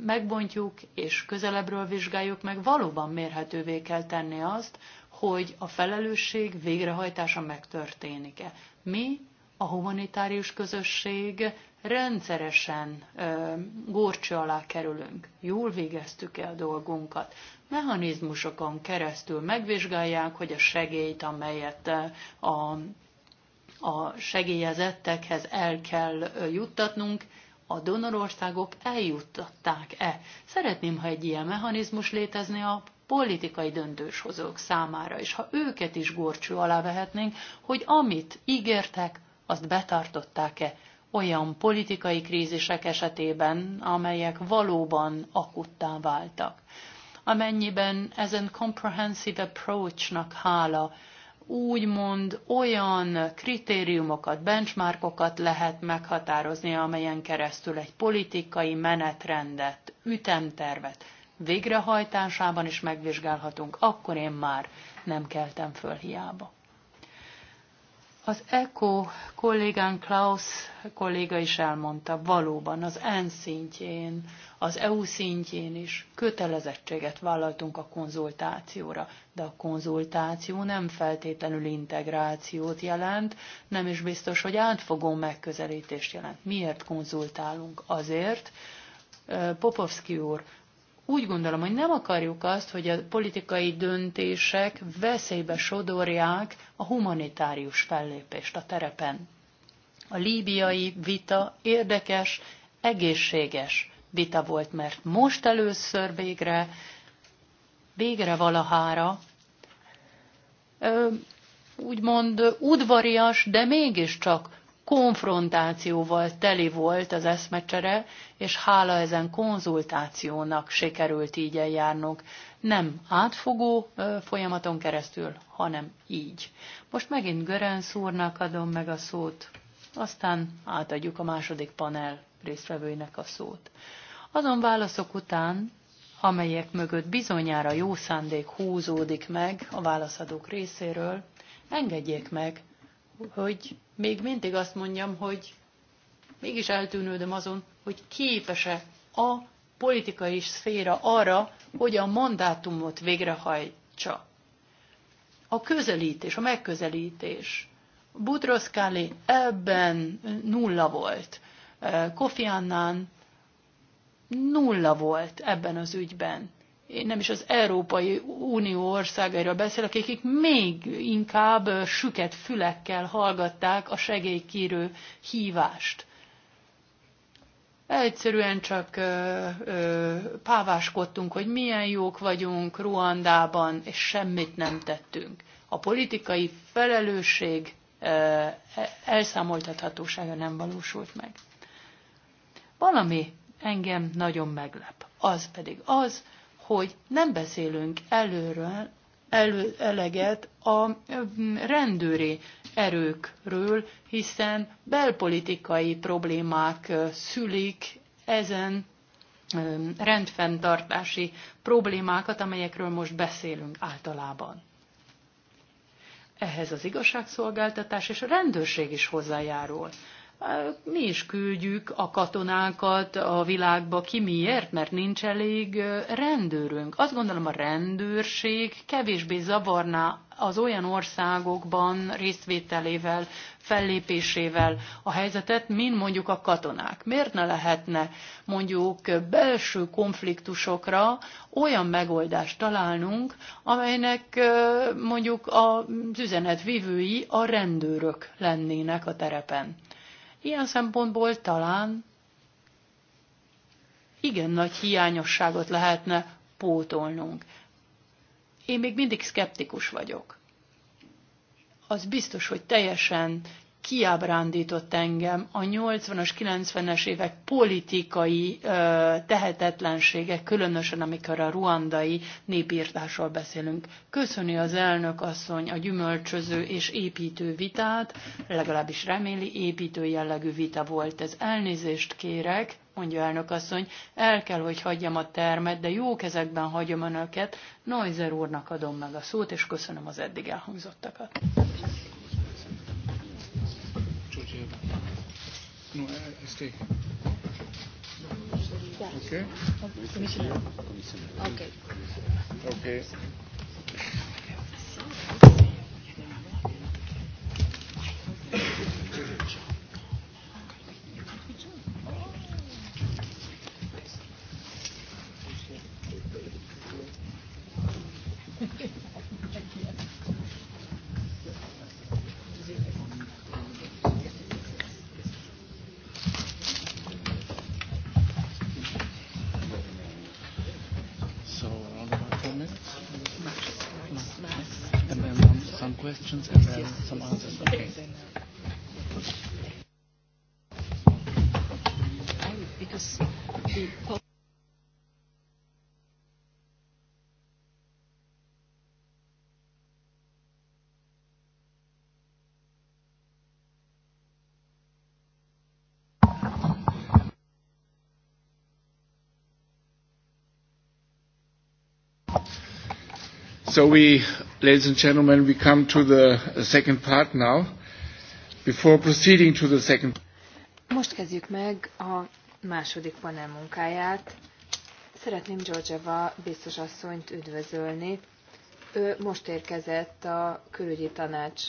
[SPEAKER 2] megbontjuk és közelebbről vizsgáljuk meg, valóban mérhetővé kell tenni azt, hogy a felelősség végrehajtása megtörténik-e. Mi, a humanitárius közösség rendszeresen ö, górcső alá kerülünk. Jól végeztük el dolgunkat. Mechanizmusokon keresztül megvizsgálják, hogy a segélyt, amelyet a, a segélyezettekhez el kell juttatnunk, a donorországok eljuttatták-e. Szeretném, ha egy ilyen mechanizmus létezne a politikai döntőshozók számára, és ha őket is gorcsú alá vehetnénk, hogy amit ígértek, azt betartották-e olyan politikai krízisek esetében, amelyek valóban akuttá váltak. Amennyiben ezen comprehensive approachnak hála úgymond olyan kritériumokat, benchmarkokat lehet meghatározni, amelyen keresztül egy politikai menetrendet, ütemtervet végrehajtásában is megvizsgálhatunk, akkor én már nem keltem föl hiába. Az ECO kollégán Klaus kolléga is elmondta, valóban az EN szintjén, az EU szintjén is kötelezettséget vállaltunk a konzultációra, de a konzultáció nem feltétlenül integrációt jelent, nem is biztos, hogy átfogó megközelítést jelent. Miért konzultálunk? Azért, Popovski úr, úgy gondolom, hogy nem akarjuk azt, hogy a politikai döntések veszélybe sodorják a humanitárius fellépést a terepen. A líbiai vita érdekes, egészséges vita volt, mert most először végre, végre valahára ö, úgymond udvarias, de mégiscsak konfrontációval teli volt az eszmecsere, és hála ezen konzultációnak sikerült így eljárnunk. Nem átfogó folyamaton keresztül, hanem így. Most megint Görenc úrnak adom meg a szót, aztán átadjuk a második panel résztvevőinek a szót. Azon válaszok után, amelyek mögött bizonyára jó szándék húzódik meg a válaszadók részéről, engedjék meg, hogy még mindig azt mondjam, hogy mégis eltűnődöm azon, hogy képes-e a politikai szféra arra, hogy a mandátumot végrehajtsa. A közelítés, a megközelítés. Budroszkáli ebben nulla volt. Kofi Annan nulla volt ebben az ügyben én nem is az Európai Unió országairól beszélek, akik még inkább süket fülekkel hallgatták a segélykérő hívást. Egyszerűen csak ö, ö, páváskodtunk, hogy milyen jók vagyunk Ruandában, és semmit nem tettünk. A politikai felelősség ö, e, elszámoltathatósága nem valósult meg. Valami engem nagyon meglep. Az pedig az, hogy nem beszélünk előről, elő, eleget a mm, rendőri erőkről, hiszen belpolitikai problémák szülik ezen rendfenntartási problémákat, amelyekről most beszélünk általában. Ehhez az igazságszolgáltatás és a rendőrség is hozzájárul mi is küldjük a katonákat a világba, ki miért, mert nincs elég rendőrünk. Azt gondolom a rendőrség kevésbé zavarná az olyan országokban részvételével, fellépésével a helyzetet, mint mondjuk a katonák. Miért ne lehetne mondjuk belső konfliktusokra olyan megoldást találnunk, amelynek mondjuk az vívői a rendőrök lennének a terepen? Ilyen szempontból talán igen nagy hiányosságot lehetne pótolnunk. Én még mindig szkeptikus vagyok. Az biztos, hogy teljesen kiábrándított engem a 80-as, 90-es évek politikai ö, tehetetlensége, különösen amikor a ruandai népírtásról beszélünk. Köszöni az elnök asszony a gyümölcsöző és építő vitát, legalábbis reméli építő jellegű vita volt ez. Elnézést kérek, mondja elnök asszony, el kell, hogy hagyjam a termet, de jó kezekben hagyom önöket. Noizer úrnak adom meg a szót, és köszönöm az eddig elhangzottakat. No, I stay. Okay. Commissioner. Okay. Okay. okay.
[SPEAKER 1] So we, ladies and gentlemen, we come to the uh, second part now. Before proceeding to the second Most kezdjük meg a második panel munkáját. Szeretném Georgieva biztos asszonyt üdvözölni. Ő most érkezett a külügyi tanács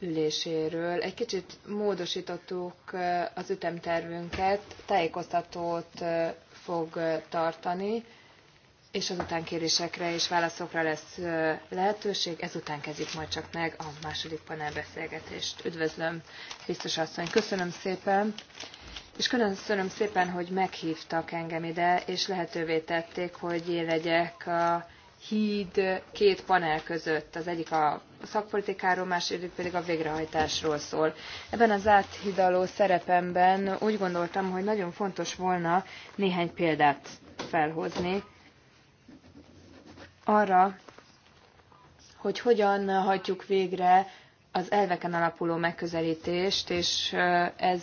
[SPEAKER 1] üléséről. Egy kicsit módosítottuk uh, az ütemtervünket, tájékoztatót uh, fog tartani és azután kérdésekre és válaszokra lesz lehetőség. Ezután kezdjük majd csak meg a második panelbeszélgetést. Üdvözlöm, biztos asszony, köszönöm szépen, és köszönöm szépen, hogy meghívtak engem ide, és lehetővé tették, hogy én legyek a híd két panel között. Az egyik a szakpolitikáról, másik pedig a végrehajtásról szól. Ebben az áthidaló szerepemben úgy gondoltam, hogy nagyon fontos volna néhány példát felhozni arra, hogy hogyan hagyjuk végre az elveken alapuló megközelítést, és ez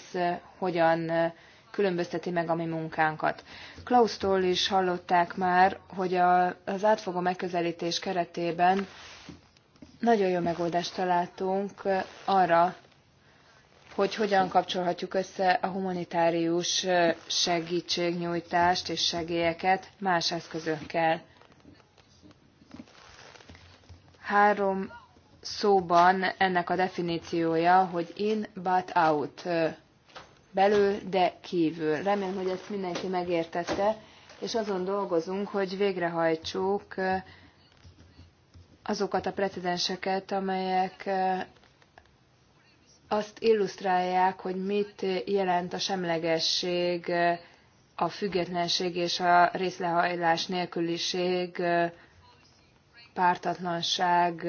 [SPEAKER 1] hogyan különbözteti meg a mi munkánkat. Klaus-tól is hallották már, hogy a, az átfogó megközelítés keretében nagyon jó megoldást találtunk arra, hogy hogyan kapcsolhatjuk össze a humanitárius segítségnyújtást és segélyeket más eszközökkel. Három szóban ennek a definíciója, hogy in, but out, belül, de kívül. Remélem, hogy ezt mindenki megértette, és azon dolgozunk, hogy végrehajtsuk azokat a precedenseket, amelyek azt illusztrálják, hogy mit jelent a semlegesség, a függetlenség és a részlehajlás nélküliség pártatlanság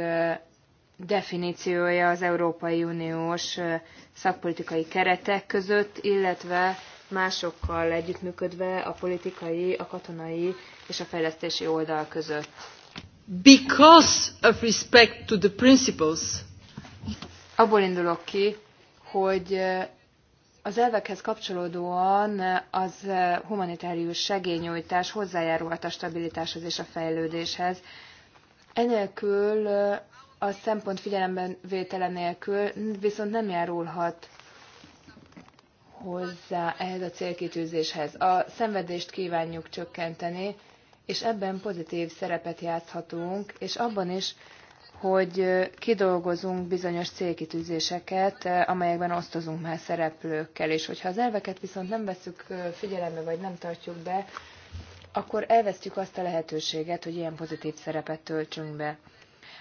[SPEAKER 1] definíciója az Európai Uniós szakpolitikai keretek között, illetve másokkal együttműködve a politikai, a katonai és a fejlesztési oldal között. Because of respect to the principles. Abból indulok ki, hogy az elvekhez kapcsolódóan az humanitárius segélynyújtás hozzájárulhat a stabilitáshoz és a fejlődéshez Enélkül a szempont figyelemben vétele nélkül viszont nem járulhat hozzá ehhez a célkitűzéshez. A szenvedést kívánjuk csökkenteni, és ebben pozitív szerepet játszhatunk, és abban is, hogy kidolgozunk bizonyos célkitűzéseket, amelyekben osztozunk már szereplőkkel, és hogyha az elveket viszont nem veszük figyelembe, vagy nem tartjuk be, akkor elvesztjük azt a lehetőséget, hogy ilyen pozitív szerepet töltsünk be.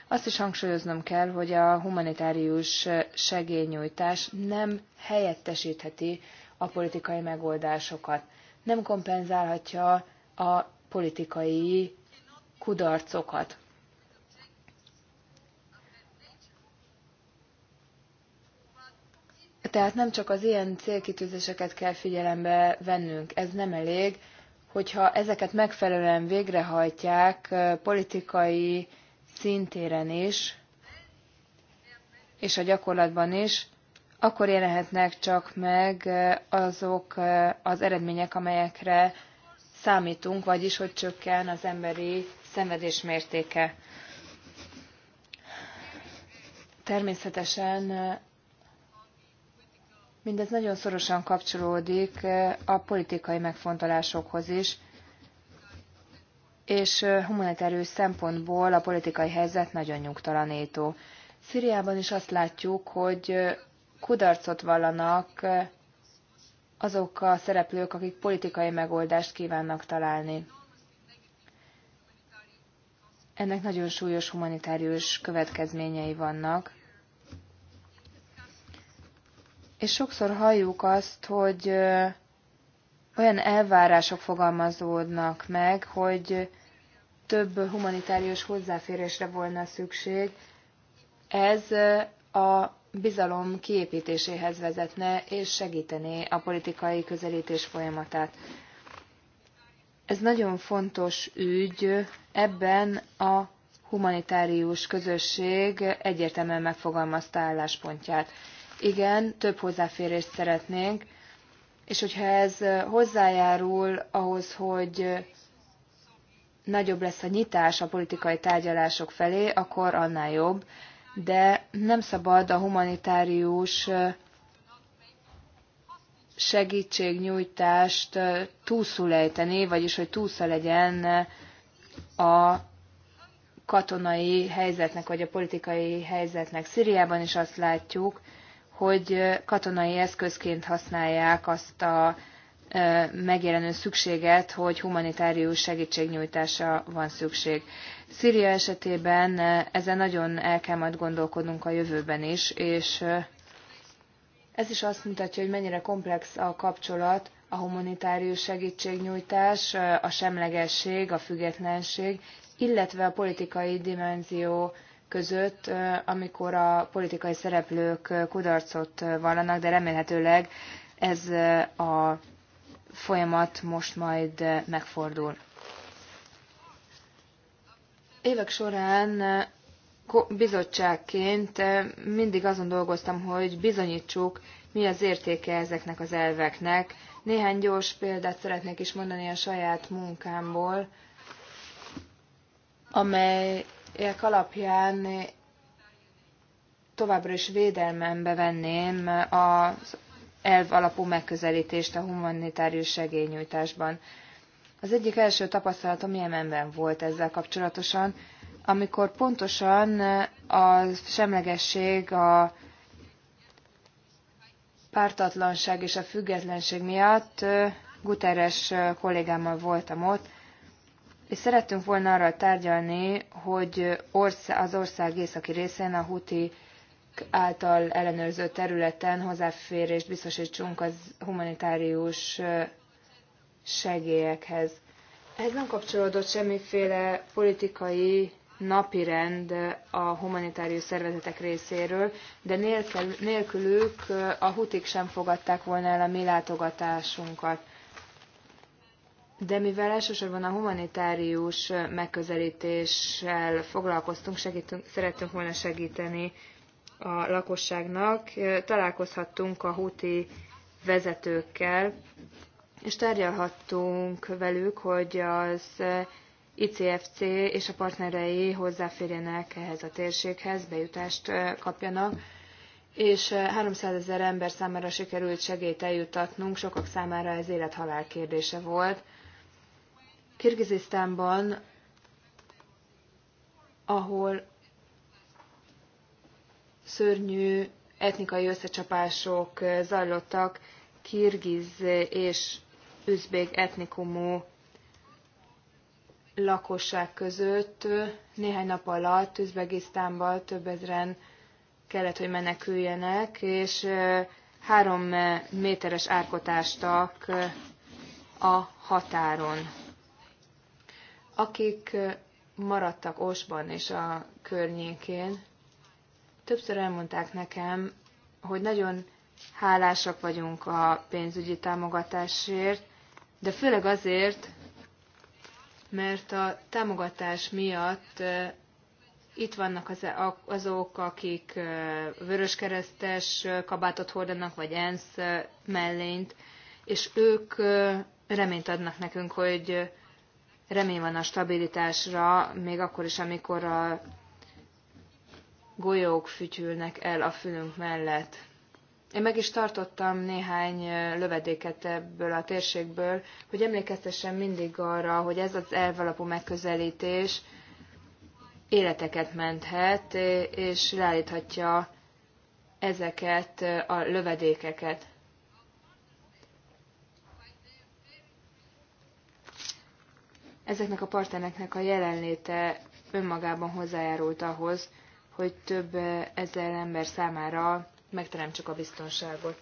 [SPEAKER 1] Azt is hangsúlyoznom kell, hogy a humanitárius segélynyújtás nem helyettesítheti a politikai megoldásokat, nem kompenzálhatja a politikai kudarcokat. Tehát nem csak az ilyen célkitűzéseket kell figyelembe vennünk, ez nem elég, hogyha ezeket megfelelően végrehajtják politikai szintéren is, és a gyakorlatban is, akkor jelenhetnek csak meg azok az eredmények, amelyekre számítunk, vagyis hogy csökken az emberi szenvedés mértéke. Természetesen Mindez nagyon szorosan kapcsolódik eh, a politikai megfontolásokhoz is, és eh, humanitárius szempontból a politikai helyzet nagyon nyugtalanító. Szíriában is azt látjuk, hogy eh, kudarcot vallanak azok a szereplők, akik politikai megoldást kívánnak találni. Ennek nagyon súlyos humanitárius következményei vannak. És sokszor halljuk azt, hogy olyan elvárások fogalmazódnak meg, hogy több humanitárius hozzáférésre volna szükség. Ez a bizalom kiépítéséhez vezetne és segítené a politikai közelítés folyamatát. Ez nagyon fontos ügy, ebben a humanitárius közösség egyértelműen megfogalmazta álláspontját. Igen, több hozzáférést szeretnénk, és hogyha ez hozzájárul ahhoz, hogy nagyobb lesz a nyitás a politikai tárgyalások felé, akkor annál jobb. De nem szabad a humanitárius segítségnyújtást túlszulejteni, vagyis hogy túlsza legyen a katonai helyzetnek, vagy a politikai helyzetnek. Szíriában is azt látjuk, hogy katonai eszközként használják azt a megjelenő szükséget, hogy humanitárius segítségnyújtása van szükség. Szíria esetében ezen nagyon el kell majd gondolkodnunk a jövőben is, és ez is azt mutatja, hogy mennyire komplex a kapcsolat a humanitárius segítségnyújtás, a semlegesség, a függetlenség, illetve a politikai dimenzió között, amikor a politikai szereplők kudarcot vallanak, de remélhetőleg ez a folyamat most majd megfordul. Évek során bizottságként mindig azon dolgoztam, hogy bizonyítsuk, mi az értéke ezeknek az elveknek. Néhány gyors példát szeretnék is mondani a saját munkámból, amely alapján továbbra is védelmembe venném az elv alapú megközelítést a humanitárius segélynyújtásban. Az egyik első tapasztalatom Jemenben volt ezzel kapcsolatosan, amikor pontosan a semlegesség, a pártatlanság és a függetlenség miatt Guterres kollégámmal voltam ott, és szerettünk volna arra tárgyalni, hogy az ország északi részén a huti által ellenőrző területen hozzáférést biztosítsunk az humanitárius segélyekhez. Ez nem kapcsolódott semmiféle politikai napirend a humanitárius szervezetek részéről, de nélkül, nélkülük a hutik sem fogadták volna el a mi látogatásunkat de mivel elsősorban a humanitárius megközelítéssel foglalkoztunk, segítünk, szerettünk volna segíteni a lakosságnak, találkozhattunk a húti vezetőkkel, és tárgyalhattunk velük, hogy az ICFC és a partnerei hozzáférjenek ehhez a térséghez, bejutást kapjanak, és 300 ezer ember számára sikerült segélyt eljutatnunk, sokak számára ez élethalál kérdése volt Kirgizisztánban, ahol szörnyű etnikai összecsapások zajlottak, kirgiz és üzbék etnikumú lakosság között. Néhány nap alatt Üzbegisztánban több ezren kellett, hogy meneküljenek, és három méteres árkotástak a határon akik maradtak Osban és a környékén, többször elmondták nekem, hogy nagyon hálásak vagyunk a pénzügyi támogatásért, de főleg azért, mert a támogatás miatt itt vannak az, azok, akik vöröskeresztes kabátot hordanak, vagy ENSZ mellényt, és ők reményt adnak nekünk, hogy remény van a stabilitásra, még akkor is, amikor a golyók fütyülnek el a fülünk mellett. Én meg is tartottam néhány lövedéket ebből a térségből, hogy emlékeztessen mindig arra, hogy ez az elvalapú megközelítés életeket menthet, és leállíthatja ezeket a lövedékeket. Ezeknek a partnereknek a jelenléte önmagában hozzájárult ahhoz, hogy több eh, ezer ember számára megteremtsük a biztonságot.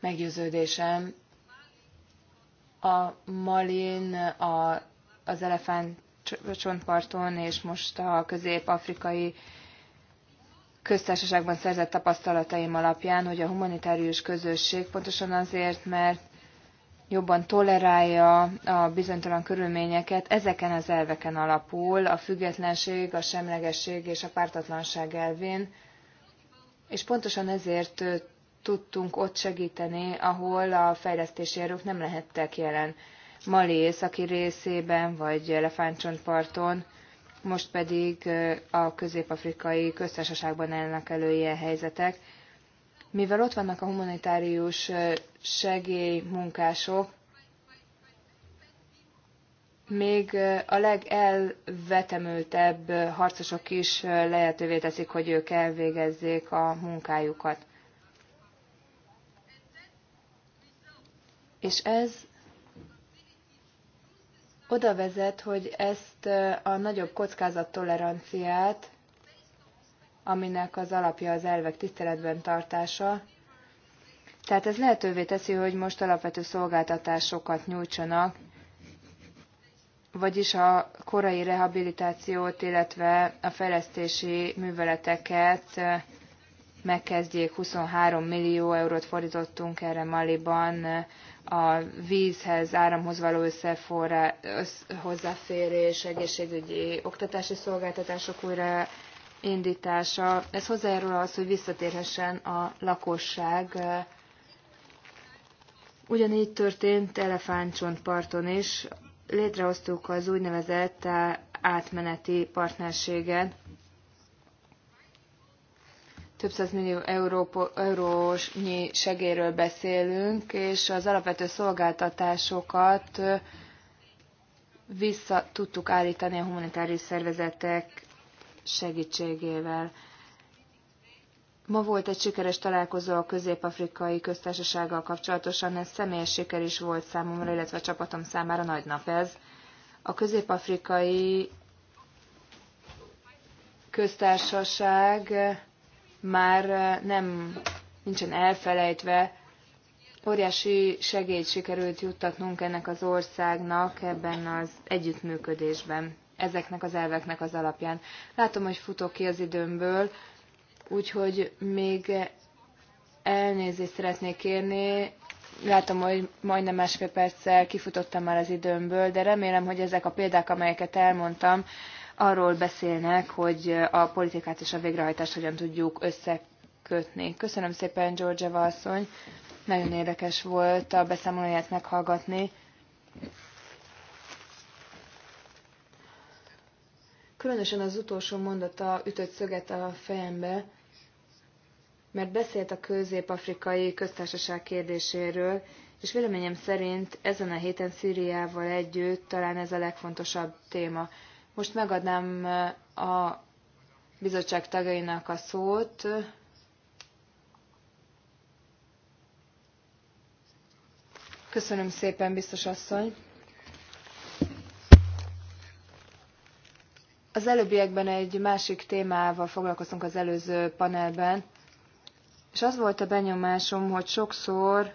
[SPEAKER 1] Meggyőződésem, a Malin, a, az elefánt csontparton és most a közép-afrikai köztársaságban szerzett tapasztalataim alapján, hogy a humanitárius közösség pontosan azért, mert jobban tolerálja a bizonytalan körülményeket, ezeken az elveken alapul, a függetlenség, a semlegesség és a pártatlanság elvén, és pontosan ezért tudtunk ott segíteni, ahol a fejlesztési erők nem lehettek jelen. Mali északi részében, vagy Elefántcsontparton, most pedig a közép-afrikai köztársaságban állnak elő ilyen helyzetek, mivel ott vannak a humanitárius segélymunkások, még a legelvetemültebb harcosok is lehetővé teszik, hogy ők elvégezzék a munkájukat. És ez oda vezet, hogy ezt a nagyobb kockázattoleranciát aminek az alapja az elvek tiszteletben tartása. Tehát ez lehetővé teszi, hogy most alapvető szolgáltatásokat nyújtsanak, vagyis a korai rehabilitációt, illetve a fejlesztési műveleteket megkezdjék. 23 millió eurót fordítottunk erre Maliban a vízhez, áramhoz való összeforrá, össz, hozzáférés, egészségügyi, oktatási szolgáltatások újra indítása. Ez hozzájárul az, hogy visszatérhessen a lakosság. Ugyanígy történt Elefántcsontparton is. Létrehoztuk az úgynevezett eh, átmeneti partnerséget. Több millió euró, eurósnyi segéről beszélünk, és az alapvető szolgáltatásokat eh, vissza tudtuk állítani a humanitárius szervezetek segítségével. Ma volt egy sikeres találkozó a közép-afrikai köztársasággal kapcsolatosan, ez személyes siker is volt számomra, illetve a csapatom számára nagy nap ez. A közép-afrikai köztársaság már nem nincsen elfelejtve, óriási segélyt sikerült juttatnunk ennek az országnak ebben az együttműködésben ezeknek az elveknek az alapján. Látom, hogy futok ki az időmből, úgyhogy még elnézést szeretnék kérni. Látom, hogy majdnem másfél perccel kifutottam már az időmből, de remélem, hogy ezek a példák, amelyeket elmondtam, arról beszélnek, hogy a politikát és a végrehajtást hogyan tudjuk összekötni. Köszönöm szépen, Georgia asszony. Nagyon érdekes volt a beszámolóját meghallgatni. Különösen az utolsó mondata ütött szöget a fejembe, mert beszélt a közép-afrikai köztársaság kérdéséről, és véleményem szerint ezen a héten Szíriával együtt talán ez a legfontosabb téma. Most megadnám a bizottság tagjainak a szót. Köszönöm szépen, biztos asszony! Az előbbiekben egy másik témával foglalkoztunk az előző panelben, és az volt a benyomásom, hogy sokszor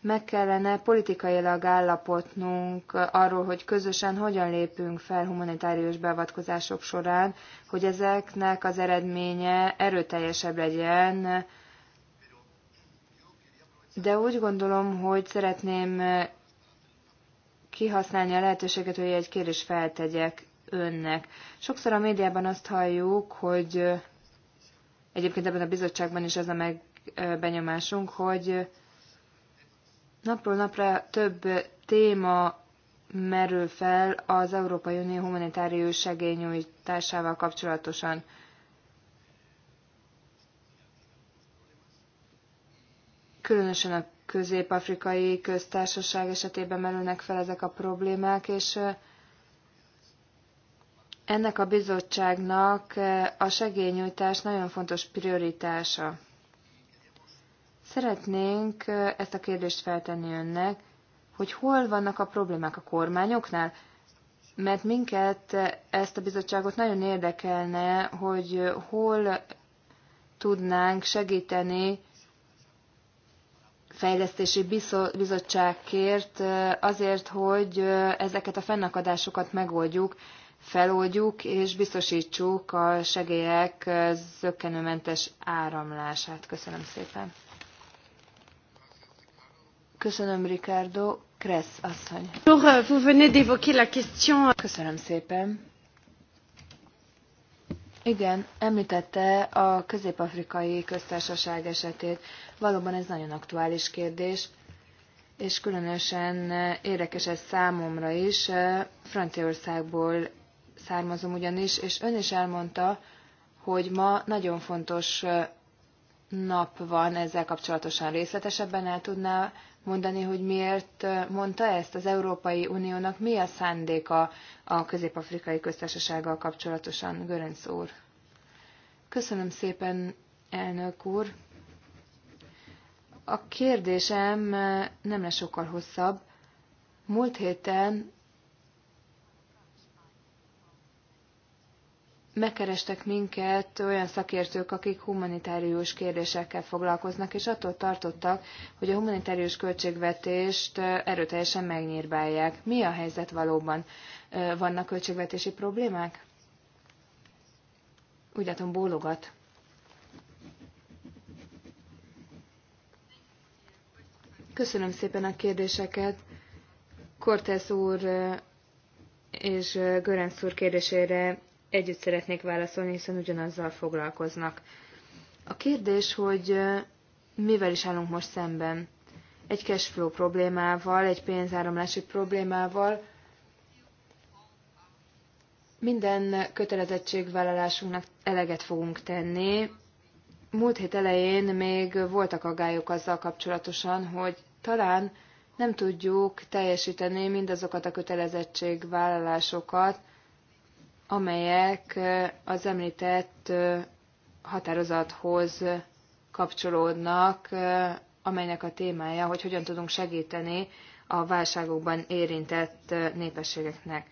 [SPEAKER 1] meg kellene politikailag állapotnunk arról, hogy közösen hogyan lépünk fel humanitárius beavatkozások során, hogy ezeknek az eredménye erőteljesebb legyen. De úgy gondolom, hogy szeretném kihasználni a lehetőséget, hogy egy kérés feltegyek önnek. Sokszor a médiában azt halljuk, hogy egyébként ebben a bizottságban is ez a megbenyomásunk, hogy napról napra több téma merül fel az Európai Unió humanitárius segélynyújtásával kapcsolatosan. Különösen a közép-afrikai köztársaság esetében merülnek fel ezek a problémák, és ennek a bizottságnak eh, a segélynyújtás nagyon fontos prioritása. Szeretnénk eh, ezt a kérdést feltenni önnek, hogy hol vannak a problémák a kormányoknál, mert minket, eh, ezt a bizottságot nagyon érdekelne, hogy hol tudnánk segíteni fejlesztési bizottságkért azért, hogy ezeket a fennakadásokat megoldjuk, feloldjuk, és biztosítsuk a segélyek zöggenőmentes áramlását. Köszönöm szépen. Köszönöm, Ricardo. Kressz asszony. Euh, euh, Köszönöm szépen. Igen, említette a közép-afrikai köztársaság esetét. Valóban ez nagyon aktuális kérdés, és különösen euh, érdekes ez számomra is. Franciaországból származom ugyanis, és ön is elmondta, hogy ma nagyon fontos nap van ezzel kapcsolatosan részletesebben el tudná mondani, hogy miért mondta ezt az Európai Uniónak, mi a szándéka a közép-afrikai köztársasággal kapcsolatosan, Görönc úr? Köszönöm szépen, elnök úr. A kérdésem nem lesz sokkal hosszabb. Múlt héten megkerestek minket olyan szakértők, akik humanitárius kérdésekkel foglalkoznak, és attól tartottak, hogy a humanitárius költségvetést erőteljesen megnyírbálják. Mi a helyzet valóban? Vannak költségvetési problémák? Úgy látom, bólogat. Köszönöm szépen a kérdéseket. Cortez úr és Görenc úr kérdésére együtt szeretnék válaszolni, hiszen ugyanazzal foglalkoznak. A kérdés, hogy mivel is állunk most szemben? Egy flow problémával, egy pénzáramlási problémával, minden kötelezettségvállalásunknak eleget fogunk tenni. Múlt hét elején még voltak aggályok azzal kapcsolatosan, hogy talán nem tudjuk teljesíteni mindazokat a kötelezettségvállalásokat, amelyek az említett határozathoz kapcsolódnak, amelynek a témája, hogy hogyan tudunk segíteni a válságokban érintett népességeknek.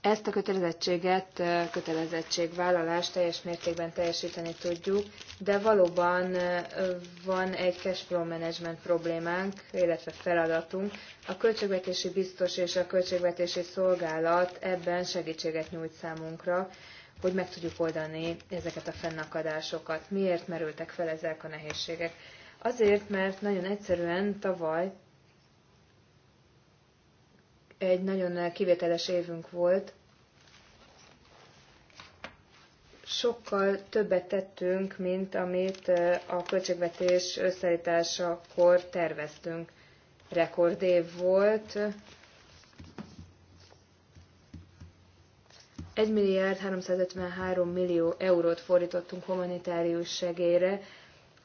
[SPEAKER 1] Ezt a kötelezettséget, kötelezettségvállalást teljes mértékben teljesíteni tudjuk, de valóban van egy flow management problémánk, illetve feladatunk. A költségvetési biztos és a költségvetési szolgálat ebben segítséget nyújt számunkra, hogy meg tudjuk oldani ezeket a fennakadásokat. Miért merültek fel ezek a nehézségek? Azért, mert nagyon egyszerűen tavaly egy nagyon kivételes évünk volt. Sokkal többet tettünk, mint amit a költségvetés összeállításakor terveztünk. Rekordév volt. 1 milliárd 353 millió eurót fordítottunk humanitárius segélyre,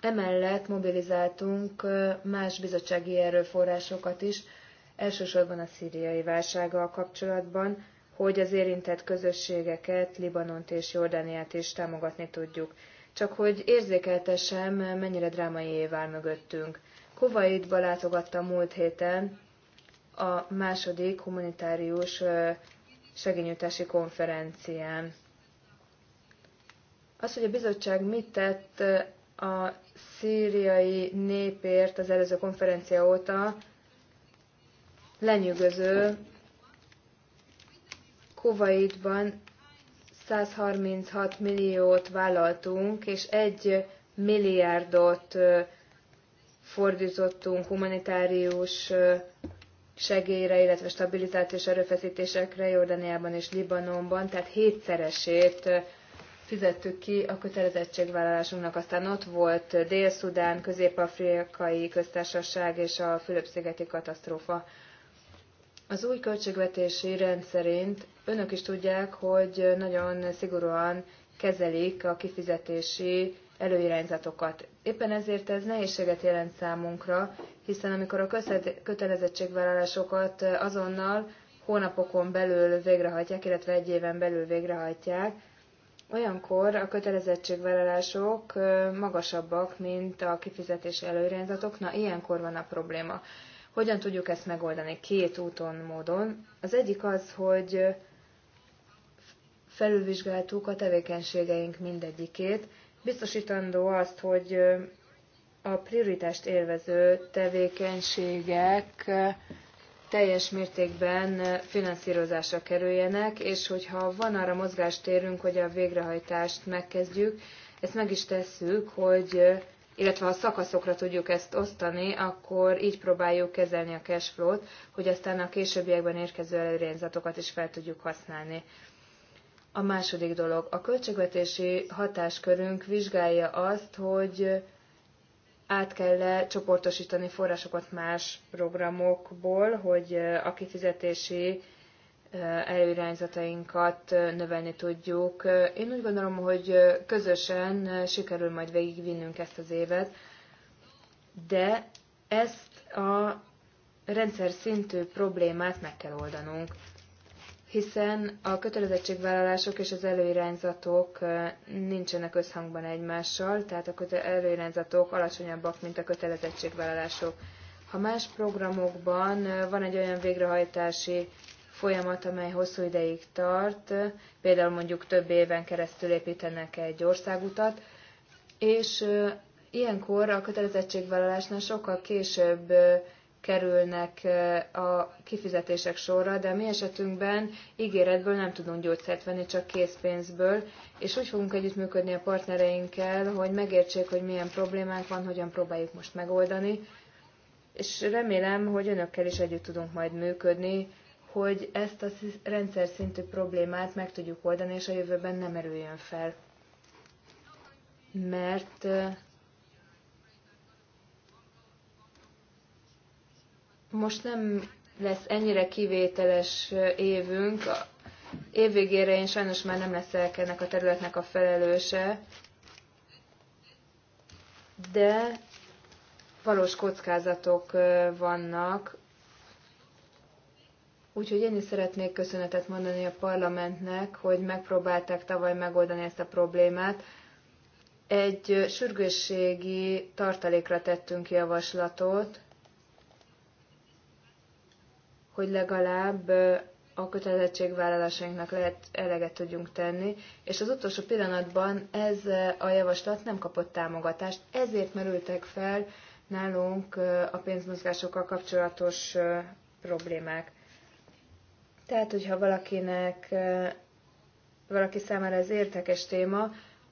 [SPEAKER 1] emellett mobilizáltunk más bizottsági erőforrásokat is, elsősorban a szíriai válsággal kapcsolatban, hogy az érintett közösségeket, Libanont és Jordániát is támogatni tudjuk. Csak hogy érzékeltessem, mennyire drámai év áll mögöttünk. Kuwaitba látogattam múlt héten a második humanitárius segényújtási konferencián. Az, hogy a bizottság mit tett a szíriai népért az előző konferencia óta, lenyűgöző. Kuwaitban 136 milliót vállaltunk, és egy milliárdot fordítottunk humanitárius segélyre, illetve stabilizációs erőfeszítésekre Jordániában és Libanonban, tehát hétszeresét fizettük ki a kötelezettségvállalásunknak. Aztán ott volt Dél-Szudán, Közép-Afrikai Köztársaság és a Fülöp-szigeti katasztrófa. Az új költségvetési rend szerint önök is tudják, hogy nagyon szigorúan kezelik a kifizetési előirányzatokat. Éppen ezért ez nehézséget jelent számunkra, hiszen amikor a kötelezettségvállalásokat azonnal hónapokon belül végrehajtják, illetve egy éven belül végrehajtják, olyankor a kötelezettségvállalások magasabbak, mint a kifizetési előirányzatok. Na, ilyenkor van a probléma. Hogyan tudjuk ezt megoldani? Két úton, módon. Az egyik az, hogy felülvizsgáltuk a tevékenységeink mindegyikét, biztosítandó azt, hogy a prioritást élvező tevékenységek teljes mértékben finanszírozásra kerüljenek, és hogyha van arra mozgástérünk, hogy a végrehajtást megkezdjük, ezt meg is tesszük, hogy illetve ha szakaszokra tudjuk ezt osztani, akkor így próbáljuk kezelni a cash flow-t, hogy aztán a későbbiekben érkező előrényzatokat is fel tudjuk használni. A második dolog, a költségvetési hatáskörünk vizsgálja azt, hogy át kell -e csoportosítani forrásokat más programokból, hogy a kifizetési előirányzatainkat növelni tudjuk. Én úgy gondolom, hogy közösen sikerül majd végigvinnünk ezt az évet, de ezt a rendszer szintű problémát meg kell oldanunk, hiszen a kötelezettségvállalások és az előirányzatok nincsenek összhangban egymással, tehát a előirányzatok alacsonyabbak, mint a kötelezettségvállalások. Ha más programokban van egy olyan végrehajtási folyamat, amely hosszú ideig tart, például mondjuk több éven keresztül építenek egy országutat, és ilyenkor a kötelezettségvállalásnál sokkal később kerülnek a kifizetések sorra, de a mi esetünkben ígéretből nem tudunk gyógyszert venni, csak készpénzből, és úgy fogunk együttműködni a partnereinkkel, hogy megértsék, hogy milyen problémánk van, hogyan próbáljuk most megoldani, és remélem, hogy önökkel is együtt tudunk majd működni hogy ezt a rendszer szintű problémát meg tudjuk oldani, és a jövőben nem erüljön fel. Mert most nem lesz ennyire kivételes évünk. Évvégére én sajnos már nem leszek ennek a területnek a felelőse, de valós kockázatok vannak Úgyhogy én is szeretnék köszönetet mondani a parlamentnek, hogy megpróbálták tavaly megoldani ezt a problémát. Egy sürgősségi tartalékra tettünk javaslatot, hogy legalább a kötelezettségvállalásainknak lehet eleget tudjunk tenni, és az utolsó pillanatban ez a javaslat nem kapott támogatást, ezért merültek fel nálunk a pénzmozgásokkal kapcsolatos problémák. Tehát, hogyha valakinek, valaki számára ez érdekes téma,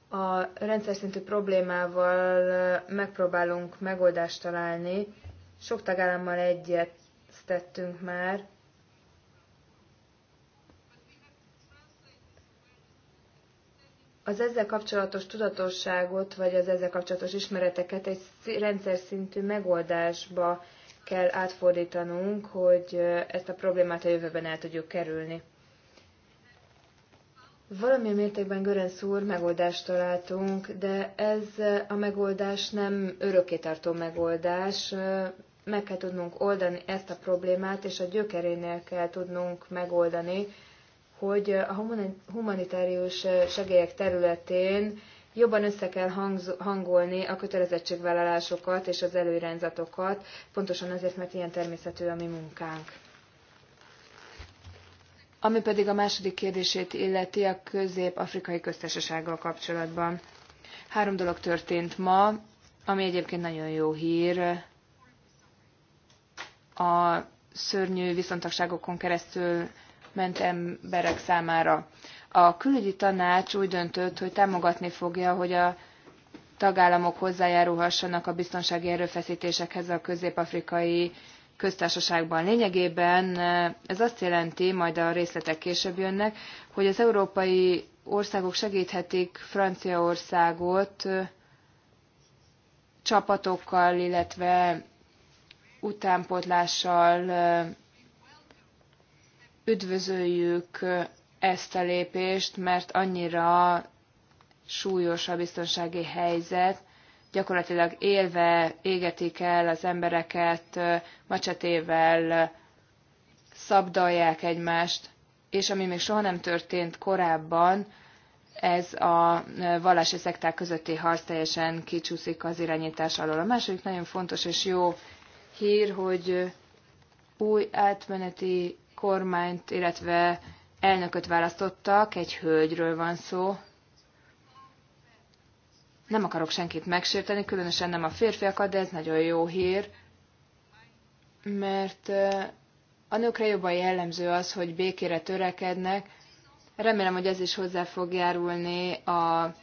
[SPEAKER 1] a rendszer szintű problémával megpróbálunk megoldást találni. Sok tagállammal egyeztettünk már. Az ezzel kapcsolatos tudatosságot, vagy az ezzel kapcsolatos ismereteket egy rendszer szintű megoldásba kell átfordítanunk, hogy ezt a problémát a jövőben el tudjuk kerülni. Valamilyen mértékben Görenc úr megoldást találtunk, de ez a megoldás nem tartó megoldás. Meg kell tudnunk oldani ezt a problémát, és a gyökerénél kell tudnunk megoldani, hogy a humanitárius segélyek területén jobban össze kell hangolni a kötelezettségvállalásokat és az előirányzatokat, pontosan azért, mert ilyen természetű a mi munkánk. Ami pedig a második kérdését illeti a közép-afrikai köztársasággal kapcsolatban. Három dolog történt ma, ami egyébként nagyon jó hír. A szörnyű viszontagságokon keresztül ment emberek számára. A külügyi tanács úgy döntött, hogy támogatni fogja, hogy a tagállamok hozzájárulhassanak a biztonsági erőfeszítésekhez a közép-afrikai köztársaságban. Lényegében eh, ez azt jelenti, majd a részletek később jönnek, hogy az európai országok segíthetik Franciaországot eh, csapatokkal, illetve utánpótlással eh, üdvözöljük ezt a lépést, mert annyira súlyos a biztonsági helyzet, gyakorlatilag élve égetik el az embereket, macsetével szabdalják egymást, és ami még soha nem történt korábban, ez a vallási szekták közötti harc teljesen kicsúszik az irányítás alól. A második nagyon fontos és jó hír, hogy új átmeneti kormányt, illetve elnököt választottak, egy hölgyről van szó. Nem akarok senkit megsérteni, különösen nem a férfiakat, de ez nagyon jó hír, mert a nőkre jobban jellemző az, hogy békére törekednek. Remélem, hogy ez is hozzá fog járulni a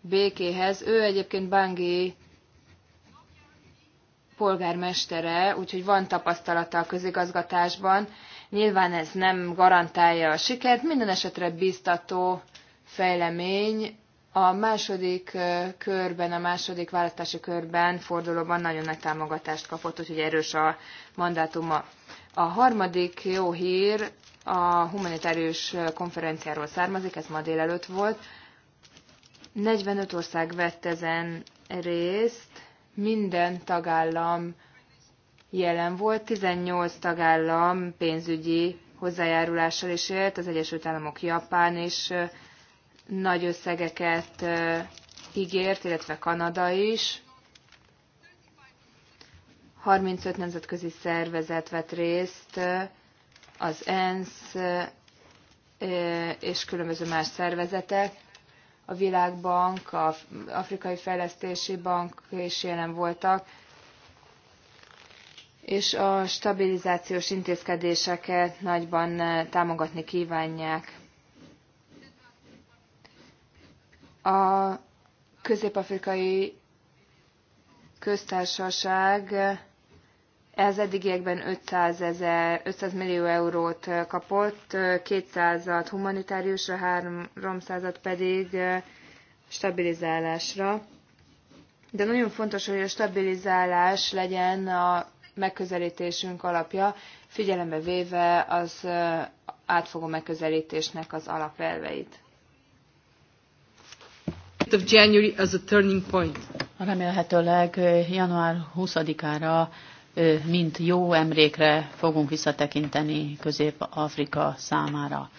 [SPEAKER 1] békéhez. Ő egyébként Bangi polgármestere, úgyhogy van tapasztalata a közigazgatásban, Nyilván ez nem garantálja a sikert, minden esetre biztató fejlemény. A második körben, a második választási körben fordulóban nagyon nagy támogatást kapott, úgyhogy erős a mandátuma. A harmadik jó hír a humanitárius konferenciáról származik, ez ma délelőtt volt. 45 ország vett ezen részt, minden tagállam jelen volt, 18 tagállam pénzügyi hozzájárulással is élt, az Egyesült Államok, Japán is nagy összegeket ígért, illetve Kanada is. 35 nemzetközi szervezet vett részt, az ENSZ és különböző más szervezetek. A Világbank, a Afrikai Fejlesztési Bank is jelen voltak és a stabilizációs intézkedéseket nagyban eh, támogatni kívánják. A közép-afrikai köztársaság eh, ez eddigiekben 500, ezer, 500 millió eurót eh, kapott, 200-at humanitáriusra, 300-at pedig stabilizálásra. De nagyon fontos, hogy a stabilizálás legyen a megközelítésünk alapja, figyelembe véve az átfogó megközelítésnek az alapelveit.
[SPEAKER 3] Of January as a turning point. Remélhetőleg január 20-ára mint jó emlékre fogunk visszatekinteni Közép-Afrika számára.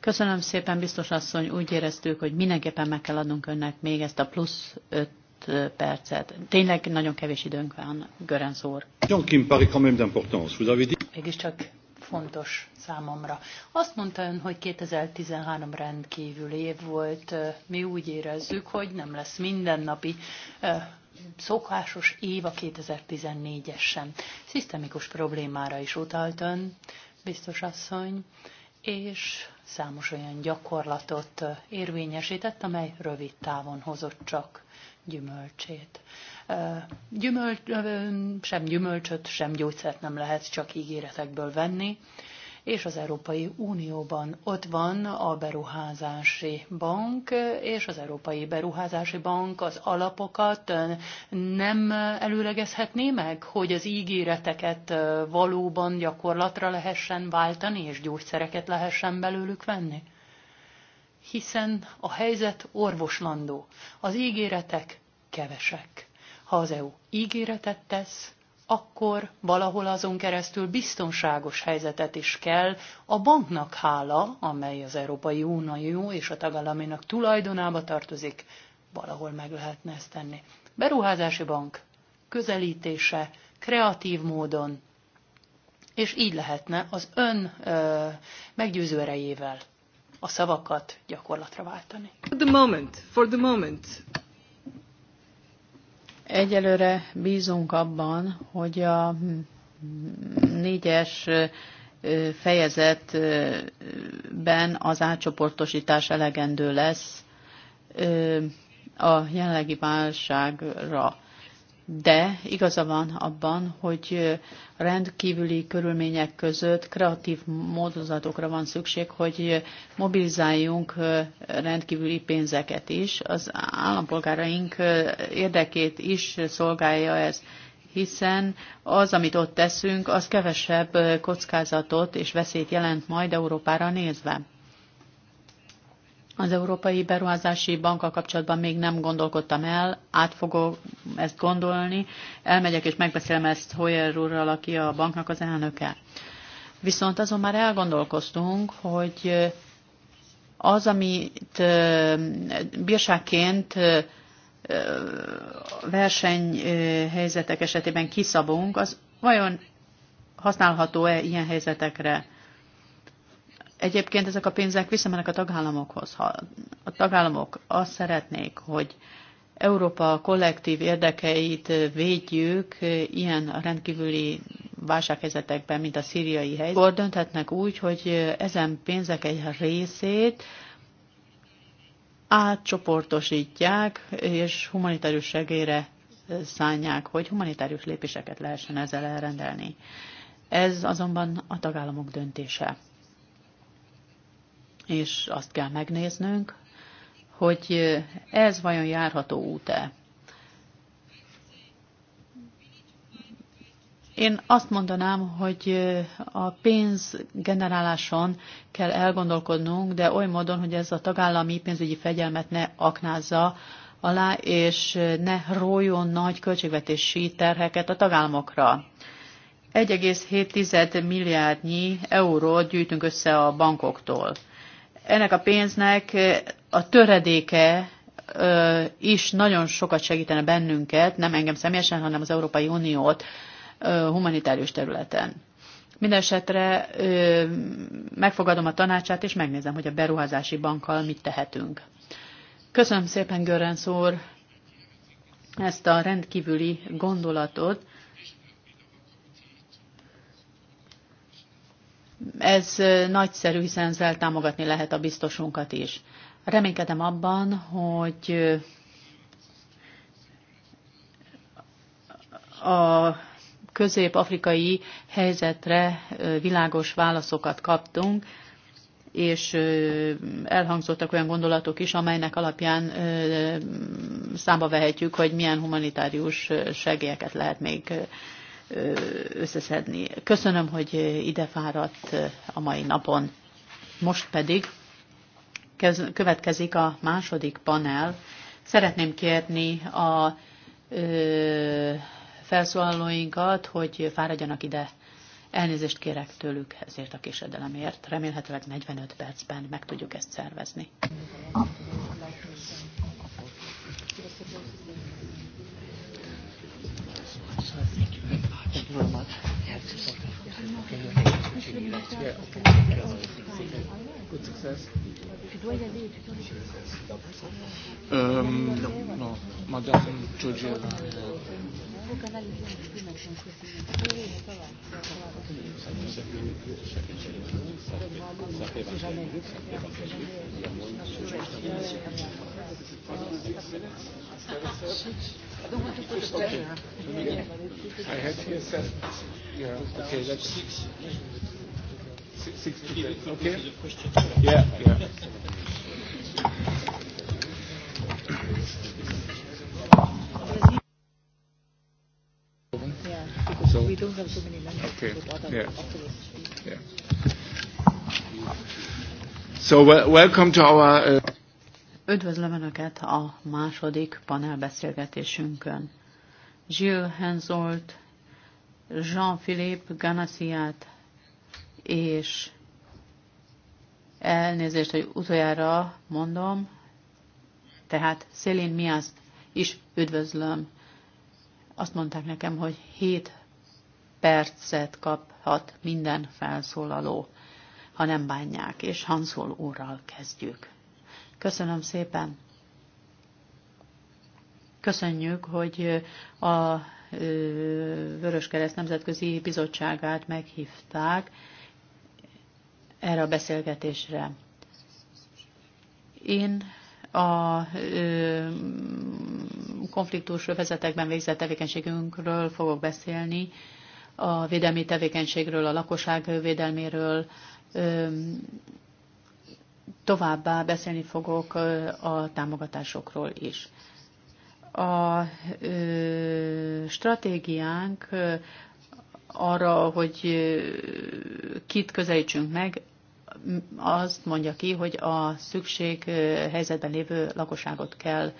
[SPEAKER 3] Köszönöm szépen, biztos asszony, úgy éreztük, hogy mindenképpen meg kell adnunk önnek még ezt a plusz öt percet. Tényleg nagyon kevés időnk van, Görenc úr. Mégiscsak fontos
[SPEAKER 2] számomra. Azt mondta ön, hogy 2013 rendkívül év volt. Mi úgy érezzük, hogy nem lesz mindennapi szokásos év a 2014-es sem. Szisztemikus problémára is utalt ön, biztos asszony, és számos olyan gyakorlatot érvényesített, amely rövid távon hozott csak gyümölcsét. Gyümölcs, sem gyümölcsöt, sem gyógyszert nem lehet csak ígéretekből venni, és az Európai Unióban ott van a beruházási bank, és az Európai Beruházási Bank az alapokat nem előlegezhetné meg, hogy az ígéreteket valóban gyakorlatra lehessen váltani, és gyógyszereket lehessen belőlük venni? hiszen a helyzet orvoslandó. Az ígéretek kevesek. Ha az EU ígéretet tesz, akkor valahol azon keresztül biztonságos helyzetet is kell a banknak hála, amely az Európai Unió és a tagállaminak tulajdonába tartozik, valahol meg lehetne ezt tenni. Beruházási bank közelítése kreatív módon, és így lehetne az ön ö, meggyőző erejével a szavakat gyakorlatra váltani.
[SPEAKER 1] For the moment, for the moment.
[SPEAKER 3] Egyelőre bízunk abban, hogy a négyes fejezetben az átcsoportosítás elegendő lesz a jelenlegi válságra de igaza van abban, hogy rendkívüli körülmények között kreatív módozatokra van szükség, hogy mobilizáljunk rendkívüli pénzeket is. Az állampolgáraink érdekét is szolgálja ez hiszen az, amit ott teszünk, az kevesebb kockázatot és veszélyt jelent majd Európára nézve. Az Európai Beruházási Bankkal kapcsolatban még nem gondolkodtam el, át fogok ezt gondolni. Elmegyek és megbeszélem ezt Hoyer úrral, aki a banknak az elnöke. Viszont azon már elgondolkoztunk, hogy az, amit bírságként versenyhelyzetek esetében kiszabunk, az vajon használható-e ilyen helyzetekre? Egyébként ezek a pénzek visszamennek a tagállamokhoz. Ha a tagállamok azt szeretnék, hogy Európa kollektív érdekeit védjük ilyen rendkívüli válsághelyzetekben, mint a szíriai helyzet, akkor dönthetnek úgy, hogy ezen pénzek egy részét átcsoportosítják, és humanitárius segélyre szánják, hogy humanitárius lépéseket lehessen ezzel elrendelni. Ez azonban a tagállamok döntése és azt kell megnéznünk, hogy ez vajon járható út-e. Én azt mondanám, hogy a pénz generáláson kell elgondolkodnunk, de oly módon, hogy ez a tagállami pénzügyi fegyelmet ne aknázza alá, és ne rójon nagy költségvetési terheket a tagállamokra. 1,7 milliárdnyi eurót gyűjtünk össze a bankoktól ennek a pénznek a töredéke is nagyon sokat segítene bennünket, nem engem személyesen, hanem az Európai Uniót humanitárius területen. Mindenesetre megfogadom a tanácsát, és megnézem, hogy a beruházási bankkal mit tehetünk. Köszönöm szépen, Görrensz úr, ezt a rendkívüli gondolatot, Ez nagyszerű, hiszen ezzel támogatni lehet a biztosunkat is. Reménykedem abban, hogy a közép-afrikai helyzetre világos válaszokat kaptunk, és elhangzottak olyan gondolatok is, amelynek alapján számba vehetjük, hogy milyen humanitárius segélyeket lehet még összeszedni. Köszönöm, hogy ide fáradt a mai napon. Most pedig következik a második panel. Szeretném kérni a felszólalóinkat, hogy fáradjanak ide. Elnézést kérek tőlük ezért a késedelemért. Remélhetőleg 45 percben meg tudjuk ezt szervezni.
[SPEAKER 1] Yeah. Good success. Tu dois y aller. Um, no, no, Madame Georgieva.
[SPEAKER 3] I had here seven. Yeah, okay, that's six. Okay. Yeah,
[SPEAKER 1] so, welcome to our. Uh,
[SPEAKER 3] Üdvözlöm Önöket a második panelbeszélgetésünkön. Gilles Henzolt, Jean-Philippe Ganassiát és elnézést, hogy utoljára mondom, tehát Szélén Miászt is üdvözlöm. Azt mondták nekem, hogy 7 percet kaphat minden felszólaló, ha nem bánják, és Hanszol úrral kezdjük. Köszönöm szépen! Köszönjük, hogy a Vöröskereszt Nemzetközi Bizottságát meghívták, erre a beszélgetésre. Én a ö, konfliktus vezetekben végzett tevékenységünkről fogok beszélni, a védelmi tevékenységről, a lakosság védelméről, ö, továbbá beszélni fogok a támogatásokról is. A ö, stratégiánk arra, hogy kit közelítsünk meg, azt mondja ki, hogy a szükség helyzetben lévő lakosságot kell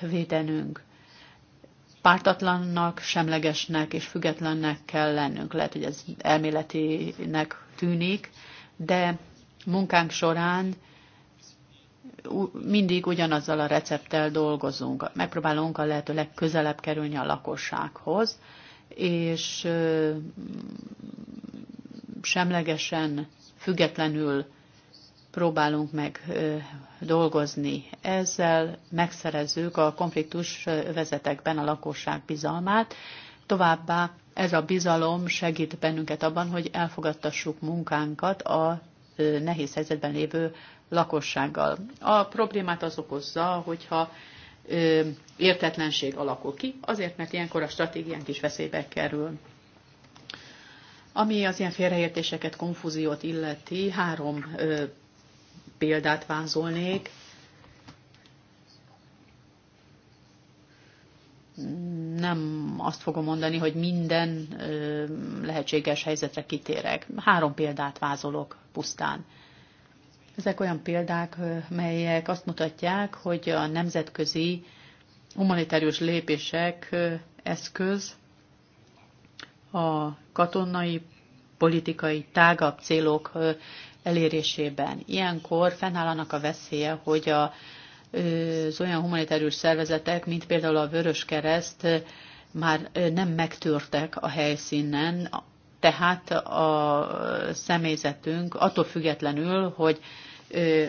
[SPEAKER 3] védenünk. Pártatlannak, semlegesnek és függetlennek kell lennünk. Lehet, hogy ez elméletinek tűnik, de munkánk során mindig ugyanazzal a recepttel dolgozunk. Megpróbálunk a lehető legközelebb kerülni a lakossághoz, és semlegesen függetlenül próbálunk meg dolgozni. Ezzel megszerezzük a konfliktus vezetekben a lakosság bizalmát, továbbá ez a bizalom segít bennünket abban, hogy elfogadtassuk munkánkat a nehéz helyzetben lévő lakossággal. A problémát az okozza, hogyha értetlenség alakul ki, azért, mert ilyenkor a stratégiánk is veszélybe kerül. Ami az ilyen félreértéseket, konfúziót illeti, három ö, példát vázolnék. Nem azt fogom mondani, hogy minden ö, lehetséges helyzetre kitérek. Három példát vázolok pusztán. Ezek olyan példák, melyek azt mutatják, hogy a nemzetközi humanitárius lépések eszköz a katonai, politikai, tágabb célok elérésében. Ilyenkor fennállanak a veszélye, hogy a, az olyan humanitárius szervezetek, mint például a Vörös Kereszt, már nem megtörtek a helyszínen, tehát a személyzetünk attól függetlenül, hogy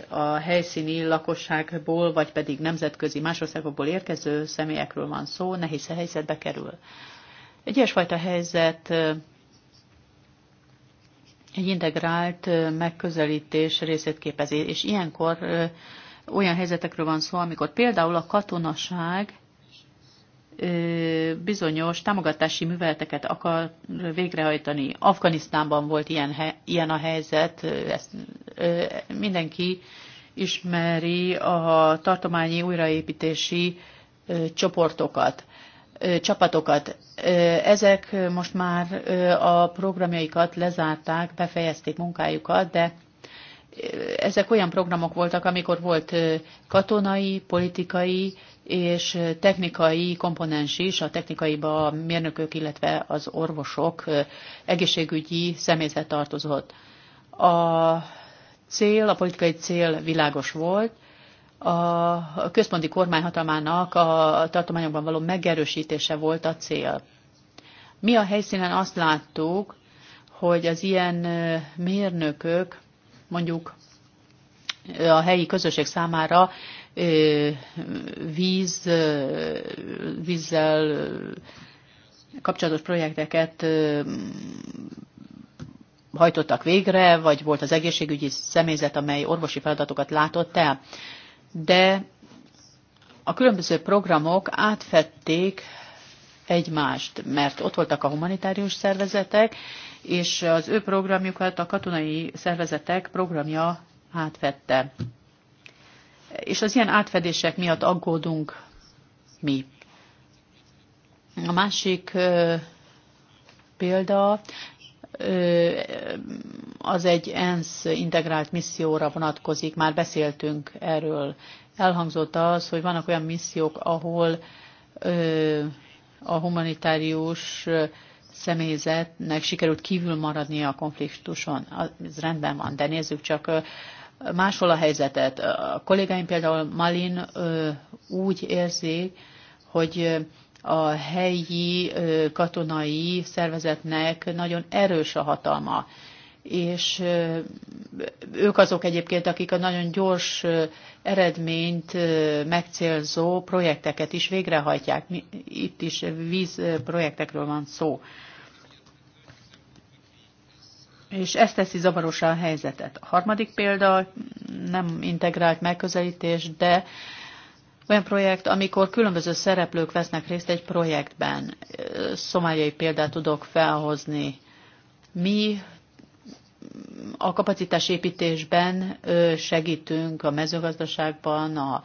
[SPEAKER 3] a helyszíni lakosságból, vagy pedig nemzetközi más országokból érkező személyekről van szó, nehéz helyzetbe kerül. Egy ilyesfajta helyzet egy integrált megközelítés részét képezi, és ilyenkor olyan helyzetekről van szó, amikor például a katonaság bizonyos támogatási műveleteket akar végrehajtani. Afganisztánban volt ilyen, ilyen a helyzet, ezt mindenki ismeri a tartományi újraépítési csoportokat csapatokat. Ezek most már a programjaikat lezárták, befejezték munkájukat, de ezek olyan programok voltak, amikor volt katonai, politikai és technikai komponens is, a technikaiba a mérnökök, illetve az orvosok egészségügyi személyzet tartozott. A cél, a politikai cél világos volt, a központi kormányhatalmának a tartományokban való megerősítése volt a cél. Mi a helyszínen azt láttuk, hogy az ilyen mérnökök mondjuk a helyi közösség számára víz, vízzel kapcsolatos projekteket hajtottak végre, vagy volt az egészségügyi személyzet, amely orvosi feladatokat látott el de a különböző programok átfették egymást, mert ott voltak a humanitárius szervezetek, és az ő programjukat a katonai szervezetek programja átvette. És az ilyen átfedések miatt aggódunk mi. A másik példa az egy ENSZ integrált misszióra vonatkozik, már beszéltünk erről. Elhangzott az, hogy vannak olyan missziók, ahol a humanitárius személyzetnek sikerült kívül maradni a konfliktuson. Ez rendben van, de nézzük csak máshol a helyzetet. A kollégáim például Malin úgy érzi, hogy a helyi katonai szervezetnek nagyon erős a hatalma, és ők azok egyébként, akik a nagyon gyors eredményt megcélzó projekteket is végrehajtják. Itt is vízprojektekről van szó. És ez teszi zavarosan a helyzetet. A harmadik példa nem integrált megközelítés, de olyan projekt, amikor különböző szereplők vesznek részt egy projektben. Szomáliai példát tudok felhozni. Mi a kapacitásépítésben segítünk a mezőgazdaságban, a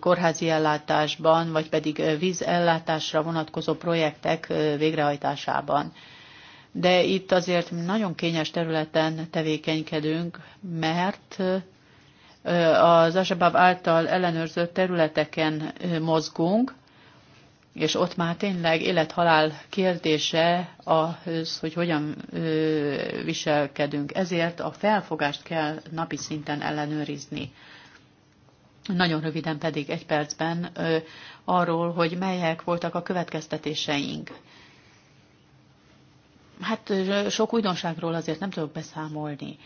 [SPEAKER 3] kórházi ellátásban, vagy pedig vízellátásra vonatkozó projektek végrehajtásában. De itt azért nagyon kényes területen tevékenykedünk, mert az Azsabab által ellenőrzött területeken mozgunk, és ott már tényleg élethalál kérdése az, hogy hogyan viselkedünk. Ezért a felfogást kell napi szinten ellenőrizni. Nagyon röviden pedig egy percben arról, hogy melyek voltak a következtetéseink. Hát sok újdonságról azért nem tudok beszámolni.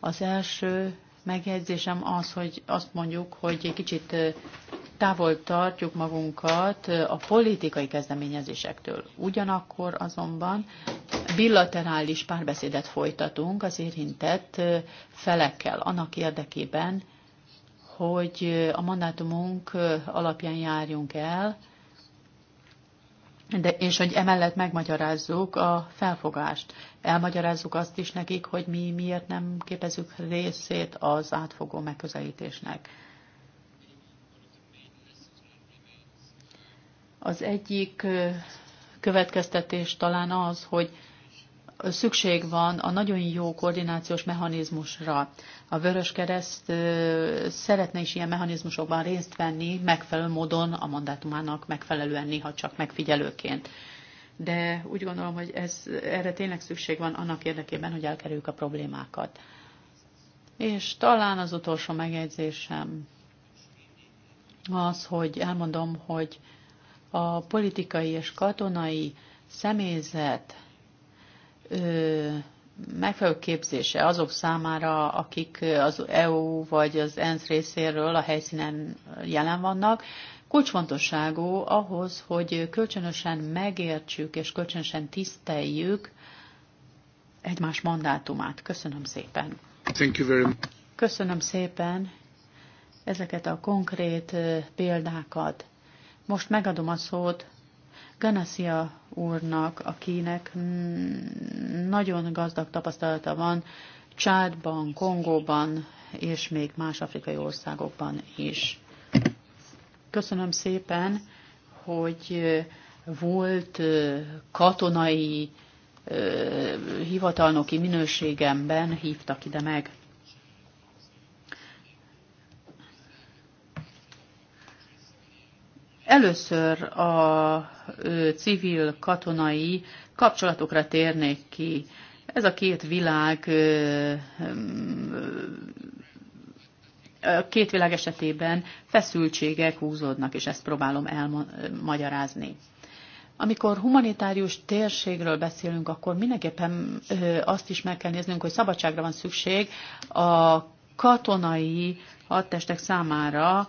[SPEAKER 3] Az első megjegyzésem az, hogy azt mondjuk, hogy egy kicsit távol tartjuk magunkat a politikai kezdeményezésektől. Ugyanakkor azonban bilaterális párbeszédet folytatunk az érintett felekkel annak érdekében, hogy a mandátumunk alapján járjunk el, de, és hogy emellett megmagyarázzuk a felfogást. Elmagyarázzuk azt is nekik, hogy mi miért nem képezünk részét az átfogó megközelítésnek. Az egyik következtetés talán az, hogy szükség van a nagyon jó koordinációs mechanizmusra. A Vörös Kereszt szeretne is ilyen mechanizmusokban részt venni, megfelelő módon a mandátumának megfelelően, néha csak megfigyelőként. De úgy gondolom, hogy ez, erre tényleg szükség van annak érdekében, hogy elkerüljük a problémákat. És talán az utolsó megjegyzésem az, hogy elmondom, hogy a politikai és katonai személyzet megfelelő képzése azok számára, akik az EU vagy az ENSZ részéről a helyszínen jelen vannak, kulcsfontosságú ahhoz, hogy kölcsönösen megértsük és kölcsönösen tiszteljük egymás mandátumát. Köszönöm szépen. Thank you very much. Köszönöm szépen ezeket a konkrét példákat. Most megadom a szót Ganassia úrnak, akinek nagyon gazdag tapasztalata van Csádban, Kongóban és még más afrikai országokban is. Köszönöm szépen, hogy volt katonai hivatalnoki minőségemben hívtak ide meg. Először a civil-katonai kapcsolatokra térnék ki. Ez a két világ két világ esetében feszültségek húzódnak, és ezt próbálom elmagyarázni. Amikor humanitárius térségről beszélünk, akkor mindenképpen azt is meg kell néznünk, hogy szabadságra van szükség a katonai hadtestek számára,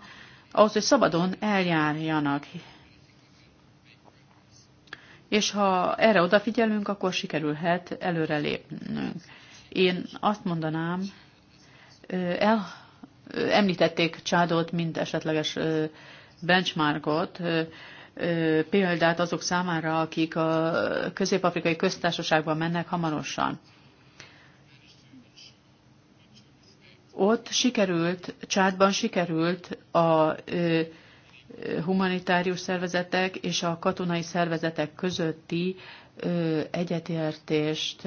[SPEAKER 3] ahhoz, hogy szabadon eljárjanak. És ha erre odafigyelünk, akkor sikerülhet előrelépnünk. Én azt mondanám, el, említették Csádot, mint esetleges benchmarkot, példát azok számára, akik a közép-afrikai köztársaságban mennek hamarosan. Ott sikerült, csátban sikerült a humanitárius szervezetek és a katonai szervezetek közötti egyetértést,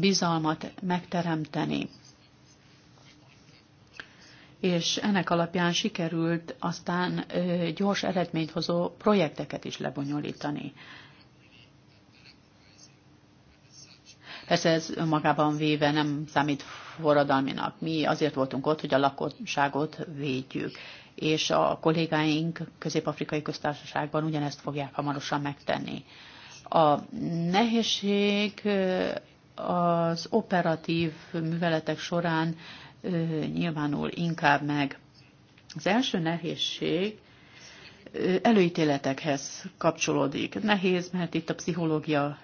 [SPEAKER 3] bizalmat megteremteni. És ennek alapján sikerült aztán gyors eredményt hozó projekteket is lebonyolítani. Persze ez önmagában véve nem számít forradalminak. Mi azért voltunk ott, hogy a lakosságot védjük és a kollégáink Közép-Afrikai Köztársaságban ugyanezt fogják hamarosan megtenni. A nehézség az operatív műveletek során nyilvánul inkább meg. Az első nehézség előítéletekhez kapcsolódik. Nehéz, mert itt a pszichológia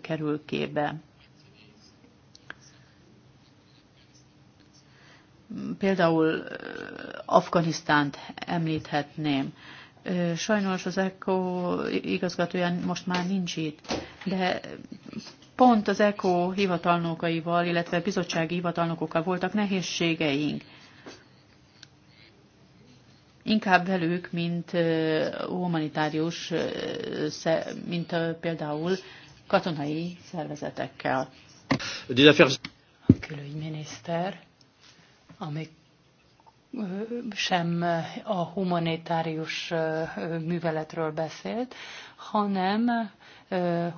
[SPEAKER 3] kerül képbe. Például Afganisztánt említhetném. Sajnos az ECO igazgatója most már nincs itt, de pont az ECO hivatalnokaival, illetve bizottsági hivatalnokokkal voltak nehézségeink inkább velük, mint humanitárius, mint például katonai szervezetekkel.
[SPEAKER 1] A
[SPEAKER 2] külügyminiszter, amik sem a humanitárius műveletről beszélt, hanem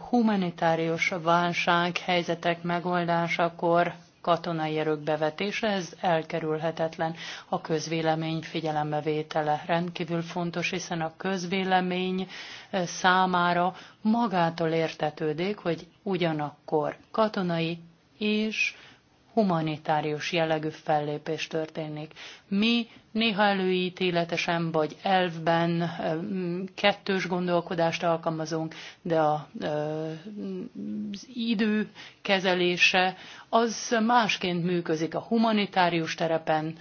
[SPEAKER 2] humanitárius válság helyzetek megoldásakor katonai erők bevetése, ez elkerülhetetlen. A közvélemény figyelembevétele rendkívül fontos, hiszen a közvélemény eh, számára magától értetődik, hogy ugyanakkor katonai és humanitárius jellegű fellépés történik. Mi néha előítéletesen vagy elvben kettős gondolkodást alkalmazunk, de a, az idő kezelése az másként működik a humanitárius terepen,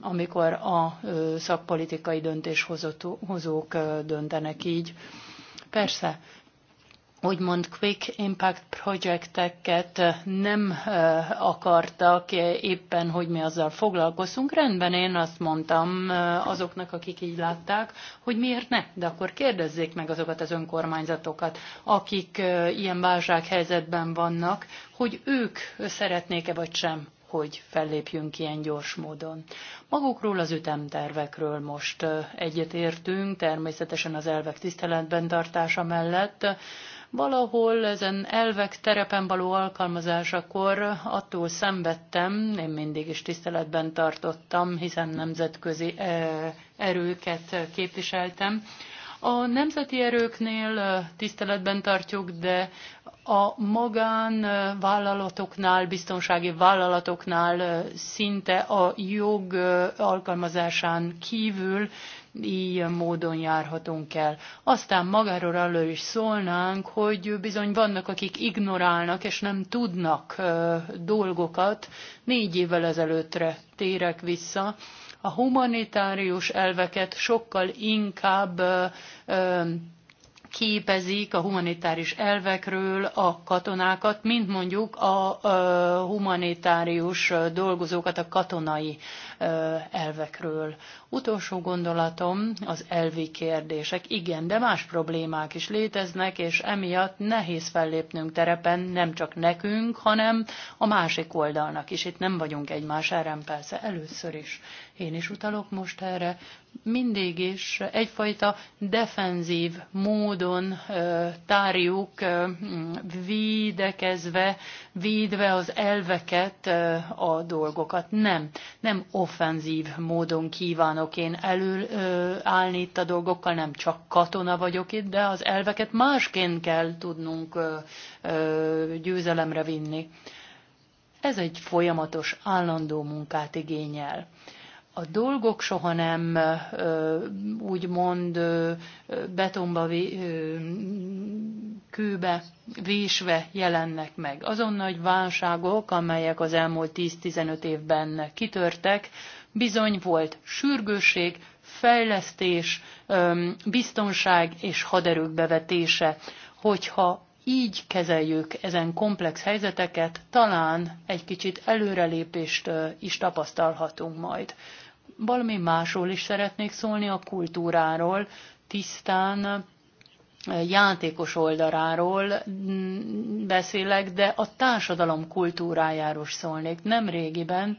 [SPEAKER 2] amikor a szakpolitikai döntéshozók döntenek így. Persze, úgymond quick impact projekteket eh, nem eh, akartak eh, éppen, hogy mi azzal foglalkozunk. Rendben, én azt mondtam azoknak, akik így látták, hogy miért ne, de akkor kérdezzék meg azokat az önkormányzatokat, akik ilyen válsághelyzetben vannak, hogy ők szeretnék-e vagy sem hogy fellépjünk ilyen gyors módon. Magukról az ütemtervekről most egyetértünk, természetesen az elvek tiszteletben tartása mellett, Valahol ezen elvek terepen való alkalmazásakor attól szenvedtem, én mindig is tiszteletben tartottam, hiszen nemzetközi e, erőket képviseltem. A nemzeti erőknél e, tiszteletben tartjuk, de a magánvállalatoknál, e, biztonsági vállalatoknál szinte a jog alkalmazásán kívül így módon járhatunk el. Aztán magáról elő is szólnánk, hogy bizony vannak, akik ignorálnak és nem tudnak dolgokat. Négy évvel ezelőttre térek vissza. A humanitárius elveket sokkal inkább képezik a humanitáris elvekről a katonákat, mint mondjuk a humanitárius dolgozókat a katonai elvekről. Utolsó gondolatom az elvi kérdések. Igen, de más problémák is léteznek, és emiatt nehéz fellépnünk terepen nem csak nekünk, hanem a másik oldalnak is. Itt nem vagyunk egymás ellen persze először is én is utalok most erre, mindig is egyfajta defenzív módon tárjuk, védekezve, védve az elveket, a dolgokat. Nem, nem offenzív módon kívánok én előállni itt a dolgokkal, nem csak katona vagyok itt, de az elveket másként kell tudnunk győzelemre vinni. Ez egy folyamatos, állandó munkát igényel a dolgok soha nem úgymond betonba, kőbe vésve jelennek meg. Azon nagy válságok, amelyek az elmúlt 10-15 évben kitörtek, bizony volt sürgősség, fejlesztés, biztonság és haderők bevetése. Hogyha így kezeljük ezen komplex helyzeteket, talán egy kicsit előrelépést is tapasztalhatunk majd valami másról is szeretnék szólni, a kultúráról, tisztán eh, játékos oldaláról mm, beszélek, de a társadalom kultúrájáról szólnék. Nem régiben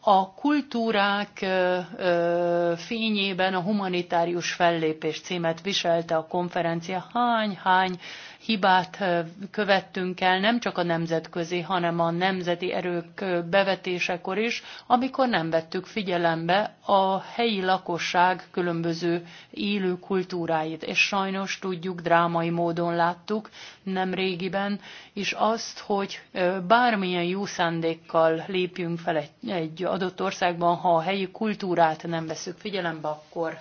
[SPEAKER 2] a kultúrák eh, eh, fényében a humanitárius fellépés címet viselte a konferencia. Hány-hány hibát követtünk el nem csak a nemzetközi, hanem a nemzeti erők bevetésekor is, amikor nem vettük figyelembe a helyi lakosság különböző élő kultúráit. És sajnos tudjuk, drámai módon láttuk nem régiben is azt, hogy bármilyen jó szándékkal lépjünk fel egy, adott országban, ha a helyi kultúrát nem veszük figyelembe, akkor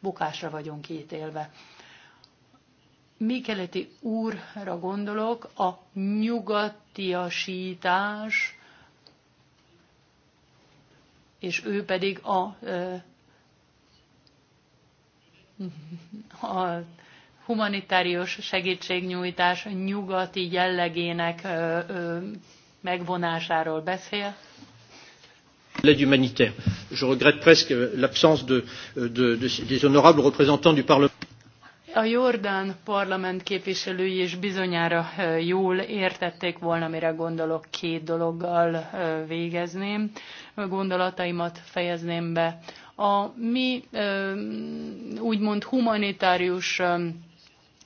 [SPEAKER 2] bukásra vagyunk ítélve. Mikeleti úrra gondolok, a nyugatiasítás, és ő pedig a, a humanitárius segítségnyújtás nyugati jellegének megvonásáról beszél.
[SPEAKER 1] L'aide humanitaire. Je regrette presque l'absence de, de, de, des honorables représentants du Parlement
[SPEAKER 2] a Jordán parlament képviselői is bizonyára jól értették volna, mire gondolok, két dologgal végezném. Gondolataimat fejezném be. A mi úgymond humanitárius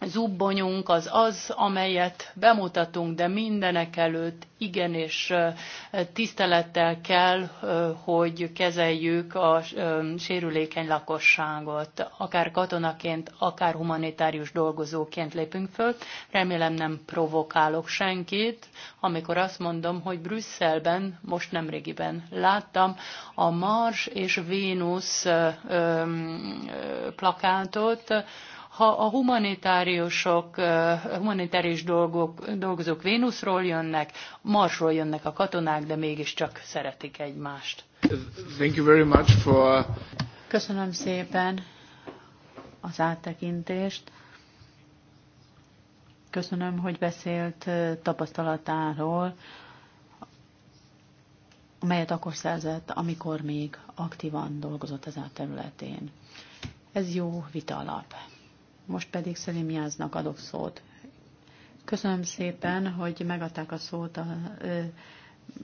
[SPEAKER 2] zubbonyunk az az, amelyet bemutatunk, de mindenek előtt igenis tisztelettel kell, hogy kezeljük a sérülékeny lakosságot. Akár katonaként, akár humanitárius dolgozóként lépünk föl. Remélem nem provokálok senkit, amikor azt mondom, hogy Brüsszelben, most nemrégiben láttam a Mars és Vénusz plakátot, ha a humanitáriusok, humanitárius dolgok, dolgozók Vénuszról jönnek, Marsról jönnek a
[SPEAKER 3] katonák, de mégiscsak szeretik egymást.
[SPEAKER 1] Thank you very much for...
[SPEAKER 3] Köszönöm szépen az áttekintést. Köszönöm, hogy beszélt tapasztalatáról, melyet akkor szerzett, amikor még aktívan dolgozott ezen a területén. Ez jó vita alap. Most pedig Szelim Jáznak adok szót. Köszönöm szépen, hogy megadták a szót, a, ö,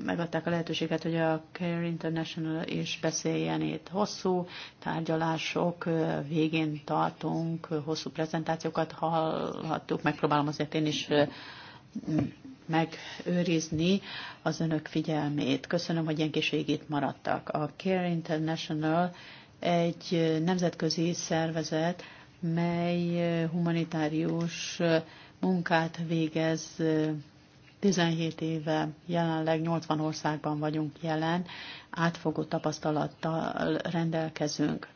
[SPEAKER 3] megadták a lehetőséget, hogy a Care International is beszéljen itt. Hosszú tárgyalások végén tartunk, hosszú prezentációkat hallhattuk, megpróbálom azért én is megőrizni az önök figyelmét. Köszönöm, hogy ilyen későig itt maradtak. A Care International egy nemzetközi szervezet, mely humanitárius munkát végez 17 éve, jelenleg 80 országban vagyunk jelen, átfogó tapasztalattal rendelkezünk.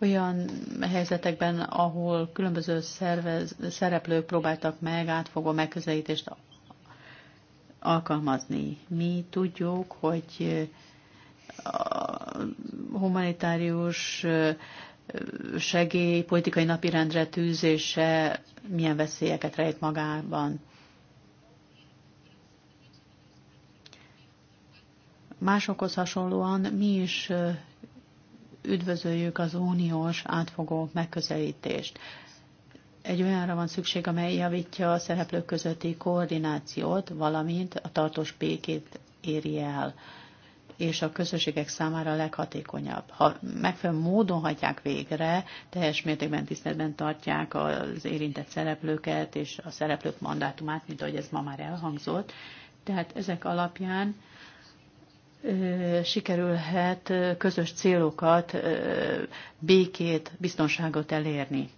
[SPEAKER 3] Olyan helyzetekben, ahol különböző szervez, szereplők próbáltak meg átfogó megközelítést alkalmazni. Mi tudjuk, hogy humanitárius segély politikai napirendre tűzése milyen veszélyeket rejt magában. Másokhoz hasonlóan mi is üdvözöljük az uniós átfogó megközelítést. Egy olyanra van szükség, amely javítja a szereplők közötti koordinációt, valamint a tartós békét éri el és a közösségek számára a leghatékonyabb. Ha megfelelő módon hagyják végre, teljes mértékben tiszteletben tartják az érintett szereplőket és a szereplők mandátumát, mint ahogy ez ma már elhangzott, tehát ezek alapján sikerülhet közös célokat, békét, biztonságot elérni.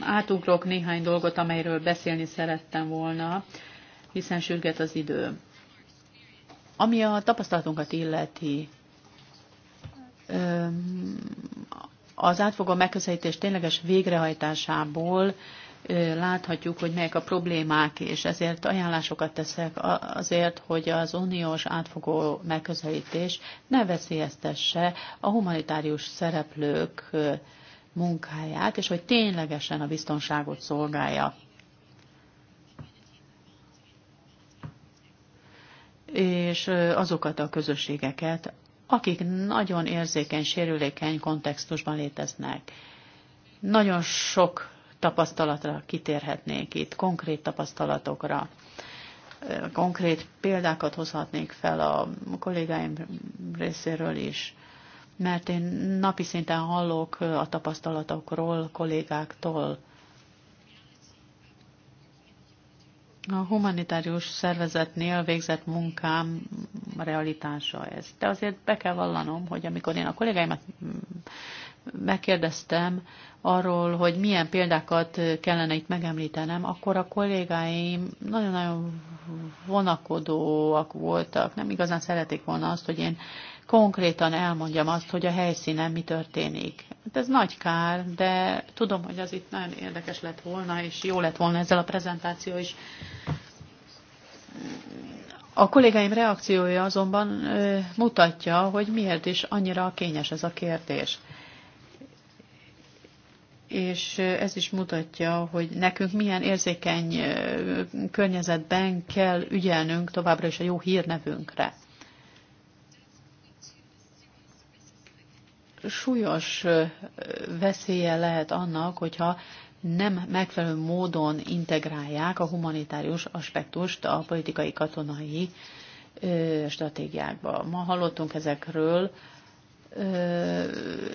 [SPEAKER 3] Átugrok néhány dolgot, amelyről beszélni szerettem volna, hiszen sürget az idő. Ami a tapasztalatunkat illeti, az átfogó megközelítés tényleges végrehajtásából láthatjuk, hogy melyek a problémák, és ezért ajánlásokat teszek azért, hogy az uniós átfogó megközelítés ne veszélyeztesse a humanitárius szereplők munkáját, és hogy ténylegesen a biztonságot szolgálja. és azokat a közösségeket, akik nagyon érzékeny, sérülékeny kontextusban léteznek. Nagyon sok tapasztalatra kitérhetnék itt, konkrét tapasztalatokra. Konkrét példákat hozhatnék fel a kollégáim részéről is, mert én napi szinten hallok a tapasztalatokról kollégáktól, A humanitárius szervezetnél végzett munkám realitása ez. De azért be kell vallanom, hogy amikor én a kollégáimat megkérdeztem arról, hogy milyen példákat kellene itt megemlítenem, akkor a kollégáim nagyon-nagyon vonakodóak voltak. Nem igazán szeretik volna azt, hogy én konkrétan elmondjam azt, hogy a helyszínen mi történik. Hát ez nagy kár, de tudom, hogy az itt nagyon érdekes lett volna, és jó lett volna ezzel a prezentáció is. A kollégáim reakciója azonban mutatja, hogy miért is annyira kényes ez a kérdés. És ez is mutatja, hogy nekünk milyen érzékeny környezetben kell ügyelnünk továbbra is a jó hírnevünkre. súlyos veszélye lehet annak, hogyha nem megfelelő módon integrálják a humanitárius aspektust a politikai katonai stratégiákba. Ma hallottunk ezekről,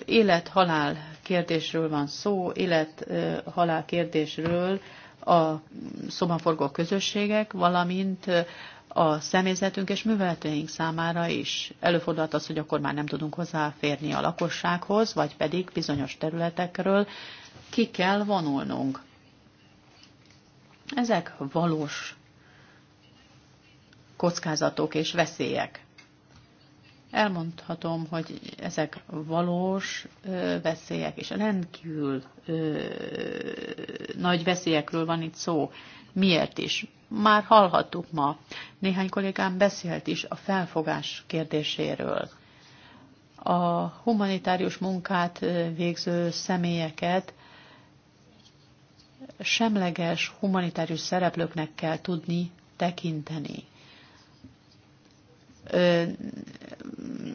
[SPEAKER 3] élet-halál kérdésről van szó, élet-halál kérdésről a szobaforgó közösségek, valamint a személyzetünk és műveleteink számára is. Előfordulhat az, hogy akkor már nem tudunk hozzáférni a lakossághoz, vagy pedig bizonyos területekről ki kell vonulnunk. Ezek valós kockázatok és veszélyek. Elmondhatom, hogy ezek valós ö, veszélyek, és rendkívül ö, nagy veszélyekről van itt szó. Miért is? Már hallhattuk ma. Néhány kollégám beszélt is a felfogás kérdéséről. A humanitárius munkát végző személyeket semleges humanitárius szereplőknek kell tudni tekinteni.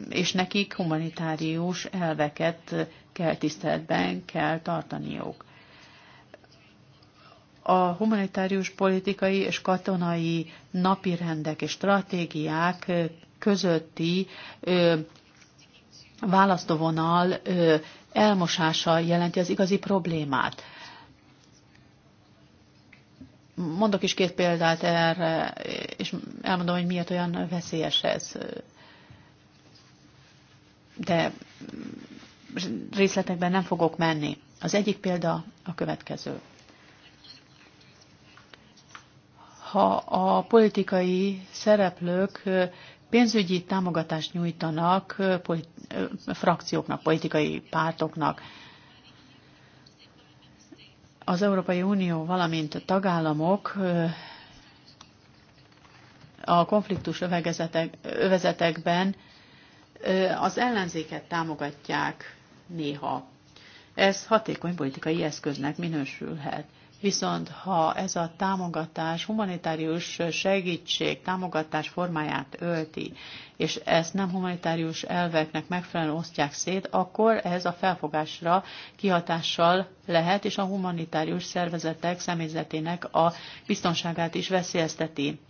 [SPEAKER 3] És nekik humanitárius elveket kell tiszteletben kell tartaniuk a humanitárius politikai és katonai napirendek és stratégiák közötti választóvonal elmosása jelenti az igazi problémát. Mondok is két példát erre, és elmondom, hogy miért olyan veszélyes ez. De részletekben nem fogok menni. Az egyik példa a következő. ha a politikai szereplők pénzügyi támogatást nyújtanak politi frakcióknak, politikai pártoknak. Az Európai Unió, valamint a tagállamok a konfliktus övezetek, övezetekben az ellenzéket támogatják néha. Ez hatékony politikai eszköznek minősülhet. Viszont ha ez a támogatás humanitárius segítség támogatás formáját ölti, és ezt nem humanitárius elveknek megfelelően osztják szét, akkor ez a felfogásra kihatással lehet, és a humanitárius szervezetek személyzetének a biztonságát is veszélyezteti.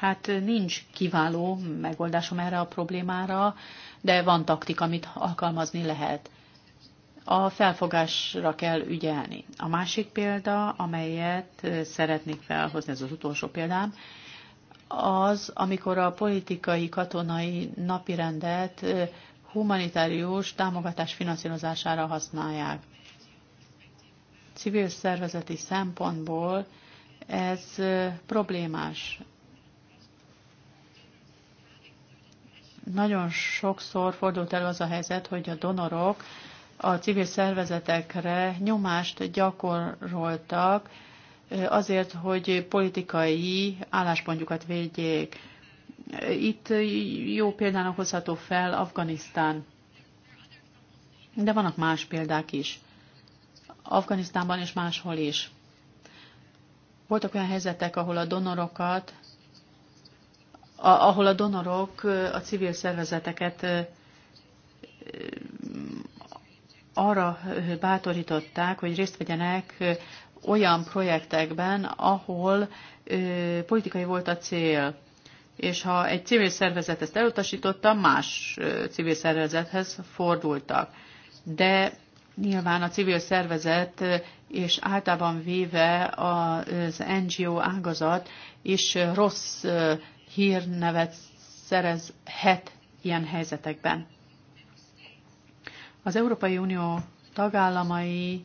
[SPEAKER 3] Hát nincs kiváló megoldásom erre a problémára, de van taktika, amit alkalmazni lehet a felfogásra kell ügyelni. A másik példa, amelyet szeretnék felhozni, ez az utolsó példám, az, amikor a politikai, katonai napirendet humanitárius támogatás finanszírozására használják. Civil szervezeti szempontból ez problémás. Nagyon sokszor fordult elő az a helyzet, hogy a donorok a civil szervezetekre nyomást gyakoroltak azért, hogy politikai álláspontjukat védjék. Itt jó példának hozható fel Afganisztán, de vannak más példák is. Afganisztánban és máshol is. Voltak olyan helyzetek, ahol a donorokat, ahol a donorok a civil szervezeteket arra bátorították, hogy részt vegyenek olyan projektekben, ahol politikai volt a cél. És ha egy civil szervezet ezt elutasította, más civil szervezethez fordultak. De nyilván a civil szervezet és általában véve az NGO ágazat is rossz hírnevet szerezhet ilyen helyzetekben. Az Európai Unió tagállamai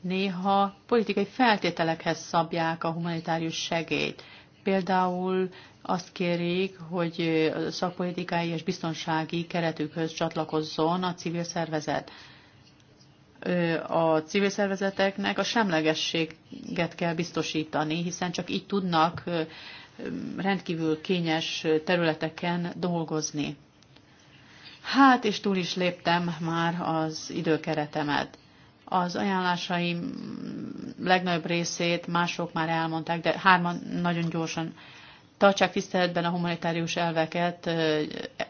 [SPEAKER 3] néha politikai feltételekhez szabják a humanitárius segélyt. Például azt kérik, hogy szakpolitikai és biztonsági keretükhöz csatlakozzon a civil szervezet. A civil szervezeteknek a semlegességet kell biztosítani, hiszen csak így tudnak rendkívül kényes területeken dolgozni. Hát, és túl is léptem már az időkeretemet. Az ajánlásaim legnagyobb részét mások már elmondták, de hárman nagyon gyorsan tartsák tiszteletben a humanitárius elveket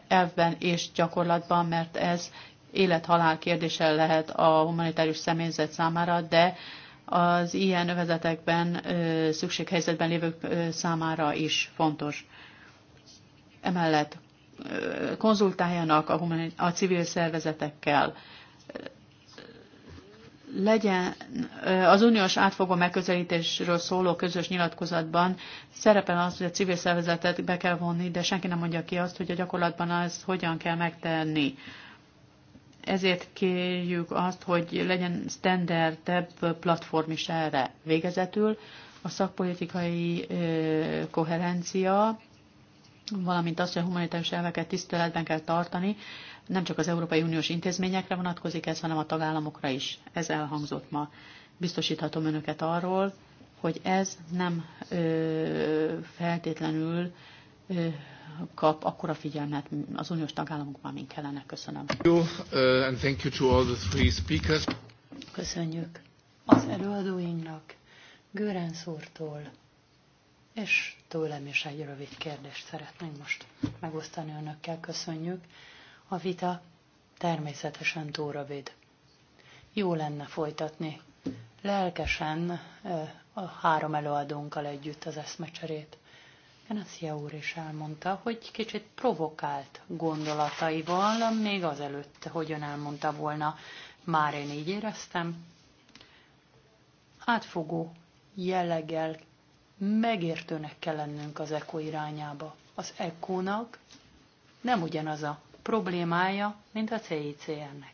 [SPEAKER 3] elvben és gyakorlatban, mert ez élet-halál kérdése lehet a humanitárius személyzet számára, de az ilyen övezetekben, szükséghelyzetben lévők számára is fontos. Emellett konzultáljanak a, humani- a civil szervezetekkel, legyen az uniós átfogó megközelítésről szóló közös nyilatkozatban szerepel az, hogy a civil szervezetet be kell vonni, de senki nem mondja ki azt, hogy a gyakorlatban az hogyan kell megtenni. Ezért kérjük azt, hogy legyen standardebb platform is erre végezetül. A szakpolitikai koherencia valamint azt, hogy a humanitárius elveket tiszteletben kell tartani, nem csak az Európai Uniós intézményekre vonatkozik ez, hanem a tagállamokra is. Ez elhangzott ma. Biztosíthatom önöket arról, hogy ez nem ö, feltétlenül ö, kap akkora figyelmet az uniós tagállamokban, mint kellene. Köszönöm.
[SPEAKER 2] Uh, Köszönjük az előadóinknak, Görenc és tőlem is egy rövid kérdést szeretnénk most megosztani önökkel. Köszönjük. A vita természetesen túl rövid. Jó lenne folytatni lelkesen a három előadónkkal együtt az eszmecserét. Genesia úr is elmondta, hogy kicsit provokált gondolataival, még azelőtt, hogy ön elmondta volna, már én így éreztem. Átfogó jelleggel megértőnek kell lennünk az eko irányába. Az ekónak nem ugyanaz a problémája, mint a CICR-nek.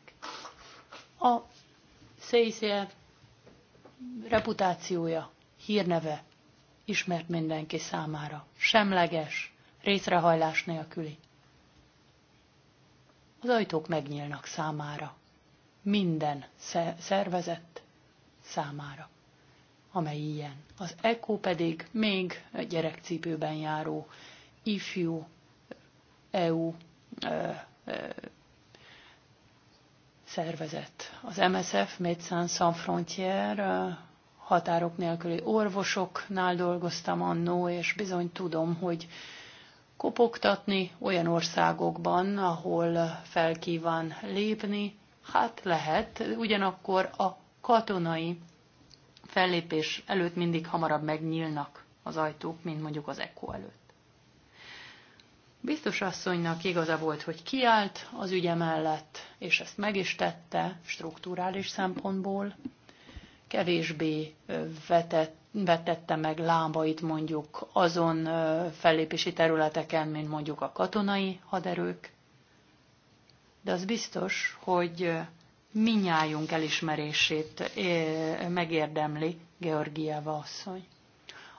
[SPEAKER 2] A CICR reputációja, hírneve ismert mindenki számára. Semleges, részrehajlás nélküli. Az ajtók megnyílnak számára. Minden szervezett számára amely ilyen. Az Eko pedig még gyerekcipőben járó ifjú eh, EU ö, eh, ö, eh, szervezet. Az MSF, Médecins Sans Frontières, határok nélküli orvosoknál dolgoztam annó, és bizony tudom, hogy kopogtatni olyan országokban, ahol felkíván lépni, hát lehet, ugyanakkor a katonai fellépés előtt mindig hamarabb megnyílnak az ajtók, mint mondjuk az ECO előtt. Biztos asszonynak igaza volt, hogy kiállt az ügye mellett, és ezt meg is tette strukturális szempontból, kevésbé vetett, vetette meg lábait mondjuk azon fellépési területeken, mint mondjuk a katonai haderők. De az biztos, hogy minnyájunk elismerését eh, megérdemli Georgieva asszony.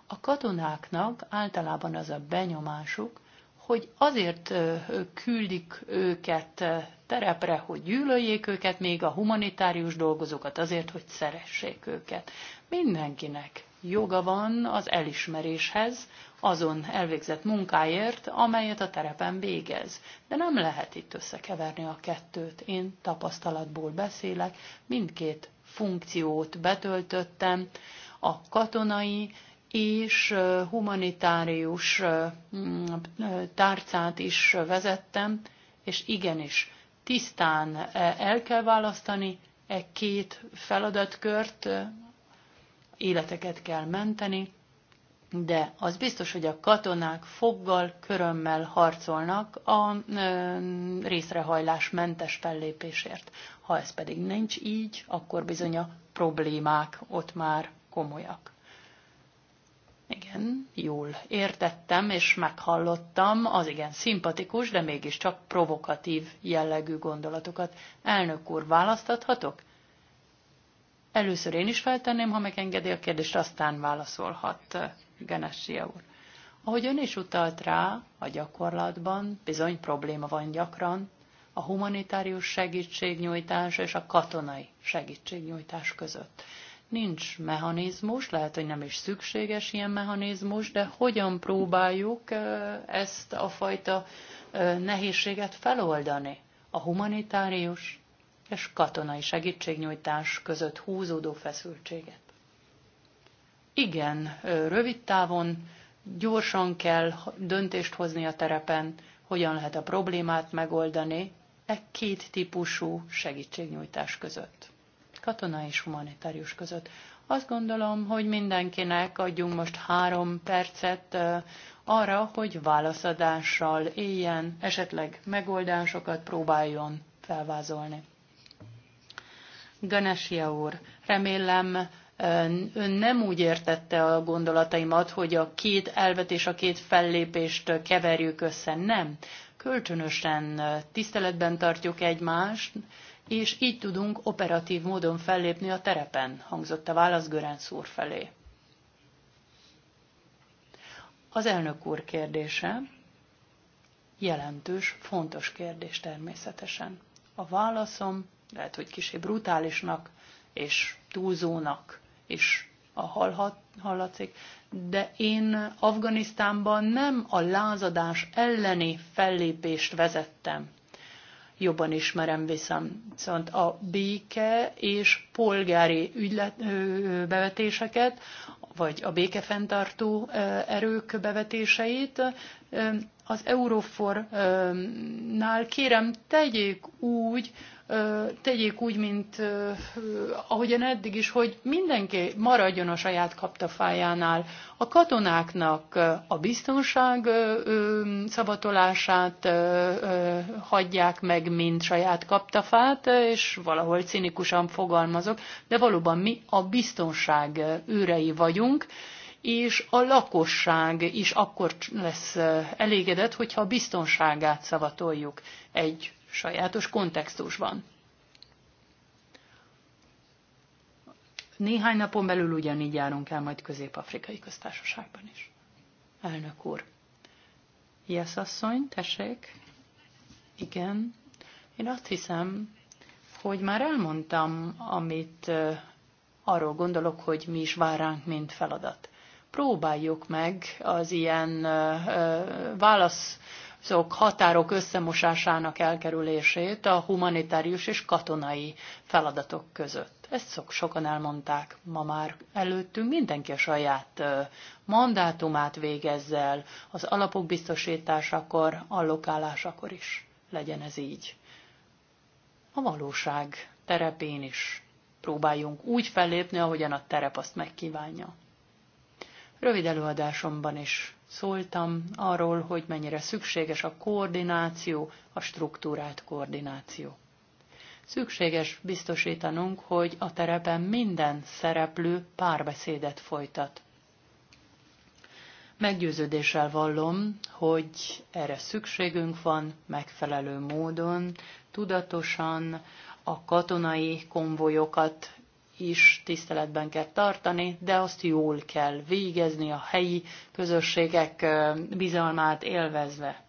[SPEAKER 2] A katonáknak általában az a benyomásuk, hogy azért eh, küldik őket eh, terepre, hogy gyűlöljék őket, még a humanitárius dolgozókat azért, hogy szeressék őket. Mindenkinek joga van az elismeréshez azon elvégzett munkáért, amelyet a terepen végez. De nem lehet itt összekeverni a kettőt. Én tapasztalatból beszélek, mindkét funkciót betöltöttem, a katonai és humanitárius tárcát is vezettem, és igenis, tisztán e, el kell választani e két feladatkört, életeket kell menteni, de az biztos, hogy a katonák foggal, körömmel harcolnak a ö, részrehajlás mentes fellépésért. Ha ez pedig nincs így, akkor bizony a problémák ott már komolyak. Igen, jól értettem és meghallottam az igen szimpatikus, de mégiscsak provokatív jellegű gondolatokat. Elnök úr, választathatok? Először én is feltenném, ha megengedi a kérdést, aztán válaszolhat eh, Genessia úr. Ahogy ön is utalt rá, a gyakorlatban bizony probléma van gyakran a humanitárius segítségnyújtás és a katonai segítségnyújtás között. Nincs mechanizmus, lehet, hogy nem is szükséges ilyen mechanizmus, de hogyan próbáljuk eh, ezt a fajta eh, nehézséget feloldani? A humanitárius és katonai segítségnyújtás között húzódó feszültséget. Igen, rövid távon gyorsan kell döntést hozni a terepen, hogyan lehet a problémát megoldani e két típusú segítségnyújtás között. Katona és humanitárius között. Azt gondolom, hogy mindenkinek adjunk most három percet arra, hogy válaszadással éljen, esetleg megoldásokat próbáljon felvázolni. Ganesia úr, remélem ön nem úgy értette a gondolataimat, hogy a két elvet és a két fellépést keverjük össze. Nem. Kölcsönösen tiszteletben tartjuk egymást, és így tudunk operatív módon fellépni a terepen, hangzott a válasz Görenc úr felé. Az elnök úr kérdése jelentős, fontos kérdés természetesen. A válaszom lehet, hogy kisé brutálisnak és túlzónak is a halhat hallatszik, de én Afganisztánban nem a lázadás elleni fellépést vezettem. Jobban ismerem viszont szóval a béke és polgári ügylet, ö, bevetéseket, vagy a békefenntartó erők bevetéseit. Az Eurofornál kérem, tegyék úgy, tegyék úgy, mint ahogyan eddig is, hogy mindenki maradjon a saját kaptafájánál. A katonáknak a biztonság szabatolását hagyják meg, mint saját kaptafát, és valahol cinikusan fogalmazok, de valóban mi a biztonság őrei vagyunk, és a lakosság is akkor lesz elégedett, hogyha a biztonságát szavatoljuk egy sajátos kontextusban. Néhány napon belül ugyanígy járunk el majd Közép-Afrikai Köztársaságban is. Elnök úr. Yes, asszony, tessék. Igen. Én azt hiszem, hogy már elmondtam, amit arról gondolok, hogy mi is vár ránk, mint feladat. Próbáljuk meg az ilyen válasz azok határok összemosásának elkerülését a humanitárius és katonai feladatok között. Ezt sok, sokan elmondták ma már előttünk, mindenki a saját mandátumát végezzel, az alapok biztosításakor, allokálásakor is legyen ez így. A valóság terepén is próbáljunk úgy fellépni, ahogyan a terep azt megkívánja. Rövid előadásomban is szóltam arról, hogy mennyire szükséges a koordináció, a struktúrált koordináció. Szükséges biztosítanunk, hogy a terepen minden szereplő párbeszédet folytat. Meggyőződéssel vallom, hogy erre szükségünk van megfelelő módon, tudatosan a katonai konvojokat is tiszteletben kell tartani, de azt jól kell végezni a helyi közösségek bizalmát élvezve.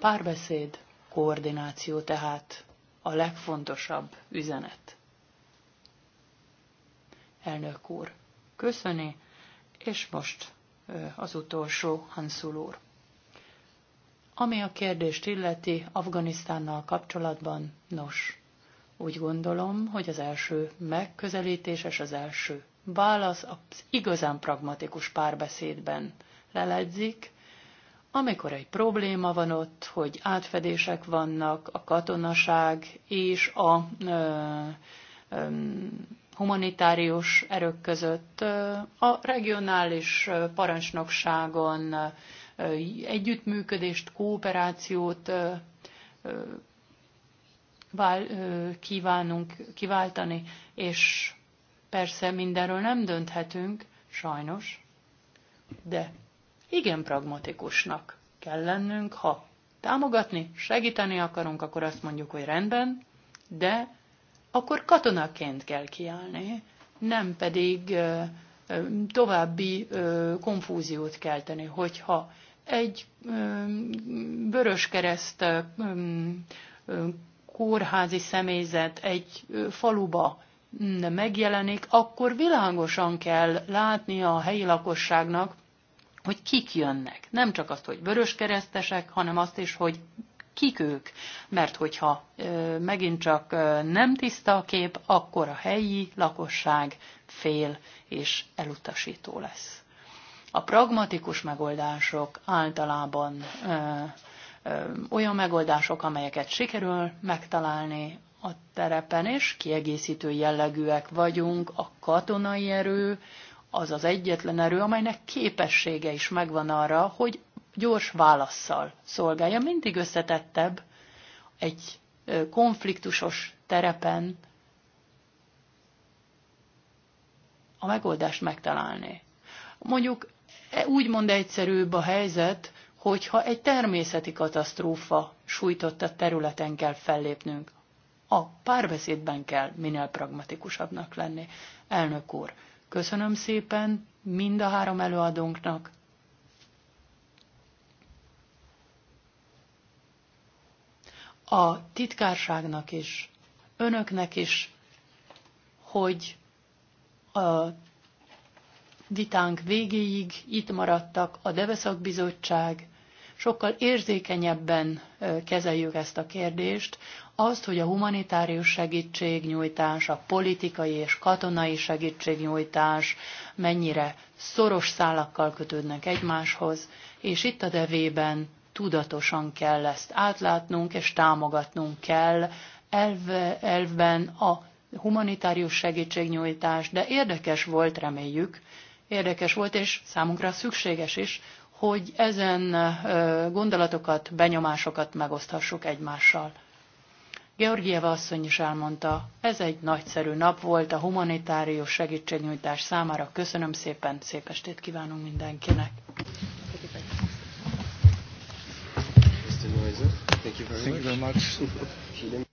[SPEAKER 2] Párbeszéd, koordináció tehát a legfontosabb üzenet. Elnök úr, köszöni, és most az utolsó Hanszul úr. Ami a kérdést illeti Afganisztánnal kapcsolatban, nos, úgy gondolom, hogy az első megközelítés és az első válasz az igazán pragmatikus párbeszédben leledzik, amikor egy probléma van ott, hogy átfedések vannak a katonaság és a ö, ö, humanitárius erők között, a regionális parancsnokságon, együttműködést, kooperációt kívánunk kiváltani, és persze mindenről nem dönthetünk, sajnos, de igen pragmatikusnak kell lennünk, ha támogatni, segíteni akarunk, akkor azt mondjuk, hogy rendben, de akkor katonaként kell kiállni, nem pedig további konfúziót kelteni, hogyha egy kereszt kórházi személyzet egy faluba mm, megjelenik, akkor világosan kell látnia a helyi lakosságnak, hogy kik jönnek. Nem csak azt, hogy keresztesek, hanem azt is, hogy kik ők. Mert hogyha megint csak nem tiszta a kép, akkor a helyi lakosság fél és elutasító lesz. A pragmatikus megoldások általában ö, ö, olyan megoldások, amelyeket sikerül megtalálni a terepen, és kiegészítő jellegűek vagyunk, a katonai erő, az az egyetlen erő, amelynek képessége is megvan arra, hogy gyors válaszsal szolgálja. Mindig összetettebb egy konfliktusos terepen a megoldást megtalálni. Mondjuk úgymond egyszerűbb a helyzet, hogyha egy természeti katasztrófa sújtotta területen kell fellépnünk. A párbeszédben kell minél pragmatikusabbnak lenni. Elnök úr, köszönöm szépen mind a három előadónknak. A titkárságnak is, önöknek is, hogy a vitánk végéig itt maradtak a Deveszak Bizottság, sokkal érzékenyebben kezeljük ezt a kérdést, azt, hogy a humanitárius segítségnyújtás, a politikai és katonai segítségnyújtás mennyire szoros szálakkal kötődnek egymáshoz, és itt a devében tudatosan kell ezt átlátnunk és támogatnunk kell elve, elvben a humanitárius segítségnyújtás, de érdekes volt, reméljük, érdekes volt, és számunkra szükséges is, hogy ezen gondolatokat, benyomásokat megoszthassuk egymással. Georgieva asszony is elmondta, ez egy nagyszerű nap volt a humanitárius segítségnyújtás számára. Köszönöm szépen, szép estét kívánunk mindenkinek. Thank you very much.